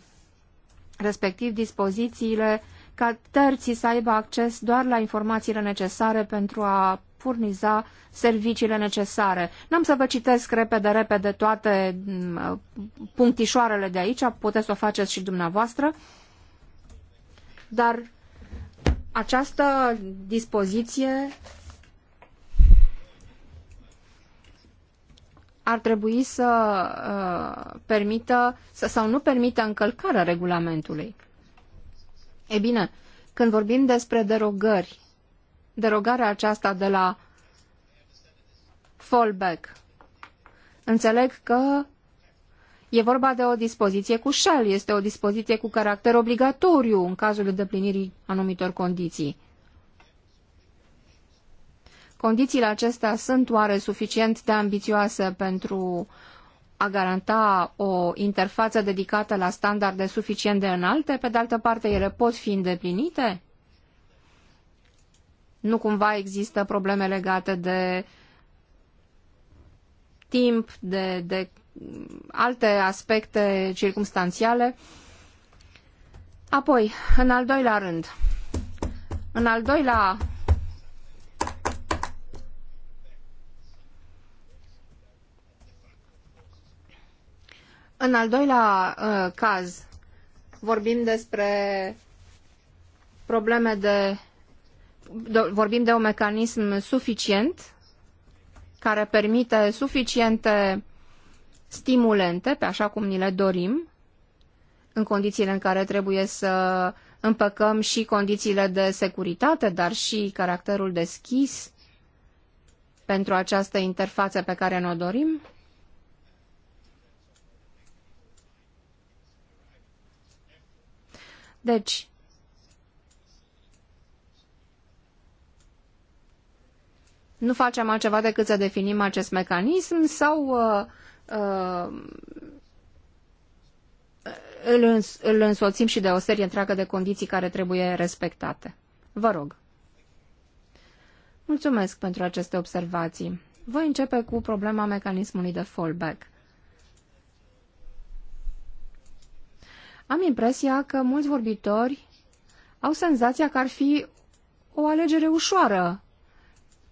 respectiv dispozițiile ca terții să aibă acces doar la informațiile necesare pentru a furniza serviciile necesare. N-am să vă citesc repede, repede toate mm, uh, punctișoarele de aici, puteți să o faceți și dumneavoastră. Uh, dar această dispoziție ar trebui să uh, permită să, sau nu permită încălcarea regulamentului. E bine, când vorbim despre derogări, derogarea aceasta de la fallback, înțeleg că E vorba de o dispoziție cu shell, este o dispoziție cu caracter obligatoriu în cazul îndeplinirii anumitor condiții. Condițiile acestea sunt oare suficient de ambițioase pentru a garanta o interfață dedicată la standarde suficient de înalte? Pe de altă parte, ele pot fi îndeplinite? Nu cumva există probleme legate de timp, de, de alte aspecte circumstanțiale. Apoi, în al doilea rând, în al doilea În al doilea uh, caz vorbim despre probleme de, de vorbim de un mecanism suficient care permite suficiente stimulente, pe așa cum ni le dorim, în condițiile în care trebuie să împăcăm și condițiile de securitate, dar și caracterul deschis pentru această interfață pe care ne-o dorim? Deci, nu facem altceva decât să definim acest mecanism sau uh, Uh, îl, îns îl însoțim și de o serie întreagă de condiții care trebuie respectate. Vă rog. Mulțumesc pentru aceste observații. Voi începe cu problema mecanismului de fallback. Am impresia că mulți vorbitori au senzația că ar fi o alegere ușoară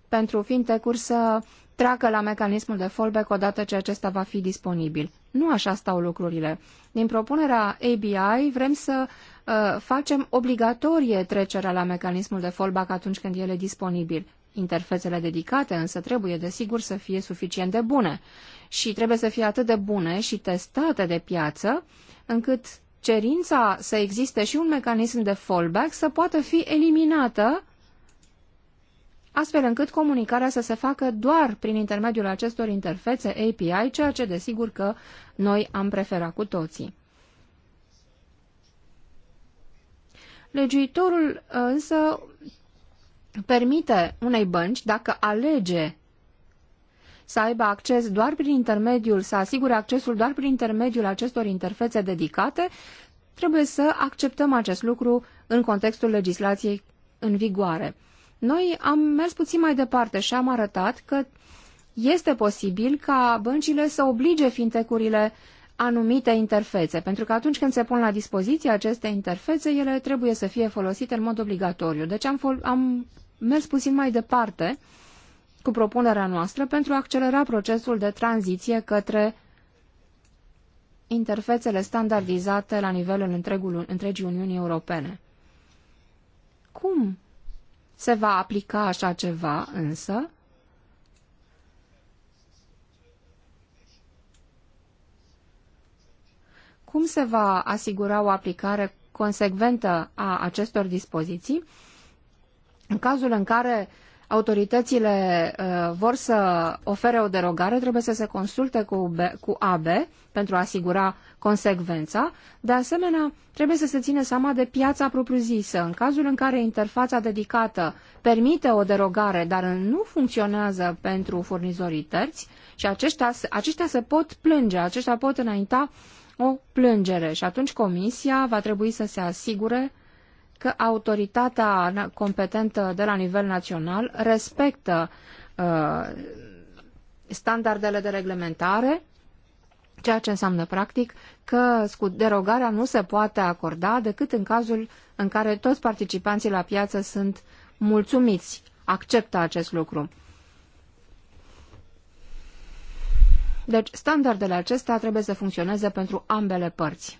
pentru fintecuri să treacă la mecanismul de fallback odată ce acesta va fi disponibil. Nu așa stau lucrurile. Din propunerea ABI vrem să uh, facem obligatorie trecerea la mecanismul de fallback atunci când el e disponibil. Interfețele dedicate însă trebuie, desigur, să fie suficient de bune și trebuie să fie atât de bune și testate de piață, încât cerința să existe și un mecanism de fallback să poată fi eliminată astfel încât comunicarea să se facă doar prin intermediul acestor interfețe API, ceea ce desigur că noi am preferat cu toții. Legiuitorul uh, însă permite unei bănci, dacă alege să aibă acces doar prin intermediul, să asigure accesul doar prin intermediul acestor interfețe dedicate, trebuie să acceptăm acest lucru în contextul legislației în vigoare. Noi am mers puțin mai departe și am arătat că este posibil ca băncile să oblige fintecurile anumite interfețe, pentru că atunci când se pun la dispoziție aceste interfețe, ele trebuie să fie folosite în mod obligatoriu. Deci am, am mers puțin mai departe cu propunerea noastră pentru a accelera procesul de tranziție către interfețele standardizate la nivelul întregului întregii Uniunii Europene. Cum se va aplica așa ceva, însă cum se va asigura o aplicare consecventă a acestor dispoziții în cazul în care autoritățile uh, vor să ofere o derogare, trebuie să se consulte cu, cu AB pentru a asigura consecvența. De asemenea, trebuie să se ține seama de piața propriu-zisă. În cazul în care interfața dedicată permite o derogare, dar nu funcționează pentru furnizorii terți și aceștia, aceștia se pot plânge, aceștia pot înainta o plângere și atunci comisia va trebui să se asigure că autoritatea competentă de la nivel național respectă uh, standardele de reglementare, ceea ce înseamnă practic că derogarea nu se poate acorda decât în cazul în care toți participanții la piață sunt mulțumiți, acceptă acest lucru. Deci, standardele acestea trebuie să funcționeze pentru ambele părți.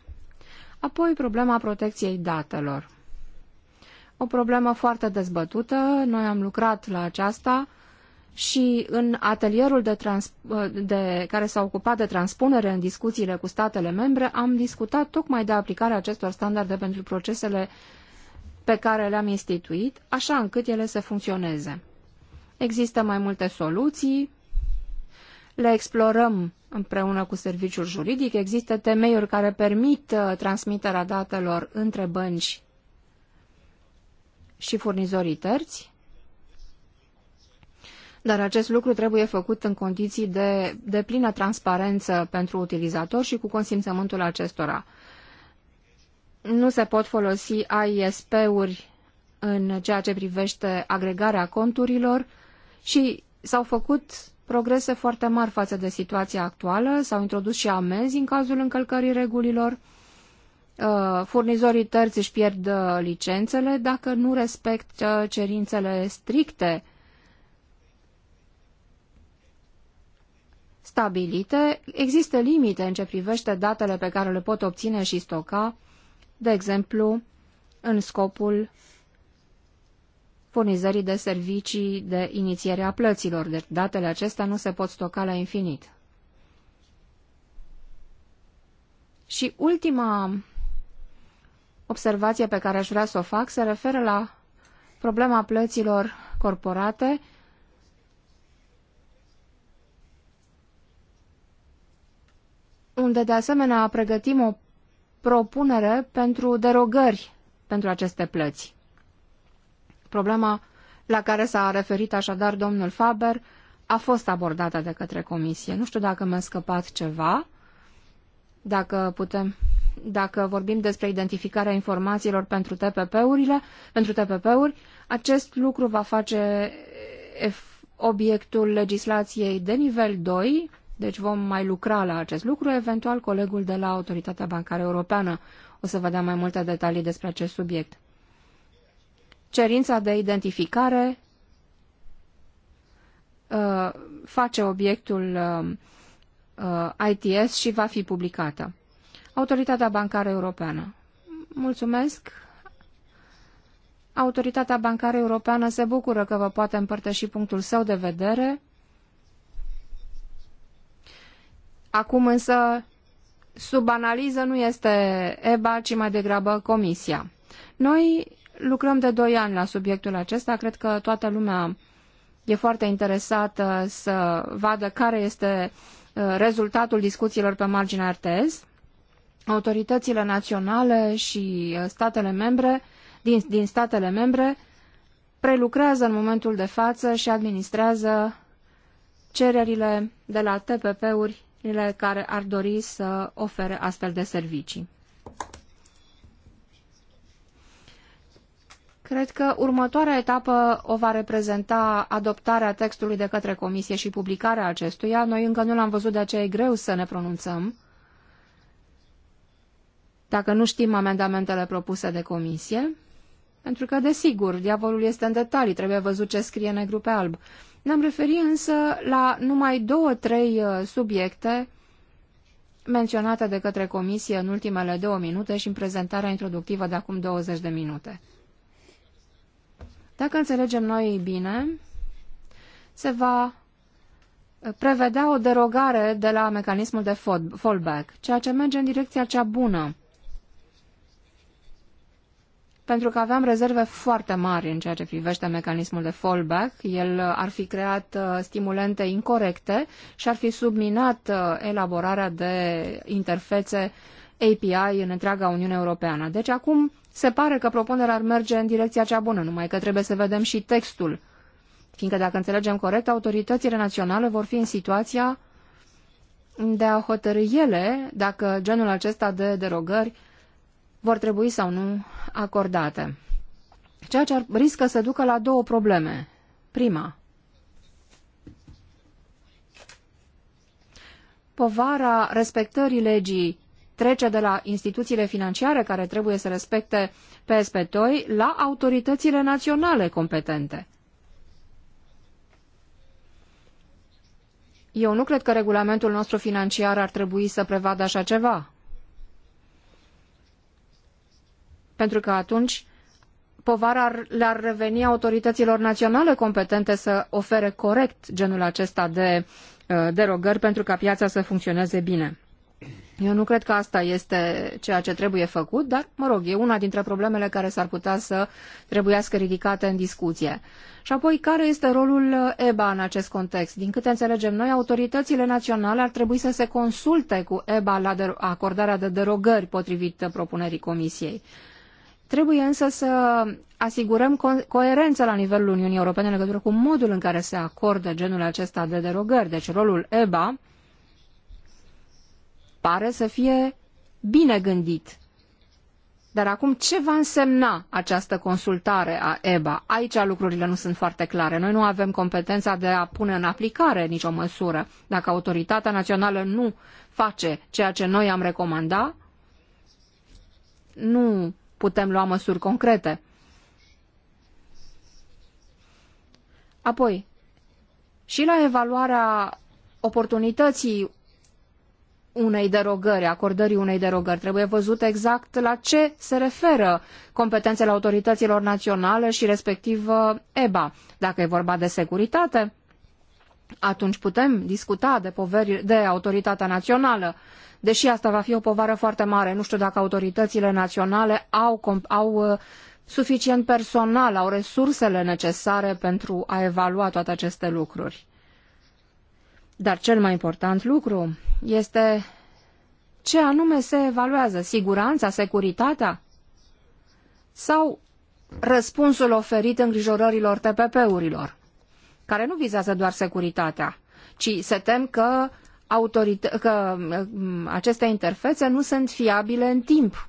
Apoi, problema protecției datelor o problemă foarte dezbătută. Noi am lucrat la aceasta și în atelierul de trans, de, care s-a ocupat de transpunere în discuțiile cu statele membre, am discutat tocmai de aplicarea acestor standarde pentru procesele pe care le-am instituit, așa încât ele să funcționeze. Există mai multe soluții, le explorăm împreună cu serviciul juridic, există temeiuri care permit uh, transmiterea datelor între bănci și furnizorii terți, dar acest lucru trebuie făcut în condiții de, de plină transparență pentru utilizator și cu consimțământul acestora. Nu se pot folosi AISP-uri în ceea ce privește agregarea conturilor și s-au făcut progrese foarte mari față de situația actuală, s-au introdus și amenzi în cazul încălcării regulilor, Uh, furnizorii terți își pierd uh, licențele dacă nu respectă cerințele stricte stabilite. Există limite în ce privește datele pe care le pot obține și stoca, de exemplu, în scopul furnizării de servicii de inițiere a plăților, deci datele acestea nu se pot stoca la infinit. Și ultima observație pe care aș vrea să o fac se referă la problema plăților corporate unde de asemenea pregătim o propunere pentru derogări pentru aceste plăți. Problema la care s-a referit așadar domnul Faber a fost abordată de către comisie. Nu știu dacă mi-a scăpat ceva, dacă putem dacă vorbim despre identificarea informațiilor pentru TPP-urile, pentru TPP-uri, acest lucru va face eh, obiectul legislației de nivel 2, deci vom mai lucra la acest lucru, eventual colegul de la Autoritatea Bancară Europeană o să vă dea mai multe detalii despre acest subiect. Cerința de identificare uh, face obiectul uh, eh, ITS și va fi publicată. Autoritatea Bancară Europeană. Mulțumesc! Autoritatea Bancară Europeană se bucură că vă poate împărtăși punctul său de vedere. Acum însă, sub analiză nu este EBA, ci mai degrabă Comisia. Noi lucrăm de doi ani la subiectul acesta. Cred că toată lumea e foarte interesată să vadă care este uh, rezultatul discuțiilor pe marginea RTS autoritățile naționale și uh, statele membre, din, din statele membre, prelucrează în momentul de față și administrează cererile de la TPP-urile care ar dori să ofere astfel de servicii. Cred că următoarea etapă o va reprezenta adoptarea textului de către Comisie și publicarea acestuia. Noi încă nu l-am văzut, de aceea e greu să ne pronunțăm dacă nu știm amendamentele propuse de comisie, pentru că, desigur, diavolul este în detalii, trebuie văzut ce scrie negru pe alb. Ne-am referit însă la numai două-trei uh, subiecte menționate de către comisie în ultimele două minute și în prezentarea introductivă de acum 20 de minute. Dacă înțelegem noi bine, se va uh, prevedea o derogare de la mecanismul de fallback, ceea ce merge în direcția cea bună pentru că aveam rezerve foarte mari în ceea ce privește mecanismul de fallback. El uh, ar fi creat uh, stimulente incorrecte și ar fi subminat uh, elaborarea de interfețe API în întreaga Uniune Europeană. Deci acum se pare că propunerea ar merge în direcția cea bună, numai că trebuie să vedem și textul. Fiindcă dacă înțelegem corect, autoritățile naționale vor fi în situația de a hotărâi ele dacă genul acesta de derogări vor trebui sau nu acordate. Ceea ce ar, riscă să ducă la două probleme. Prima, povara respectării legii trece de la instituțiile financiare care trebuie să respecte PSP2 la autoritățile naționale competente. Eu nu cred că regulamentul nostru financiar ar trebui să prevadă așa ceva. pentru că atunci povara le-ar reveni autorităților naționale competente să ofere corect genul acesta de uh, derogări pentru ca piața să funcționeze bine. Eu nu cred că asta este ceea ce trebuie făcut, dar, mă rog, e una dintre problemele care s-ar putea să trebuiască ridicate în discuție. Și apoi, care este rolul EBA în acest context? Din câte înțelegem noi, autoritățile naționale ar trebui să se consulte cu EBA la acordarea de derogări potrivit propunerii Comisiei. Trebuie însă să asigurăm co- coerență la nivelul Uniunii Europene în legătură cu modul în care se acordă genul acesta de derogări. Deci rolul EBA pare să fie bine gândit. Dar acum ce va însemna această consultare a EBA? Aici lucrurile nu sunt foarte clare. Noi nu avem competența de a pune în aplicare nicio măsură. Dacă autoritatea națională nu face ceea ce noi am recomandat, nu putem lua măsuri concrete. Apoi, și la evaluarea oportunității unei derogări, acordării unei derogări. Trebuie văzut exact la ce se referă competențele autorităților naționale și respectiv uh, EBA. Dacă e vorba de securitate, atunci putem discuta de, poveri, de autoritatea națională deși asta va fi o povară foarte mare. Nu știu dacă autoritățile naționale au, au uh, suficient personal, au resursele necesare pentru a evalua toate aceste lucruri. Dar cel mai important lucru este ce anume se evaluează, siguranța, securitatea sau răspunsul oferit îngrijorărilor TPP-urilor, care nu vizează doar securitatea, ci se tem că că mm, aceste interfețe nu sunt fiabile în timp.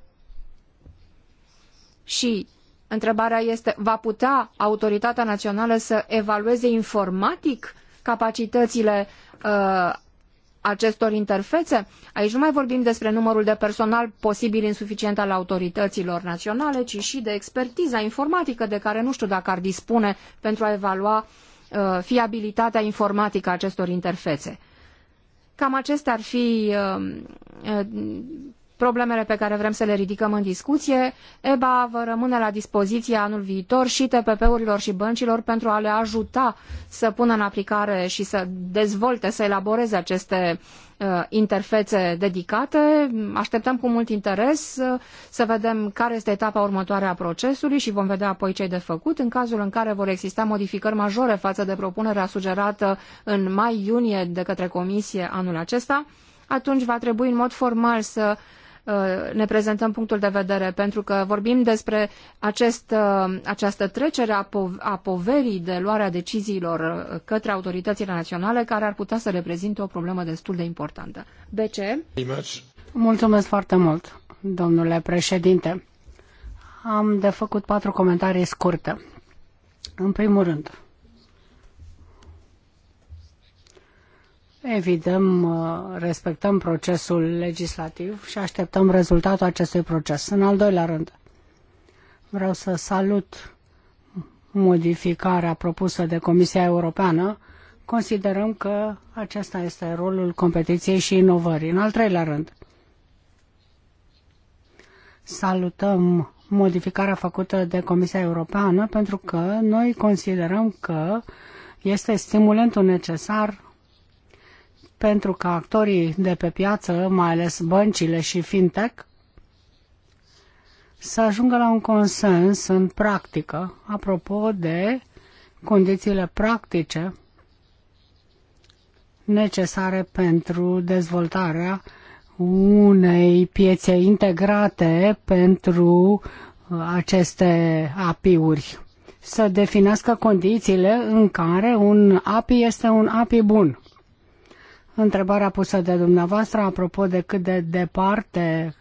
Și întrebarea este, va putea autoritatea națională să evalueze informatic capacitățile uh, acestor interfețe? Aici nu mai vorbim despre numărul de personal posibil insuficient al autorităților naționale, ci și de expertiza informatică de care nu știu dacă ar dispune pentru a evalua uh, fiabilitatea informatică a acestor interfețe. Cam acestea ar fi um, uh, problemele pe care vrem să le ridicăm în discuție. EBA vă rămâne la dispoziție anul viitor și TPP-urilor și băncilor pentru a le ajuta să pună în aplicare și să dezvolte, să elaboreze aceste Uh, interfețe dedicate. Așteptăm cu mult interes uh, să vedem care este etapa următoare a procesului și vom vedea apoi ce de făcut în cazul în care vor exista modificări majore față de propunerea sugerată în mai-iunie de către Comisie anul acesta. Atunci va trebui în mod formal să Uh, ne prezentăm punctul de vedere, pentru că vorbim despre acest, uh, această trecere a, a poverii de luarea deciziilor uh, către autoritățile naționale, care ar putea să reprezinte o problemă destul de importantă. BC. Mulțumesc foarte mult, domnule președinte. Am de făcut patru comentarii scurte. În primul rând, Evident, respectăm procesul legislativ și așteptăm rezultatul acestui proces. În al doilea rând, vreau să salut modificarea propusă de Comisia Europeană. Considerăm că acesta este rolul competiției și inovării. În al treilea rând, salutăm modificarea făcută de Comisia Europeană pentru că noi considerăm că este stimulentul necesar pentru că actorii de pe piață, mai ales băncile și fintech, să ajungă la un consens în practică apropo de condițiile practice necesare pentru dezvoltarea unei piețe integrate pentru uh, aceste API-uri. Să definească condițiile în care un API este un API bun. Întrebarea pusă de dumneavoastră apropo de cât de departe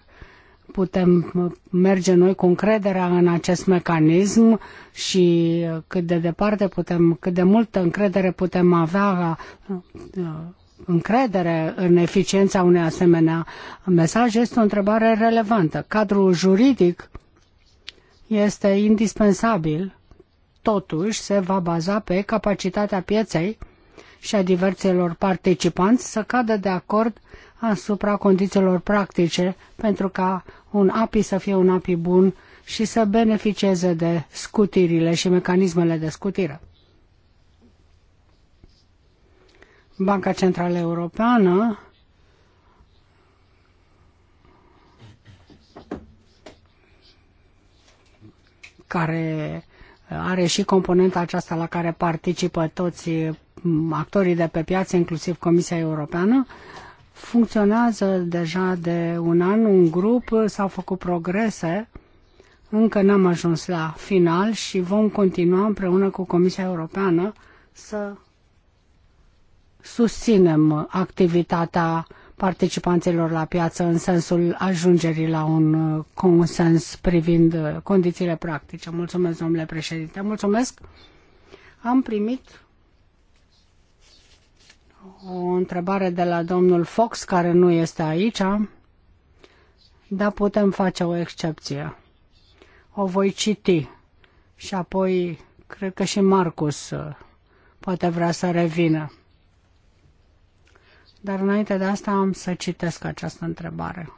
putem merge noi cu încrederea în acest mecanism și cât de departe putem, cât de multă încredere putem avea uh, încredere în eficiența unei asemenea mesaj este o întrebare relevantă. Cadrul juridic este indispensabil, totuși se va baza pe capacitatea pieței și a diverselor participanți să cadă de acord asupra condițiilor practice pentru ca un API să fie un API bun și să beneficieze de scutirile și mecanismele de scutire. Banca Centrală Europeană care are și componenta aceasta la care participă toți actorii de pe piață, inclusiv Comisia Europeană. Funcționează deja de un an un grup, s-au făcut progrese, încă n-am ajuns la final și vom continua împreună cu Comisia Europeană să susținem activitatea uh, participanților la piață în sensul ajungerii la un uh, consens privind uh, condițiile practice. Mulțumesc, domnule președinte. Mulțumesc. Am primit o întrebare de la domnul Fox, care nu este aici, dar putem face o excepție. O voi citi și apoi cred că și Marcus uh, poate vrea să revină. Dar înainte de asta am să citesc această întrebare.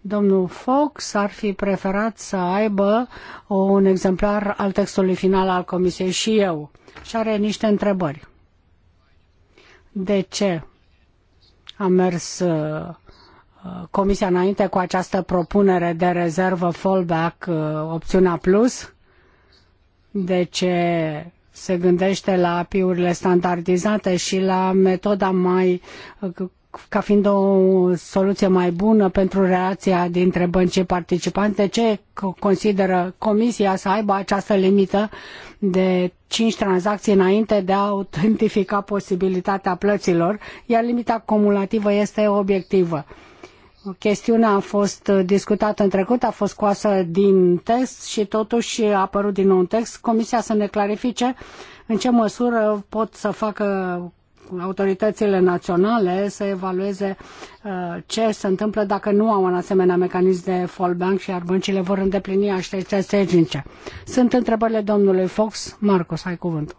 Domnul Fox ar fi preferat să aibă un exemplar al textului final al comisiei și eu. Și are niște întrebări. De ce a mers uh, comisia înainte cu această propunere de rezervă fallback, uh, opțiunea plus? De ce se gândește la API-urile standardizate și la metoda mai ca fiind o soluție mai bună pentru relația dintre bănci și participanți, ce consideră Comisia să aibă această limită de cinci tranzacții înainte de a autentifica posibilitatea plăților, iar limita cumulativă este obiectivă? Chestiunea a fost uh, discutată în trecut, a fost scoasă din text și totuși a apărut din nou un text. Comisia să ne clarifice în ce măsură pot să facă autoritățile naționale să evalueze uh, ce se întâmplă dacă nu au un asemenea mecanism de fallback și iar băncile vor îndeplini așteptări tehnice. Sunt întrebările domnului Fox. Marcos, ai cuvântul.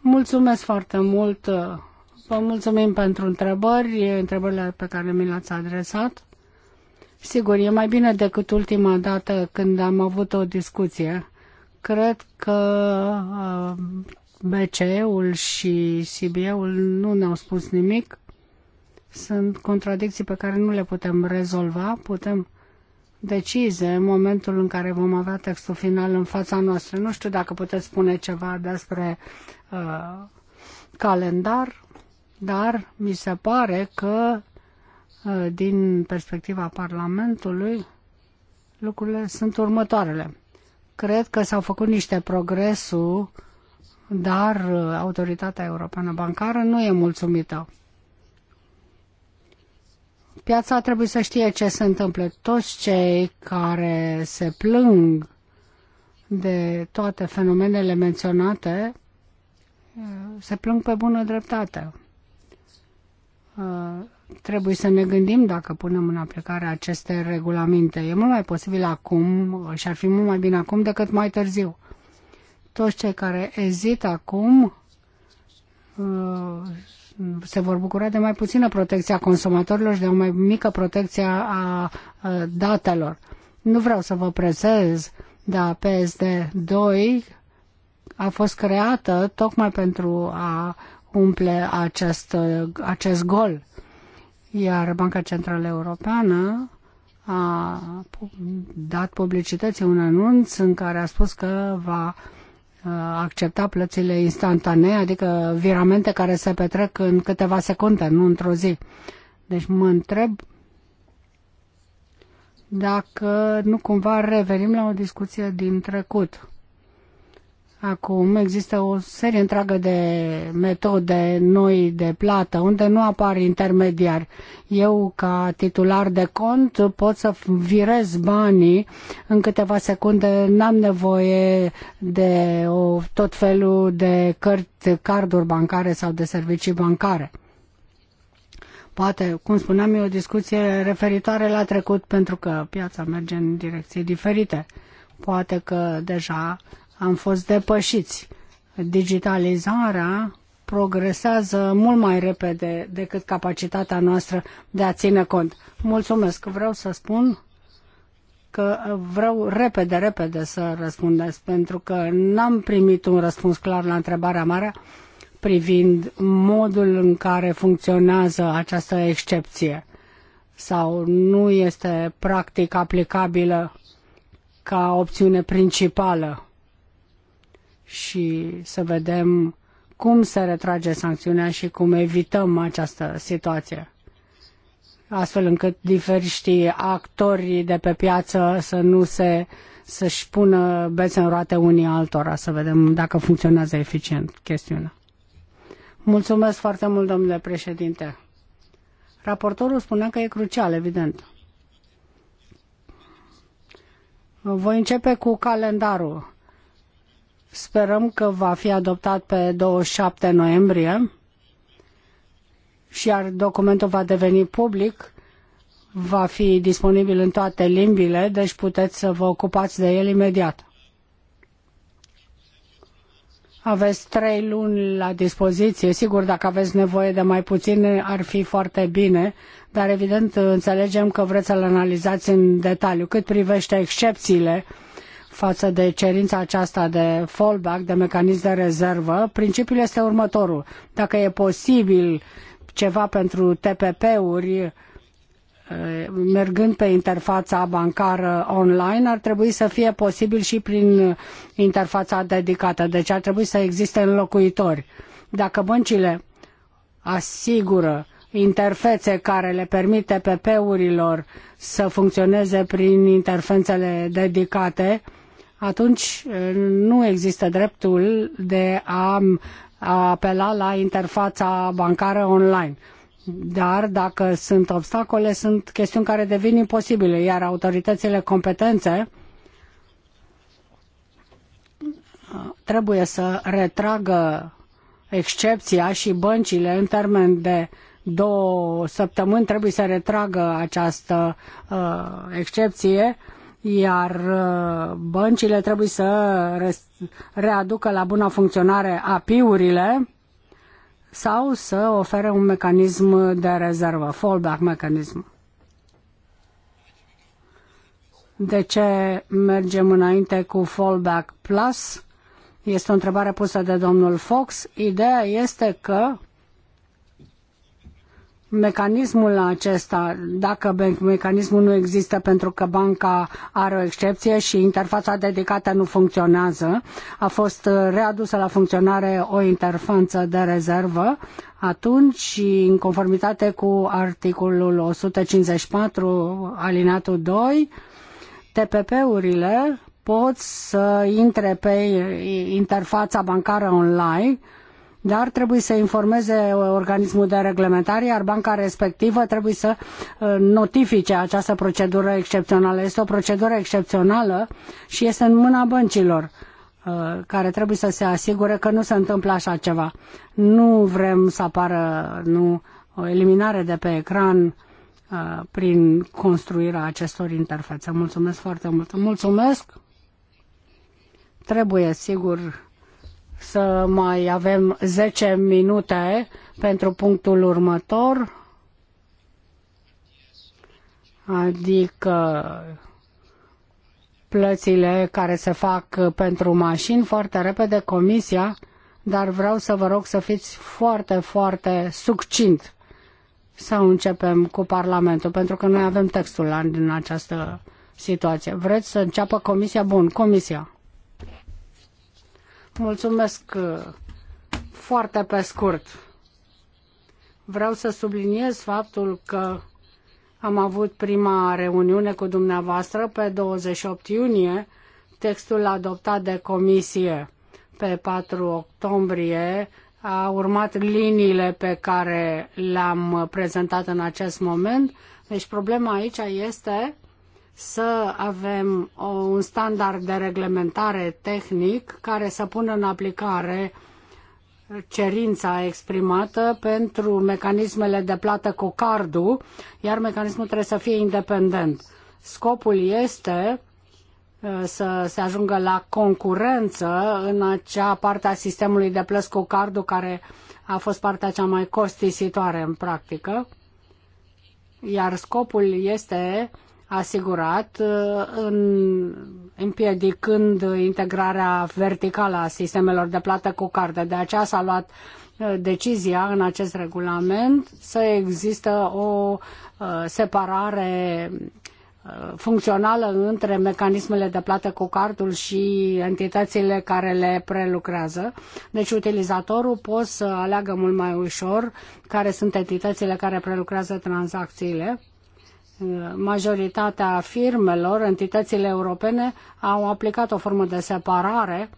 Mulțumesc foarte mult. Uh, Vă mulțumim pentru întrebări, întrebările pe care mi le-ați adresat. Sigur, e mai bine decât ultima dată când am avut o discuție. Cred că uh, BCE-ul și CBE-ul nu ne-au spus nimic. Sunt contradicții pe care nu le putem rezolva, putem decize în momentul în care vom avea textul final în fața noastră. Nu știu dacă puteți spune ceva despre uh, calendar dar mi se pare că ă, din perspectiva Parlamentului lucrurile sunt următoarele. Cred că s-au făcut niște progresul, dar ă, autoritatea europeană bancară nu e mulțumită. Piața trebuie să știe ce se întâmplă. Toți cei care se plâng de toate fenomenele menționate ă, se plâng pe bună dreptate. Uh, trebuie să ne gândim dacă punem în aplicare aceste regulamente. E mult mai posibil acum și ar fi mult mai bine acum decât mai târziu. Toți cei care ezită acum uh, se vor bucura de mai puțină protecție a consumatorilor și de o mai mică protecție a datelor. Nu vreau să vă prezez, dar PSD 2 a fost creată tocmai pentru a umple acest, acest gol. Iar Banca Centrală Europeană a dat publicității un anunț în care a spus că va uh, accepta plățile instantanee, adică viramente care se petrec în câteva secunde, nu într-o zi. Deci mă întreb dacă nu cumva revenim la o discuție din trecut. Acum există o serie întreagă de metode noi de plată unde nu apar intermediar. Eu, ca titular de cont, pot să virez banii în câteva secunde. N-am nevoie de o, tot felul de cărt, carduri bancare sau de servicii bancare. Poate, cum spuneam, e o discuție referitoare la trecut pentru că piața merge în direcții diferite. Poate că deja am fost depășiți. Digitalizarea progresează mult mai repede decât capacitatea noastră de a ține cont. Mulțumesc. Vreau să spun că vreau repede, repede să răspundeți, pentru că n-am primit un răspuns clar la întrebarea mare privind modul în care funcționează această excepție sau nu este practic aplicabilă ca opțiune principală și să vedem cum se retrage sancțiunea și cum evităm această situație, astfel încât diferiști actori de pe piață să nu se să-și pună bețe în roate unii altora, să vedem dacă funcționează eficient chestiunea. Mulțumesc foarte mult, domnule președinte. Raportorul spunea că e crucial, evident. Voi începe cu calendarul. Sperăm că va fi adoptat pe 27 noiembrie și iar documentul va deveni public, va fi disponibil în toate limbile, deci puteți să vă ocupați de el imediat. Aveți trei luni la dispoziție. Sigur, dacă aveți nevoie de mai puține, ar fi foarte bine, dar evident înțelegem că vreți să-l analizați în detaliu. Cât privește excepțiile, uh, față de cerința aceasta de fallback, de mecanism de rezervă, principiul este următorul. Dacă e posibil ceva pentru TPP-uri, eh, mergând pe interfața bancară online, ar trebui să fie posibil și prin interfața dedicată. Deci ar trebui să existe înlocuitori. Dacă băncile asigură interfețe care le permit TPP-urilor să funcționeze prin interfețele dedicate, atunci eh, nu există dreptul de a, apela la interfața bancară online. Dar dacă sunt obstacole, sunt chestiuni care devin imposibile, iar autoritățile competențe eh, trebuie să retragă excepția și băncile în termen de două săptămâni trebuie să retragă această uh, excepție iar uh, băncile trebuie să readucă la bună funcționare API-urile sau să ofere un mecanism de rezervă, fallback mecanism. De ce mergem înainte cu fallback plus? Este o întrebare pusă de domnul Fox. Ideea este că mecanismul acesta, dacă mecanismul nu există pentru că banca are o excepție și interfața dedicată nu funcționează, a fost uh, readusă la funcționare o interfață de rezervă, atunci, în conformitate cu articolul 154, alineatul 2, TPP-urile pot să intre pe interfața bancară online dar trebuie să informeze uh, organismul de reglementare, iar banca respectivă trebuie să uh, notifice această procedură excepțională. Este o procedură excepțională și este în mâna băncilor uh, care trebuie să se asigure că nu se întâmplă așa ceva. Nu vrem să apară nu, o eliminare de pe ecran prin construirea acestor interfețe. Mulțumesc foarte mult. Mulțumesc. Trebuie, sigur, să mai avem 10 minute pentru punctul următor, adică plățile care se fac pentru mașini foarte repede comisia, dar vreau să vă rog să fiți foarte, foarte succint să începem cu Parlamentul, pentru că noi avem textul în această situație. Vreți să înceapă comisia? Bun, comisia. Mulțumesc uh, foarte pe scurt. Vreau să subliniez faptul că am avut prima reuniune cu dumneavoastră pe 28 iunie, textul adoptat de comisie pe 4 octombrie a urmat liniile pe care le-am prezentat în acest moment. Deci problema aici este să avem o, un standard de reglementare tehnic care să pună în aplicare cerința exprimată pentru mecanismele de plată cu cardul, iar mecanismul trebuie să fie independent. Scopul este uh, să se ajungă la concurență în acea parte a sistemului de plăți cu cardul care a fost partea cea mai costisitoare în practică, iar scopul este asigurat, uh, în, împiedicând integrarea verticală a sistemelor de plată cu cardă. De aceea s-a luat uh, decizia în acest regulament să există o uh, separare funcțională între mecanismele de plată cu cardul și entitățile care le prelucrează. Deci utilizatorul poate să aleagă mult mai ușor care sunt entitățile care prelucrează tranzacțiile majoritatea firmelor, entitățile europene au aplicat o formă de separare.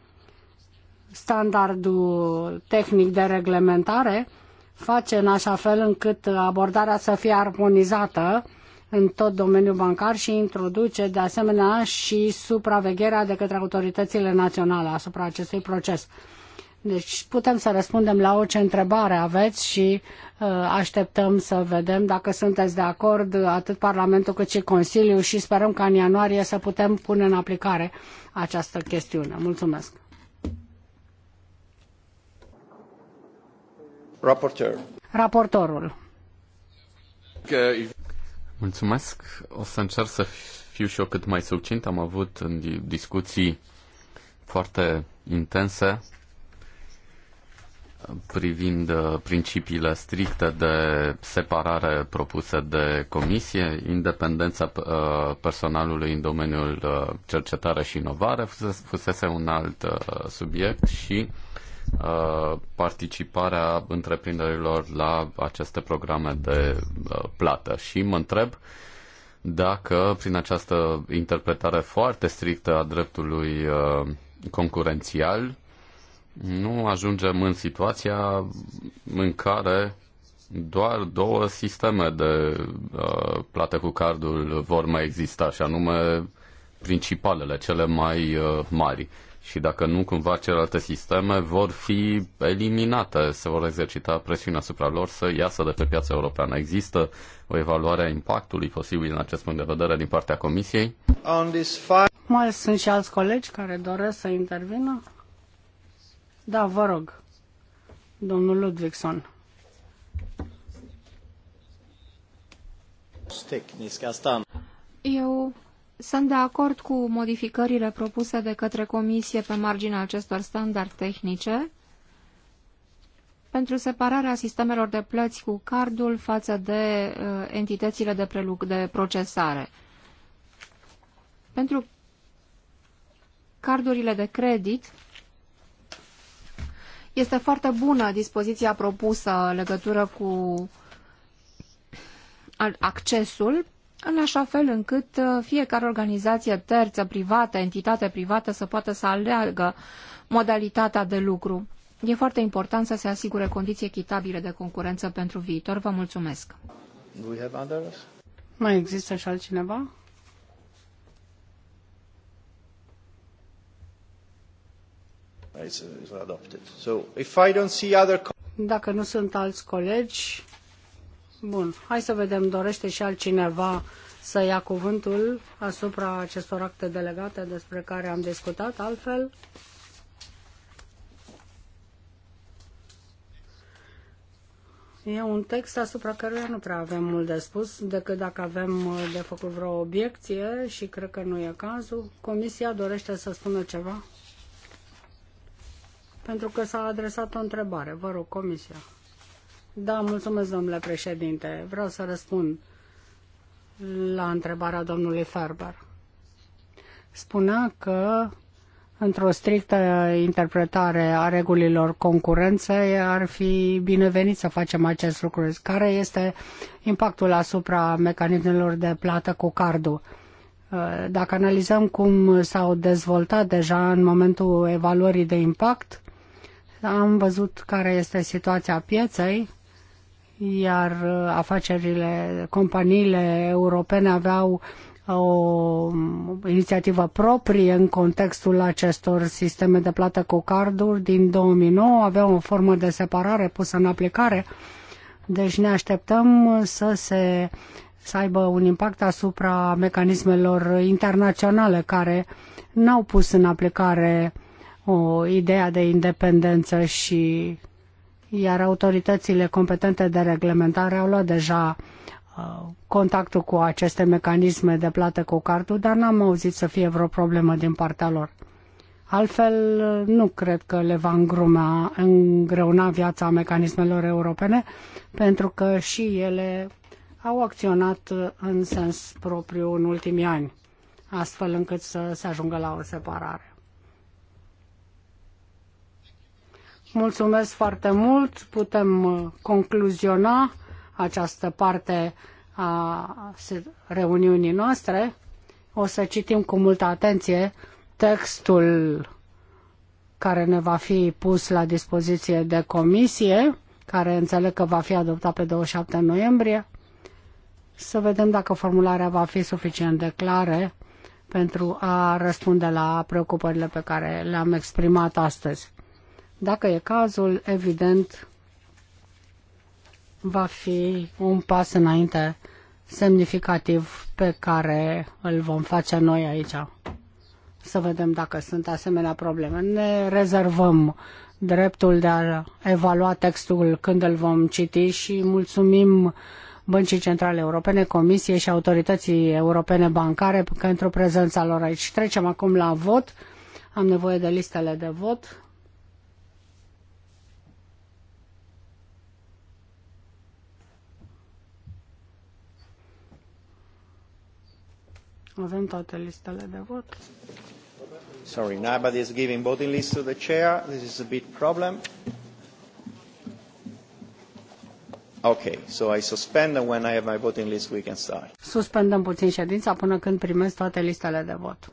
Standardul tehnic de reglementare face în așa fel încât abordarea să fie armonizată în tot domeniul bancar și introduce de asemenea și supravegherea de către autoritățile naționale asupra acestui proces. Deci putem să răspundem la orice întrebare aveți și uh, așteptăm să vedem dacă sunteți de acord atât Parlamentul cât și Consiliul și sperăm ca în ianuarie să putem pune în aplicare această chestiune. Mulțumesc. Raportor. Raportorul. Mulțumesc. O să încerc să fiu și eu cât mai succint. Am avut discuții foarte intense privind uh, principiile stricte de separare propuse de comisie, independența uh, personalului în domeniul uh, cercetare și inovare fusese un alt subiect și participarea întreprinderilor la aceste programe de plată. Și mă întreb dacă prin această interpretare foarte strictă a dreptului concurențial nu ajungem în situația în care doar două sisteme de uh, plată cu cardul vor mai exista, și anume principalele, cele mai uh, mari. Și dacă nu, cumva celelalte sisteme vor fi eliminate, se vor exercita presiunea asupra lor să iasă de pe piața europeană. Există o evaluare a impactului posibil în acest punct de vedere din partea Comisiei? Mai sunt și alți colegi care doresc să intervină? Da, vă rog, domnul Ludvigson. Eu sunt de acord cu modificările propuse de către Comisie pe marginea acestor standard tehnice pentru separarea sistemelor de plăți cu cardul față de uh, entitățile de, preluc de procesare. Pentru cardurile de credit, este foarte bună dispoziția propusă în legătură cu accesul, în așa fel încât uh, fiecare organizație terță, privată, entitate privată să poată să aleagă modalitatea de lucru. E foarte important să se asigure condiții echitabile de concurență pentru viitor. Vă mulțumesc! Mai există și altcineva? Dacă nu sunt alți colegi, bun, hai să vedem, dorește și altcineva să ia cuvântul asupra acestor acte delegate despre care am discutat altfel? E un text asupra căruia nu prea avem mult de spus, decât dacă avem uh, de făcut vreo obiecție și cred că nu e cazul. Comisia dorește să spună ceva? pentru că s-a adresat o întrebare. Vă rog, Comisia. Da, mulțumesc, domnule președinte. Vreau să răspund la întrebarea domnului Ferber. Spunea că într-o strictă interpretare a regulilor concurenței ar fi binevenit să facem acest lucru. Care este impactul asupra mecanismelor de plată cu cardul? Dacă analizăm cum s-au dezvoltat deja în momentul evaluării de impact, am văzut care este situația pieței, iar afacerile, companiile europene aveau o inițiativă proprie în contextul acestor sisteme de plată cu carduri din 2009, aveau o formă de separare pusă în aplicare, deci ne așteptăm să se să aibă un impact asupra mecanismelor internaționale care n-au pus în aplicare uh, o idee de independență și iar autoritățile competente de reglementare au luat deja uh, contactul cu aceste mecanisme de plată cu cardul, dar n-am auzit să fie vreo problemă din partea lor. Altfel, uh, nu cred că le va îngruma, îngreuna viața mecanismelor europene, pentru că și ele au acționat uh, în sens propriu în ultimii ani, astfel încât să se ajungă la o separare. Mulțumesc foarte mult. Putem uh, concluziona această parte a reuniunii noastre. O să citim cu multă atenție textul care ne va fi pus la dispoziție de comisie, care înțeleg că va fi adoptat pe 27 noiembrie. Să vedem dacă formularea va fi suficient de clară pentru a răspunde la preocupările pe care le-am exprimat astăzi. Dacă e cazul, evident, va fi un pas înainte semnificativ pe care îl vom face noi aici. Să vedem dacă sunt asemenea probleme. Ne rezervăm dreptul de a evalua textul când îl vom citi și mulțumim Băncii Centrale Europene, Comisiei și Autorității Europene Bancare pentru prezența lor aici. Trecem acum la vot. Am nevoie de listele de vot. Avem toate listele de vot. Sorry, nobody is giving voting list to the chair. This is a bit problem. Okay, so I suspend and when I have my voting list we can start. Suspendăm puțin ședința până când primesc toate listele de vot.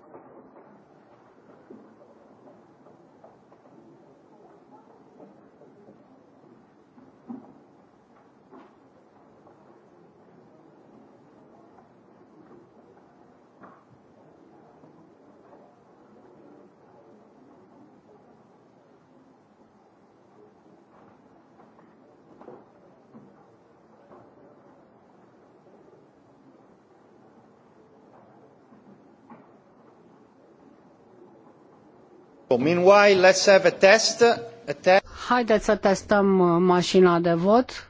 meanwhile, let's have a test. A te- Haideți să testăm uh, mașina de vot.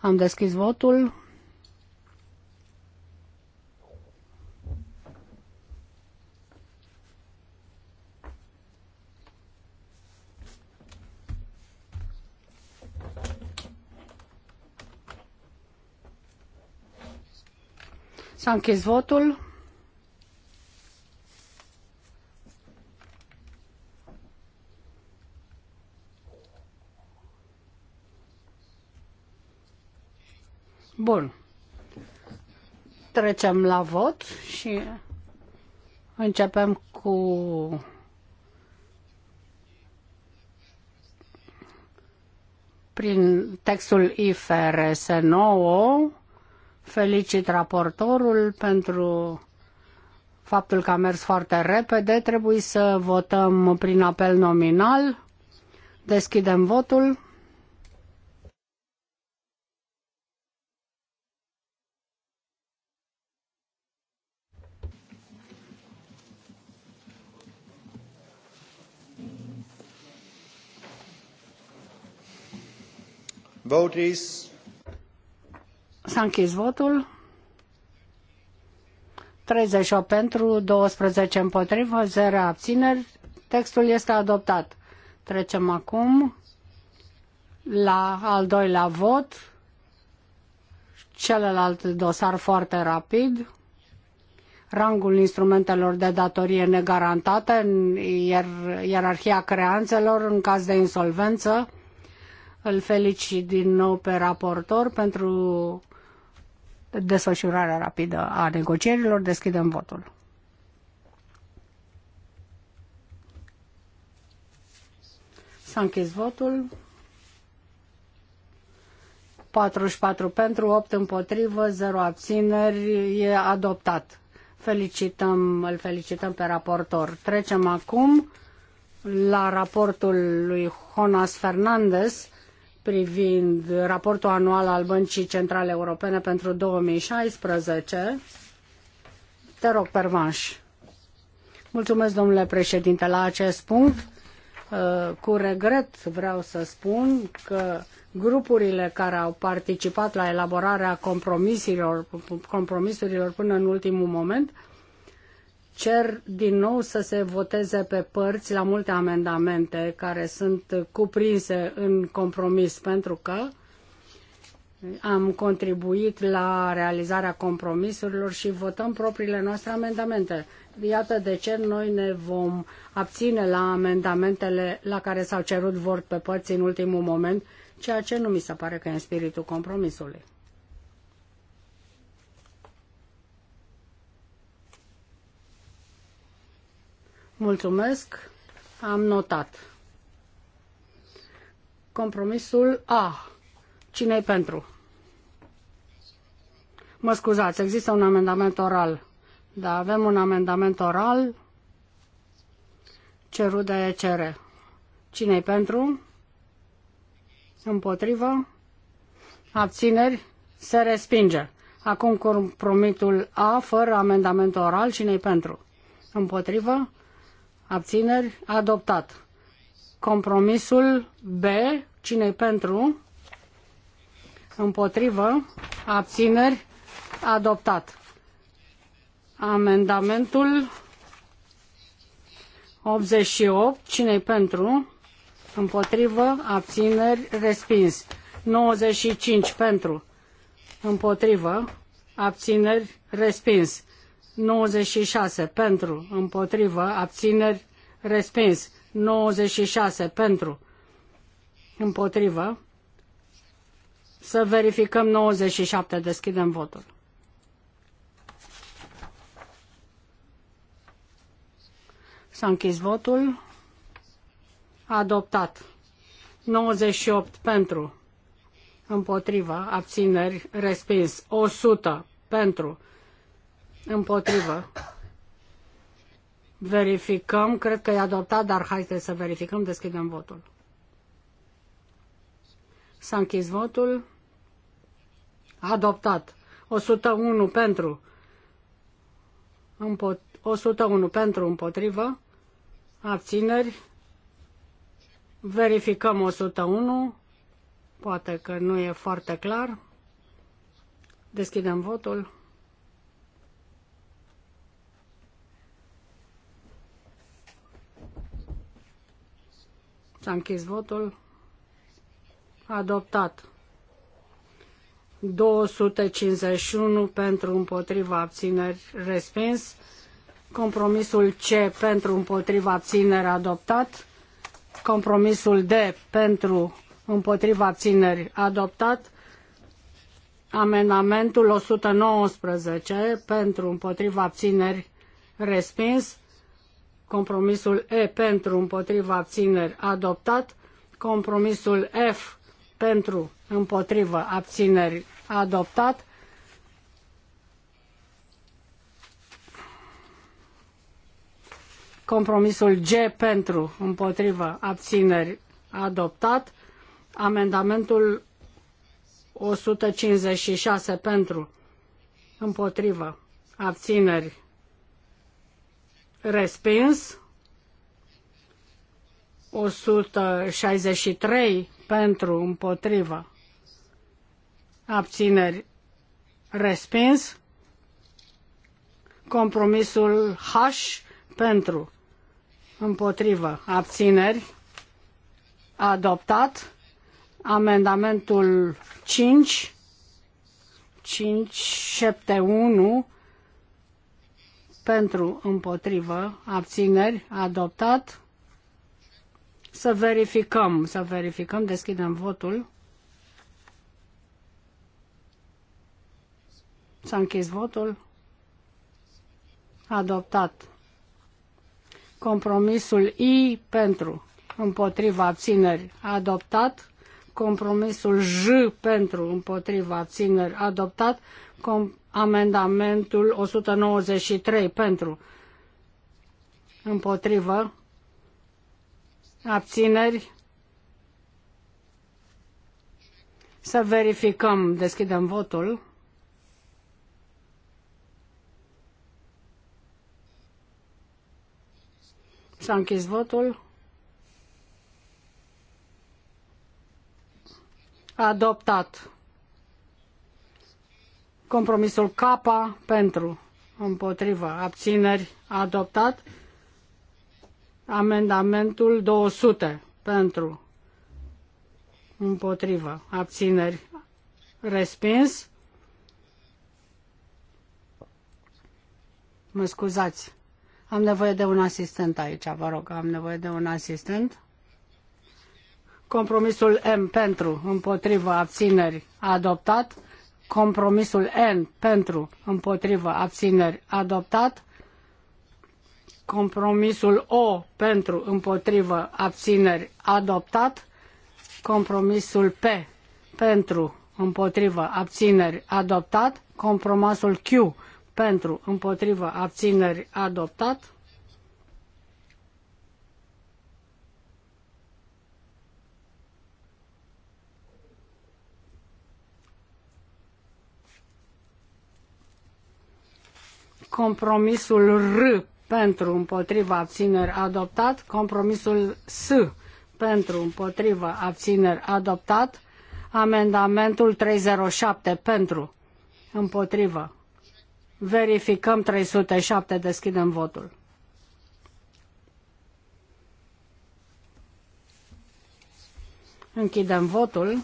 Am deschis votul. S-a închis votul. Bun. Trecem la vot și începem cu prin textul IFRS 9. Felicit raportorul pentru faptul că a mers foarte repede. Trebuie să votăm prin apel nominal. Deschidem votul. Vote is... S-a închis votul. 38 pentru, 12 împotrivă, 0 abțineri. Textul este adoptat. Trecem acum la al doilea vot, celălalt dosar foarte rapid, rangul instrumentelor de datorie negarantate, ier, ierarhia creanțelor în caz de insolvență, îl felicit din nou pe raportor pentru desfășurarea rapidă a negocierilor. Deschidem votul. S-a închis votul. 44 pentru, 8 împotrivă, 0 abțineri. E adoptat. Felicităm, îl felicităm pe raportor. Trecem acum la raportul lui Jonas Fernandez privind raportul anual al Băncii Centrale Europene pentru 2016. Te rog, Pervanș. Mulțumesc, domnule președinte, la acest punct. Uh, cu regret vreau să spun că grupurile care au participat la elaborarea compromisurilor, compromisurilor până în ultimul moment cer din nou să se voteze pe părți la multe amendamente care sunt cuprinse în compromis pentru că am contribuit la realizarea compromisurilor și votăm propriile noastre amendamente. Iată de ce noi ne vom abține la amendamentele la care s-au cerut vot pe părți în ultimul moment, ceea ce nu mi se pare că e în spiritul compromisului. Mulțumesc. Am notat. Compromisul A. cine e pentru? Mă scuzați, există un amendament oral. Da, avem un amendament oral cerut de ECR. cine e pentru? Împotrivă? Abțineri? Se respinge. Acum compromitul A fără amendament oral. cine e pentru? Împotrivă? abțineri, adoptat. Compromisul B, cine pentru, împotrivă, abțineri, adoptat. Amendamentul 88, cine pentru, împotrivă, abțineri, respins. 95 pentru, împotrivă, abțineri, respins. 96 pentru, împotrivă, abțineri, respins. 96 pentru, împotrivă. Să verificăm 97, deschidem votul. S-a închis votul. Adoptat. 98 pentru, împotrivă, abțineri, respins. 100 pentru, Împotrivă. Verificăm, cred că e adoptat, dar haideți să verificăm, deschidem votul. S-a închis votul. Adoptat. 101 pentru. Împot 101 pentru împotrivă. Abțineri. Verificăm 101. Poate că nu e foarte clar. Deschidem votul. S-a închis votul. Adoptat. 251 pentru împotriva abțineri respins. Compromisul C pentru împotriva abțineri adoptat. Compromisul D pentru împotriva abțineri adoptat. Amendamentul 119 pentru împotriva abțineri respins. Compromisul E pentru împotriva abțineri adoptat. Compromisul F pentru împotriva abțineri adoptat. Compromisul G pentru împotriva abțineri adoptat. Amendamentul 156 pentru împotriva abțineri respins, 163 pentru împotrivă, abțineri respins, compromisul H pentru împotrivă, abțineri adoptat, amendamentul 5, 571 pentru, împotrivă, abțineri, adoptat. Să verificăm, să verificăm, deschidem votul. S-a închis votul. Adoptat. Compromisul I pentru, împotriva abțineri, adoptat. Compromisul J pentru, împotriva abțineri, adoptat. Com amendamentul 193 pentru, împotrivă, abțineri. Să verificăm, deschidem votul. S-a închis votul. Adoptat. Compromisul K pentru, împotriva abțineri, adoptat. Amendamentul 200 pentru, împotriva abțineri, respins. Mă scuzați. Am nevoie de un asistent aici, vă rog, am nevoie de un asistent. Compromisul M pentru, împotriva abțineri, adoptat. Compromisul N pentru, împotrivă, abțineri adoptat. Compromisul O pentru, împotrivă, abțineri adoptat. Compromisul P pentru, împotrivă, abțineri adoptat. Compromisul Q pentru, împotrivă, abțineri adoptat Compromisul R pentru împotriva abțineri adoptat. Compromisul S pentru împotriva abțineri adoptat. Amendamentul 307 pentru împotriva. Verificăm 307, deschidem votul. Închidem votul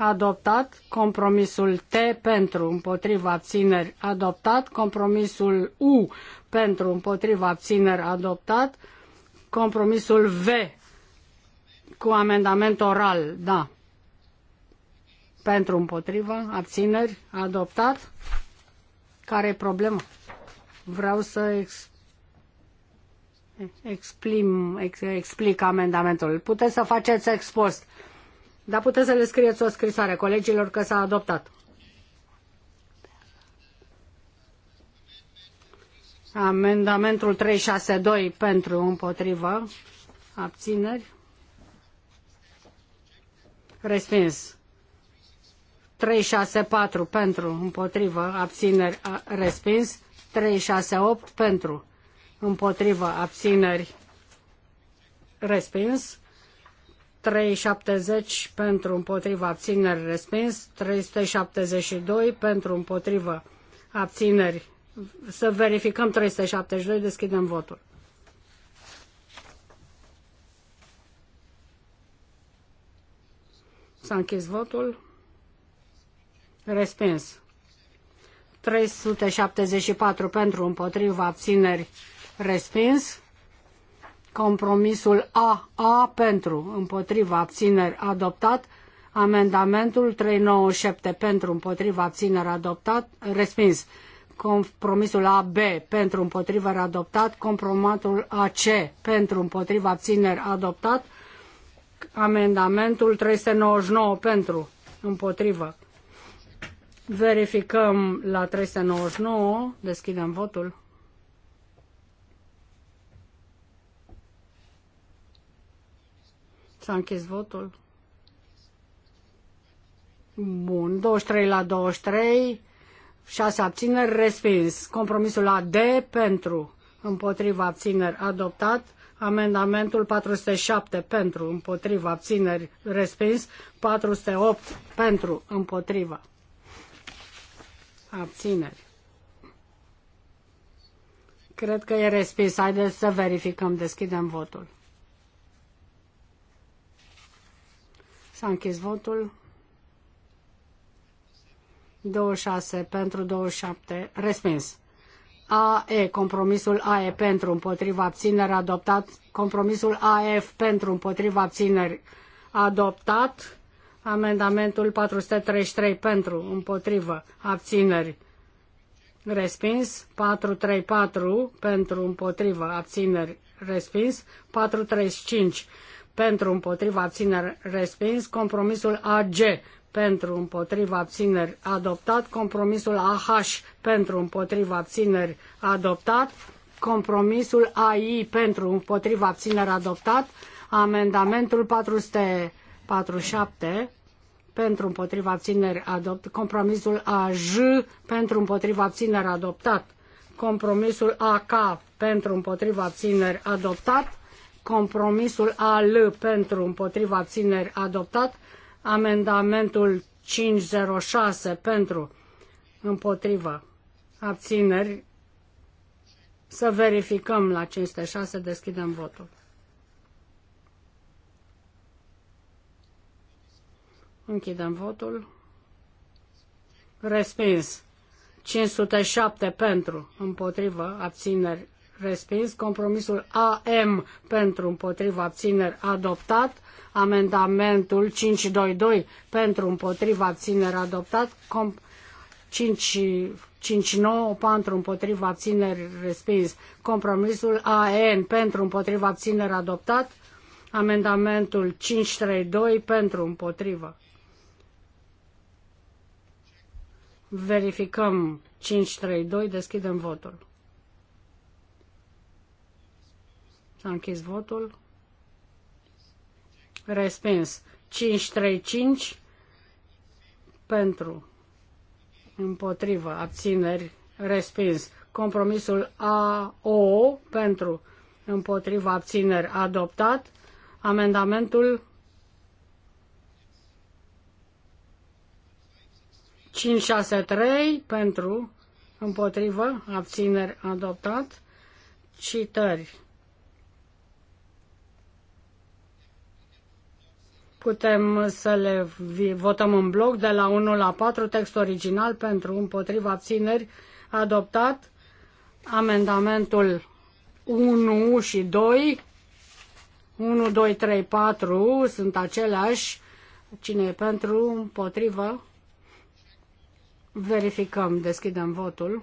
adoptat compromisul T pentru împotriva abțineri adoptat, compromisul U pentru împotriva abțineri adoptat, compromisul V cu amendament oral, da, pentru împotriva abțineri adoptat. Care e problema? Vreau să explic exprim, ex, explic amendamentul. Puteți să faceți ex post. Dar puteți să le scrieți o scrisoare colegilor că s-a adoptat. Amendamentul 362 pentru împotrivă. Abțineri. Respins. 364 pentru împotrivă. Abțineri. Respins. 368 pentru împotrivă. Abțineri. Respins. 370 pentru împotriva abțineri respins, 372 pentru împotriva abțineri. Să verificăm 372, deschidem votul. S-a închis votul. Respins. 374 pentru împotriva abțineri respins. Compromisul AA pentru, împotriva abțineri adoptat. Amendamentul 397 pentru, împotriva abțineri adoptat, respins. Compromisul AB pentru, împotriva adoptat. Compromatul AC pentru, împotriva abțineri adoptat. Amendamentul 399 pentru, împotrivă. Verificăm la 399, deschidem votul. s închis votul. Bun, 23 la 23, 6 abțineri, respins. Compromisul AD pentru, împotriva abțineri, adoptat. Amendamentul 407 pentru, împotriva abțineri, respins. 408 pentru, împotriva abțineri. Cred că e respins. Haideți să verificăm, deschidem votul. S-a închis votul. 26 pentru 27, respins. AE, compromisul AE pentru împotriva abțineri adoptat, compromisul AF pentru împotriva abțineri adoptat, amendamentul 433 pentru împotriva abțineri respins, 434 pentru împotriva abțineri respins, 435 pentru împotriva abțineri respins, compromisul AG pentru împotriva abțineri adoptat, compromisul AH pentru împotriva abțineri adoptat, compromisul AI pentru împotriva abțineri adoptat, amendamentul 447 pentru împotriva abțineri adopt, compromisul AJ pentru împotriva abțineri adoptat, compromisul AK pentru împotriva abțineri adoptat, Compromisul AL pentru împotriva abțineri adoptat. Amendamentul 506 pentru împotriva abțineri. Să verificăm la 506, deschidem votul. Închidem votul. Respins. 507 pentru, împotrivă, abțineri, respins, compromisul AM pentru împotriva abțineri adoptat, amendamentul 522 pentru împotriva abțineri adoptat, com- 559 pentru împotriva abțineri respins, compromisul AN pentru împotriva abțineri adoptat, amendamentul 532 pentru împotriva. Verificăm 532, deschidem votul. S-a închis votul. Respins. 535 pentru. Împotrivă. Abțineri. Respins. Compromisul AO pentru. Împotrivă. Abțineri. Adoptat. Amendamentul 563 pentru. Împotrivă. Abțineri. Adoptat. Citări. Putem să le votăm în bloc de la 1 la 4, text original pentru împotriva abțineri adoptat. Amendamentul 1 și 2, 1, 2, 3, 4 sunt aceleași. Cine e pentru, împotrivă? Verificăm, deschidem votul.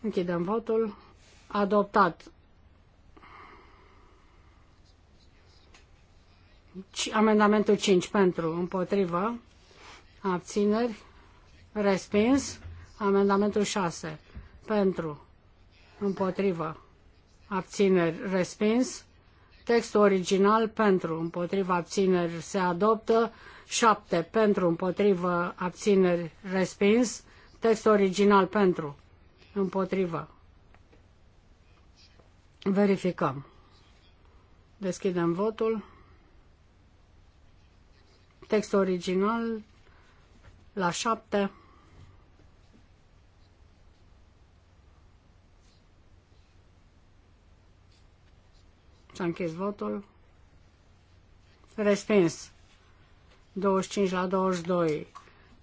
Închidem votul. Adoptat. Amendamentul 5 pentru, împotrivă, abțineri, respins. Amendamentul 6 pentru, împotrivă, abțineri, respins. Textul original pentru, împotrivă, abțineri se adoptă. 7 pentru, împotrivă, abțineri, respins. Textul original pentru, împotrivă. Verificăm. Deschidem votul text original, la 7. S-a închis votul. Respins. 25 la 22.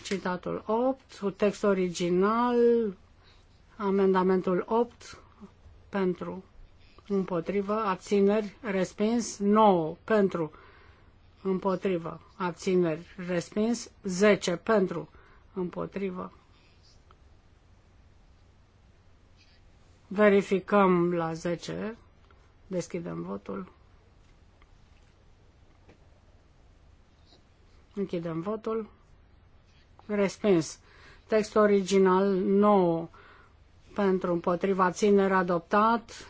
Citatul 8, text original, amendamentul 8 pentru împotrivă, abțineri, respins, 9 pentru împotrivă, abțineri, respins, 10 pentru, împotrivă. Verificăm la 10, deschidem votul. Închidem votul. Respins. Text original nou pentru împotriva ținere adoptat.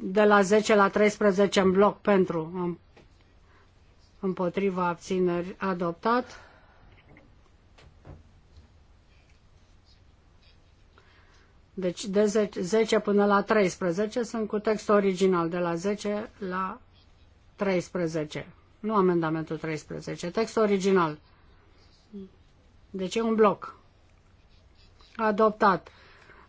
De la 10 la 13 în bloc pentru împotriva abțineri adoptat. Deci de 10, 10 până la 13 sunt cu text original, de la 10 la 13. Nu amendamentul 13, text original. Deci e un bloc. Adoptat.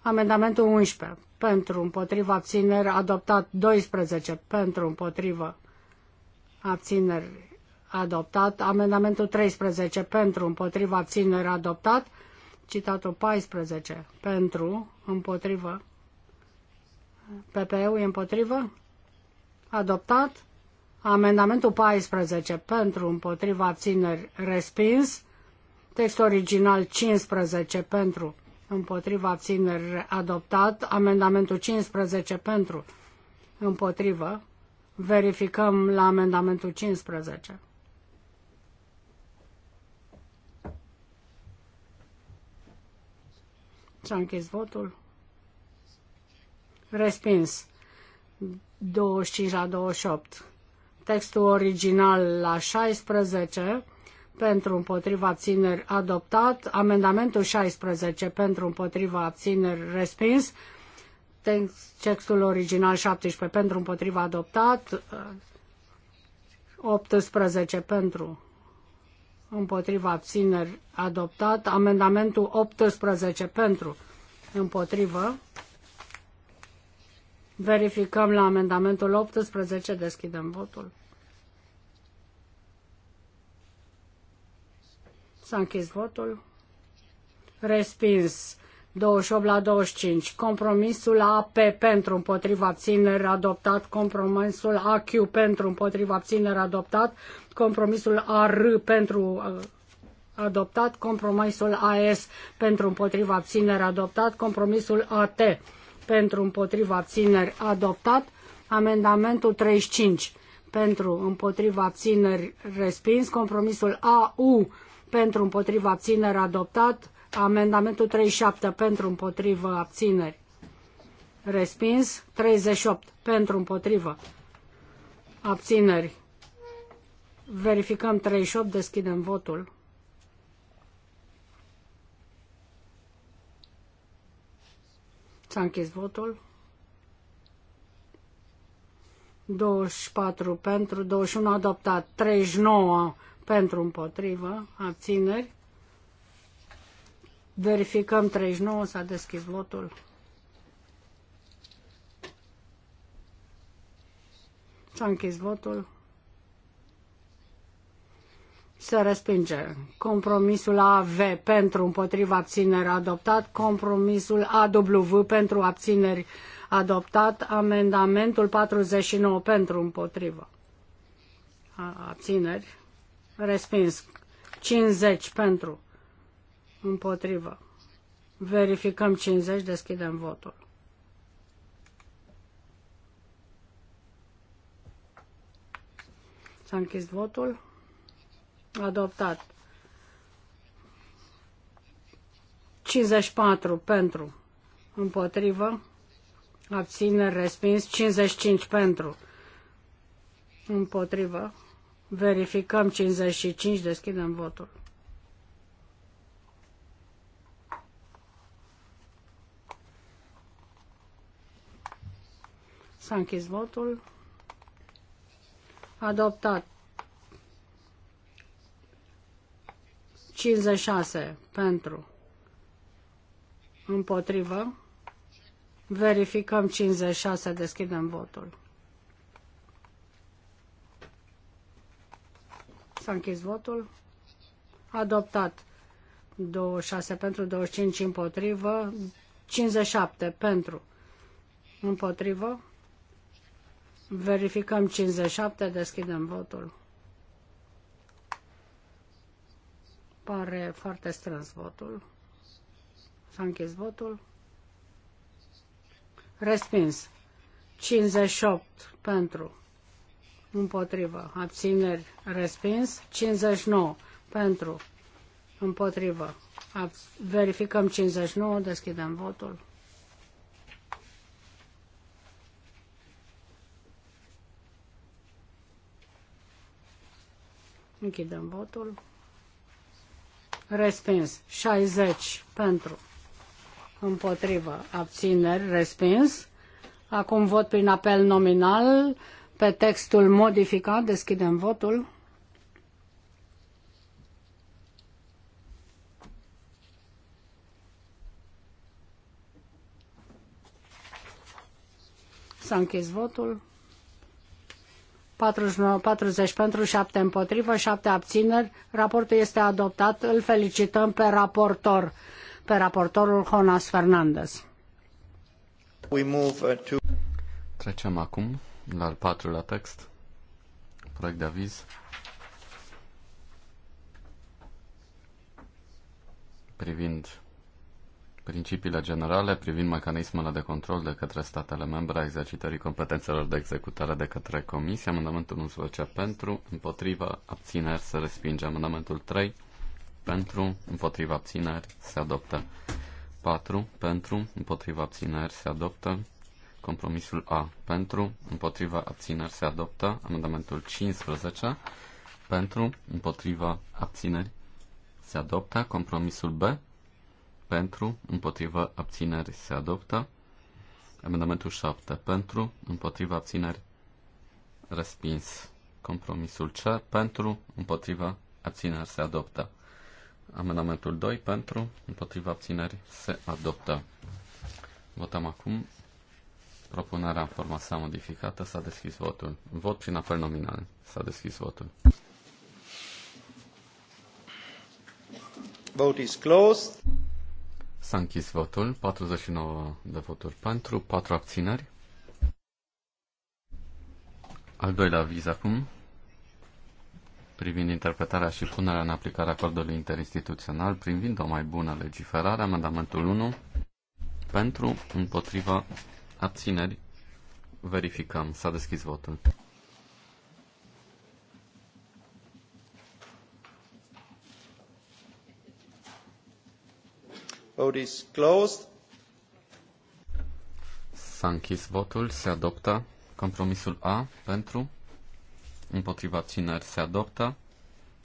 Amendamentul 11 pentru împotriva abțineri, adoptat 12 pentru împotriva abțineri adoptat. Amendamentul 13 pentru, împotriva, abținere, adoptat. Citatul 14 pentru, împotrivă. PPE-ul e împotrivă? Adoptat. Amendamentul 14 pentru, împotriva, abțineri, respins. Text original 15 pentru, împotriva, abțineri, adoptat. Amendamentul 15 pentru, împotrivă. Verificăm la amendamentul 15. S-a închis votul. Respins. 25 la 28. Textul original la 16 pentru împotriva țineri adoptat, amendamentul 16 pentru împotriva țineri respins, textul original 17 pentru împotriva adoptat, 18 pentru împotriva abțineri adoptat, amendamentul 18 pentru, împotrivă. Verificăm la amendamentul 18, deschidem votul. S-a închis votul. Respins 28 la 25. Compromisul AP pentru împotriva abținere adoptat. Compromisul AQ pentru împotriva abținere adoptat. Compromisul AR pentru uh, adoptat. Compromisul AS pentru împotriva abținere adoptat. Compromisul AT pentru împotriva abțineri adoptat. Amendamentul 35 pentru împotriva abțineri respins. Compromisul AU pentru împotriva abțineri adoptat Amendamentul 37 pentru împotrivă abțineri. Respins. 38 pentru împotrivă abțineri. Verificăm 38, deschidem votul. S-a închis votul. 24 pentru, 21 adoptat, 39 pentru împotrivă, abțineri. Verificăm 39, s-a deschis votul. S-a închis votul. Se respinge. Compromisul AV pentru împotriva abțineri adoptat, compromisul AW pentru abțineri adoptat, amendamentul 49 pentru împotriva abțineri, respins 50 pentru Împotrivă. Verificăm 50, deschidem votul. S-a închis votul. Adoptat. 54 pentru. Împotrivă. Abțineri respins. 55 pentru. Împotrivă. Verificăm 55. Deschidem votul. S-a închis votul. Adoptat. 56 pentru. Împotrivă. Verificăm 56, deschidem votul. S-a închis votul. Adoptat. 26 pentru, 25 împotrivă, 57 pentru. Împotrivă. Verificăm 57, deschidem votul. Pare foarte strâns votul. S-a închis votul. Respins. 58 pentru. Împotrivă. Abțineri. Respins. 59 pentru. Împotrivă. Verificăm 59, deschidem votul. Închidem votul. Respins. 60 pentru. Împotrivă. Abțineri. Respins. Acum vot prin apel nominal pe textul modificat. Deschidem votul. S-a închis votul. 49, 40 pentru, 7 împotrivă, 7 abțineri. Raportul este adoptat. Îl felicităm pe raportor, pe raportorul Jonas Fernandez. We move uh, to... Trecem acum la al patrulea text, proiect de aviz. privind principiile generale privind mecanismele de control de către statele membre a exercitării competențelor de executare de către Comisie. Amendamentul 11 pentru, împotriva, abțineri, se respinge. Amendamentul 3 pentru, împotriva, abțineri, se adoptă. 4 pentru, împotriva, abțineri, se adoptă. Compromisul A pentru, împotriva, abțineri, se adoptă. Amendamentul 15 pentru, împotriva, abțineri, se adoptă. Compromisul B pentru, împotriva abțineri se adoptă. Amendamentul 7 pentru, împotriva abțineri respins. Compromisul C pentru, împotriva abțineri se adoptă. Amendamentul 2 pentru, împotriva abțineri se adoptă. Votăm acum propunerea în forma sa modificată. S-a deschis votul. Vot prin apel nominal. S-a deschis votul. Vote is closed. S-a închis votul. 49 de voturi pentru, 4 abțineri. Al doilea aviz acum, privind interpretarea și punerea în aplicare a acordului interinstituțional, privind o mai bună legiferare, amendamentul 1, pentru, împotriva, abțineri, verificăm. S-a deschis votul. Vote is closed. S-a închis votul, se adoptă. Compromisul A pentru, împotriva țineri se adoptă.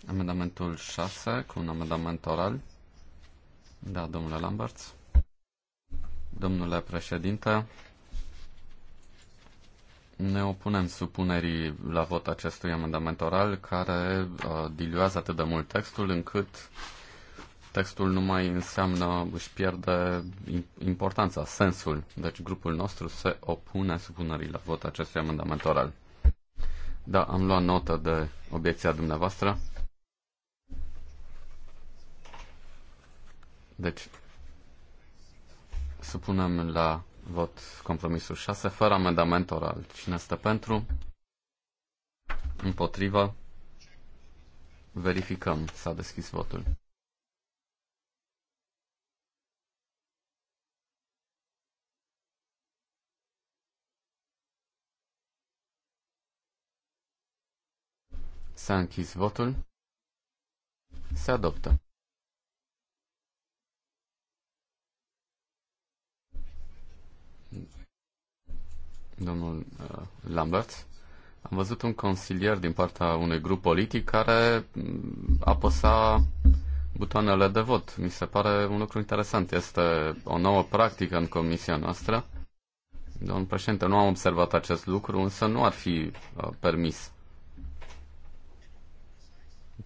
Amendamentul 6 cu un amendament oral. Da, domnule Lamberts. Domnule președinte, ne opunem supunerii la vot acestui amendament oral care uh, diluează atât de mult textul încât textul nu mai înseamnă, își pierde importanța, sensul. Deci grupul nostru se opune supunerii la vot acestui amendament oral. Da, am luat notă de obiecția dumneavoastră. Deci, supunem la vot compromisul 6, fără amendament oral. Cine stă pentru? Împotrivă? Verificăm. S-a deschis votul. S-a închis votul. Se adoptă. Domnul uh, Lambert, am văzut un consilier din partea unui grup politic care mm, apăsa butoanele de vot. Mi se pare un lucru interesant. Este o nouă practică în comisia noastră. Domnul președinte, nu am observat acest lucru, însă nu ar fi uh, permis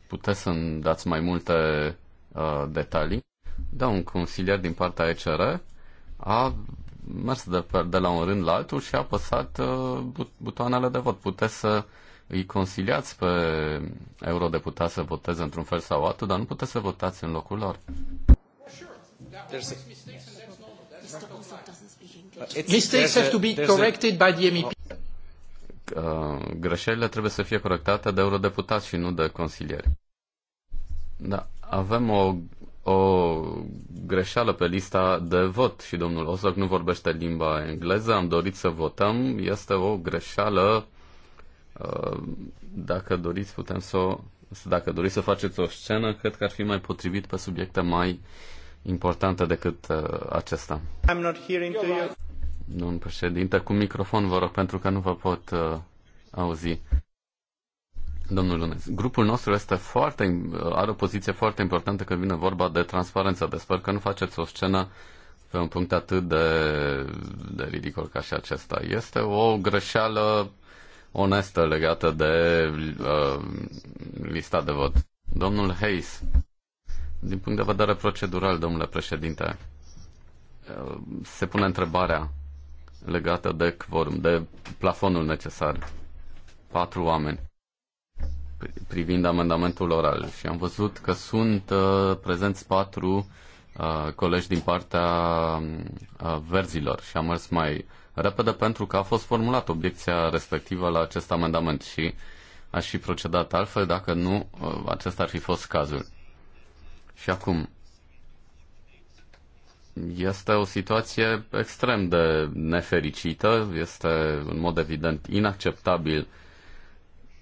Puteți să-mi dați mai multe uh, detalii? Da, un consilier din partea ECR a mers de, pe, de la un rând la altul și a apăsat uh, butoanele de vot. Puteți să îi consiliați pe eurodeputați să voteze într-un fel sau altul, dar nu puteți să votați în locul lor. Mistakes have to be corrected by the MEP. Uh, greșelile trebuie să fie corectate de eurodeputați și nu de consilieri. Da, avem o, o greșeală pe lista de vot și domnul Osoc nu vorbește limba engleză, am dorit să votăm, este o greșeală, uh, dacă doriți putem să o, dacă doriți să faceți o scenă, cred că ar fi mai potrivit pe subiecte mai importante decât uh, acesta. I'm not hearing to you. Domnul președinte, cu microfon vă rog, pentru că nu vă pot uh, auzi. Domnul Lunez, grupul nostru este foarte, uh, are o poziție foarte importantă când vine vorba de transparență. de sper că nu faceți o scenă pe un punct atât de, de ridicol ca și acesta. Este o greșeală onestă legată de uh, lista de vot. Domnul Hayes, din punct de vedere procedural, domnule președinte, uh, se pune întrebarea legată de quorum, de plafonul necesar. Patru oameni privind amendamentul oral și am văzut că sunt uh, prezenți patru uh, colegi din partea uh, verzilor și am mers mai repede pentru că a fost formulată obiecția respectivă la acest amendament și aș fi procedat altfel dacă nu, uh, acesta ar fi fost cazul. Și acum, este o situație extrem de nefericită, este în mod evident inacceptabil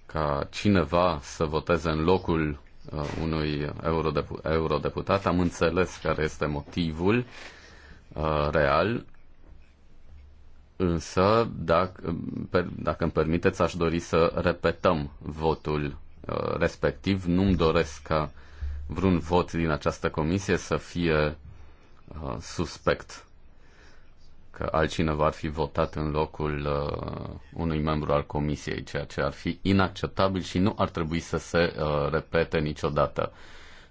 ca cineva să voteze în locul uh, unui eurodep- eurodeputat. Am înțeles care este motivul uh, real, însă, dacă, per, dacă îmi permiteți, aș dori să repetăm votul uh, respectiv. Nu-mi doresc ca vreun vot din această comisie să fie uh, suspect că altcineva ar fi votat în locul uh, unui membru al comisiei, ceea ce ar fi inacceptabil și nu ar trebui să se uh, repete niciodată.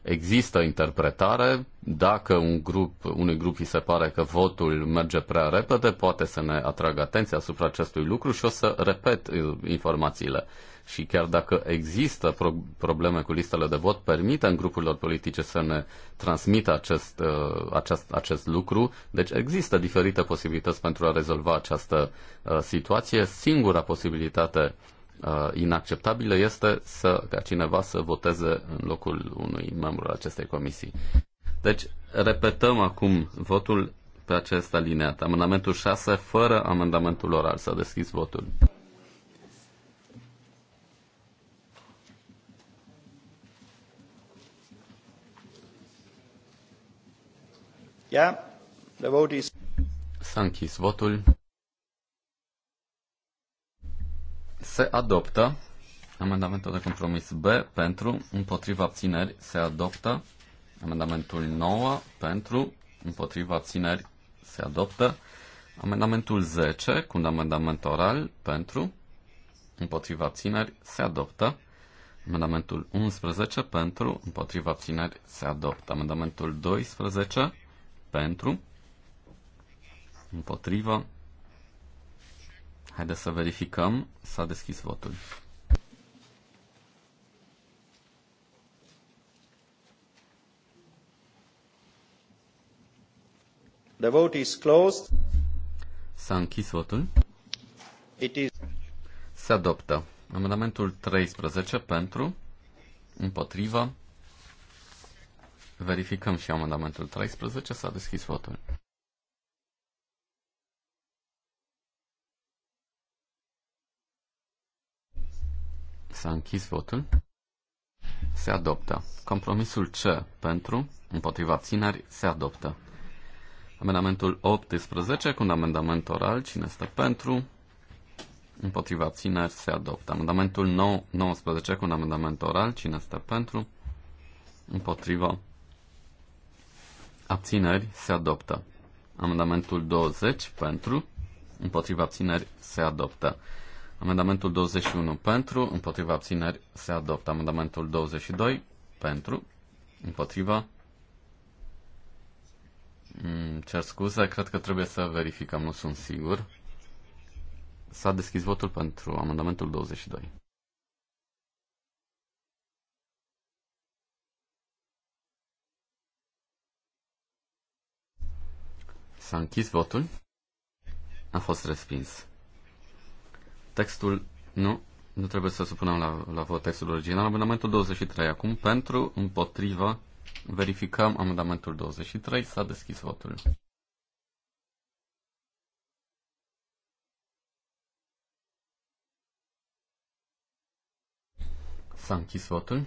Există interpretare, dacă un grup, unui grup îi se pare că votul merge prea repede, poate să ne atragă atenția asupra acestui lucru și o să repet uh, informațiile. Uh, și chiar dacă există pro- probleme cu listele de vot, permitem grupurilor politice să ne transmită acest, uh, acest, acest lucru. Deci există diferite posibilități pentru a rezolva această uh, situație. Singura posibilitate uh, inacceptabilă este să, ca cineva să voteze în locul unui membru al acestei comisii. Deci, repetăm acum votul pe acest alineat. Amendamentul 6 fără amendamentul oral. S-a deschis votul. Yeah, the is... S-a închis votul. Se adoptă amendamentul de compromis B pentru, împotriva abțineri, se adoptă amendamentul 9 pentru, împotriva abțineri, se adoptă amendamentul 10 cu un amendament oral pentru, împotriva abțineri, se adoptă amendamentul 11 pentru, împotriva abțineri, se adoptă amendamentul 12 pentru, împotrivă. Haideți să verificăm. S-a deschis votul. The vote is closed. S-a închis votul. It is... Se adoptă. Amendamentul 13 pentru, împotrivă, Verificăm și amendamentul 13. S-a deschis votul. S-a închis votul. Se adoptă. Compromisul C pentru, împotriva abțineri, se adoptă. Amendamentul 18 cu un amendament oral. Cine este pentru? Împotriva abțineri se adoptă. Amendamentul 9, 19 cu un amendament oral. Cine este pentru? Împotriva abțineri se adoptă. Amendamentul 20 pentru, împotriva abțineri se adoptă. Amendamentul 21 pentru, împotriva abțineri se adoptă. Amendamentul 22 pentru, împotriva. Mm, cer scuze, cred că trebuie să verificăm, nu sunt sigur. S-a deschis votul pentru amendamentul 22. S-a închis votul. A fost respins. Textul nu, nu trebuie să supunem la, la vot textul original. Amendamentul 23 acum. Pentru, împotriva, verificăm amendamentul 23. S-a deschis votul. S-a închis votul.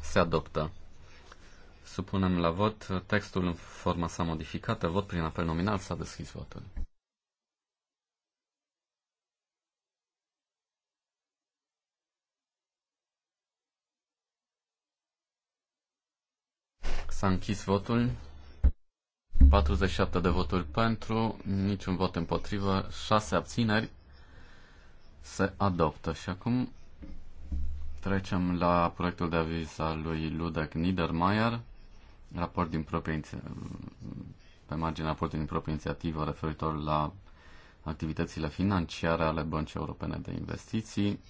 Se adoptă. Supunem la vot textul în forma sa modificată. Vot prin apel nominal. S-a deschis votul. S-a închis votul. 47 de voturi pentru, niciun vot împotrivă, 6 abțineri. Se adoptă. Și acum trecem la proiectul de aviz al lui Ludek Niedermayer raport din proprie, pe marginea raportului din proprie inițiativă referitor la activitățile financiare ale Băncii Europene de Investiții.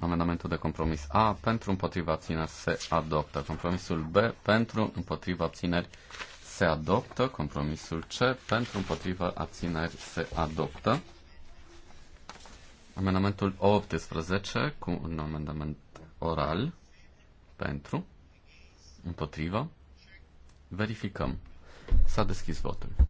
Amendamentul de compromis A pentru împotriva abțineri se adoptă. Compromisul B pentru împotriva abțineri se adoptă. Compromisul C pentru împotriva abțineri se adoptă. Amendamentul 18 cu un amendament oral pentru împotriva Verificăm. S-a deschis votul.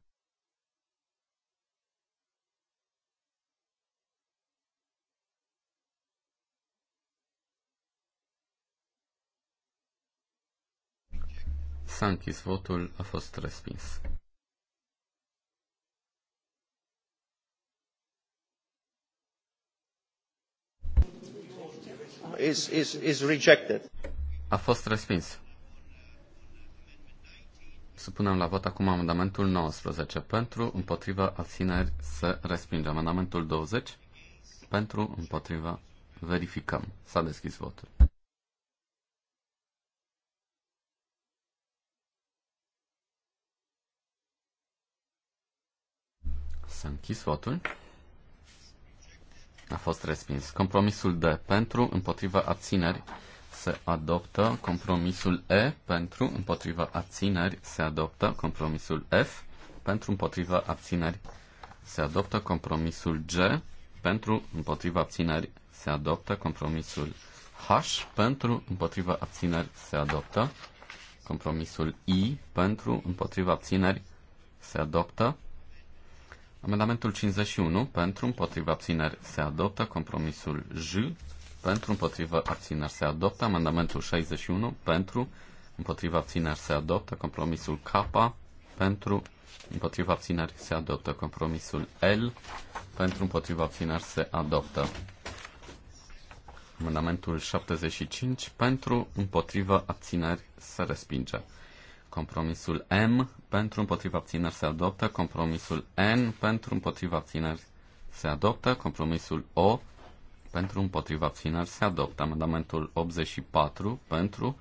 S-a închis votul, a fost respins. Is, is, is rejected. A fost respins. Supunem la vot acum amendamentul 19 pentru, împotriva, abțineri, să respingem Amendamentul 20 pentru, împotriva, verificăm. S-a deschis votul. S-a închis votul. A fost respins. Compromisul de pentru, împotriva, abțineri, se adoptă. Compromisul E pentru împotriva abțineri se adoptă. Compromisul F pentru împotriva abțineri se adoptă. Compromisul G pentru împotriva abțineri se adoptă. Compromisul H pentru împotriva abțineri se adoptă. Compromisul I pentru împotriva abțineri se adoptă. Amendamentul 51 pentru împotriva abțineri se adoptă. Compromisul J pentru, împotriva abțineri se adoptă. Amendamentul 61 pentru, împotriva abțineri se adoptă. Compromisul K pentru, împotriva abțineri se adoptă. Compromisul L pentru, împotriva abțineri se adoptă. Amendamentul 75 pentru, împotriva abțineri se respinge. Compromisul M pentru împotriva abțineri se adoptă. Compromisul N pentru împotriva abțineri se adoptă. Compromisul O pentru împotriva abțineri se adoptă. Amendamentul 84 pentru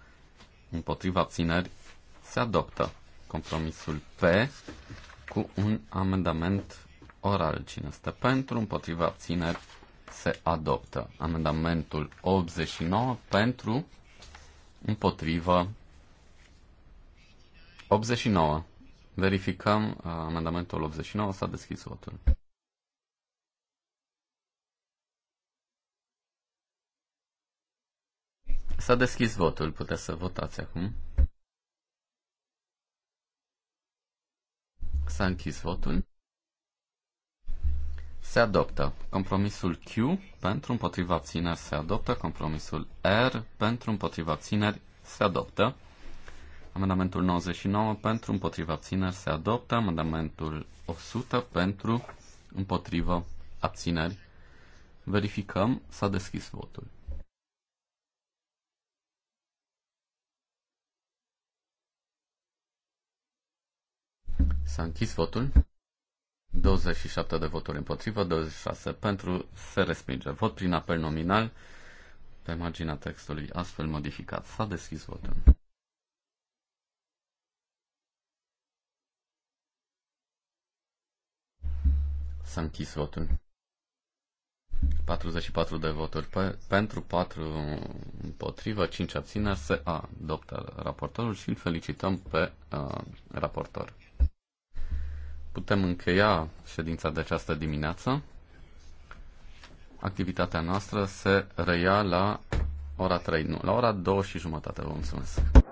împotriva abțineri se adoptă. Compromisul P cu un amendament oral. Cine este pentru împotriva abțineri se adoptă. Amendamentul 89 pentru împotriva 89. Verificăm uh, amendamentul 89. S-a deschis votul. S-a deschis votul, puteți să votați acum. S-a închis votul. Se adoptă compromisul Q pentru împotriva abțineri, se adoptă compromisul R pentru împotriva abțineri, se adoptă. Amendamentul 99 pentru împotriva abțineri se adoptă, amendamentul 100 pentru împotriva abțineri. Verificăm, s-a deschis votul. S-a închis votul. 27 de voturi împotrivă, 26 pentru, se respinge. Vot prin apel nominal pe marginea textului astfel modificat. S-a deschis votul. S-a închis votul. 44 de voturi pe, pentru, 4 împotrivă, 5 abțineri se adoptă raportorul și îl felicităm pe uh, raportor putem încheia ședința de această dimineață. Activitatea noastră se reia la ora 3, nu, la ora 2 și jumătate. Vă mulțumesc!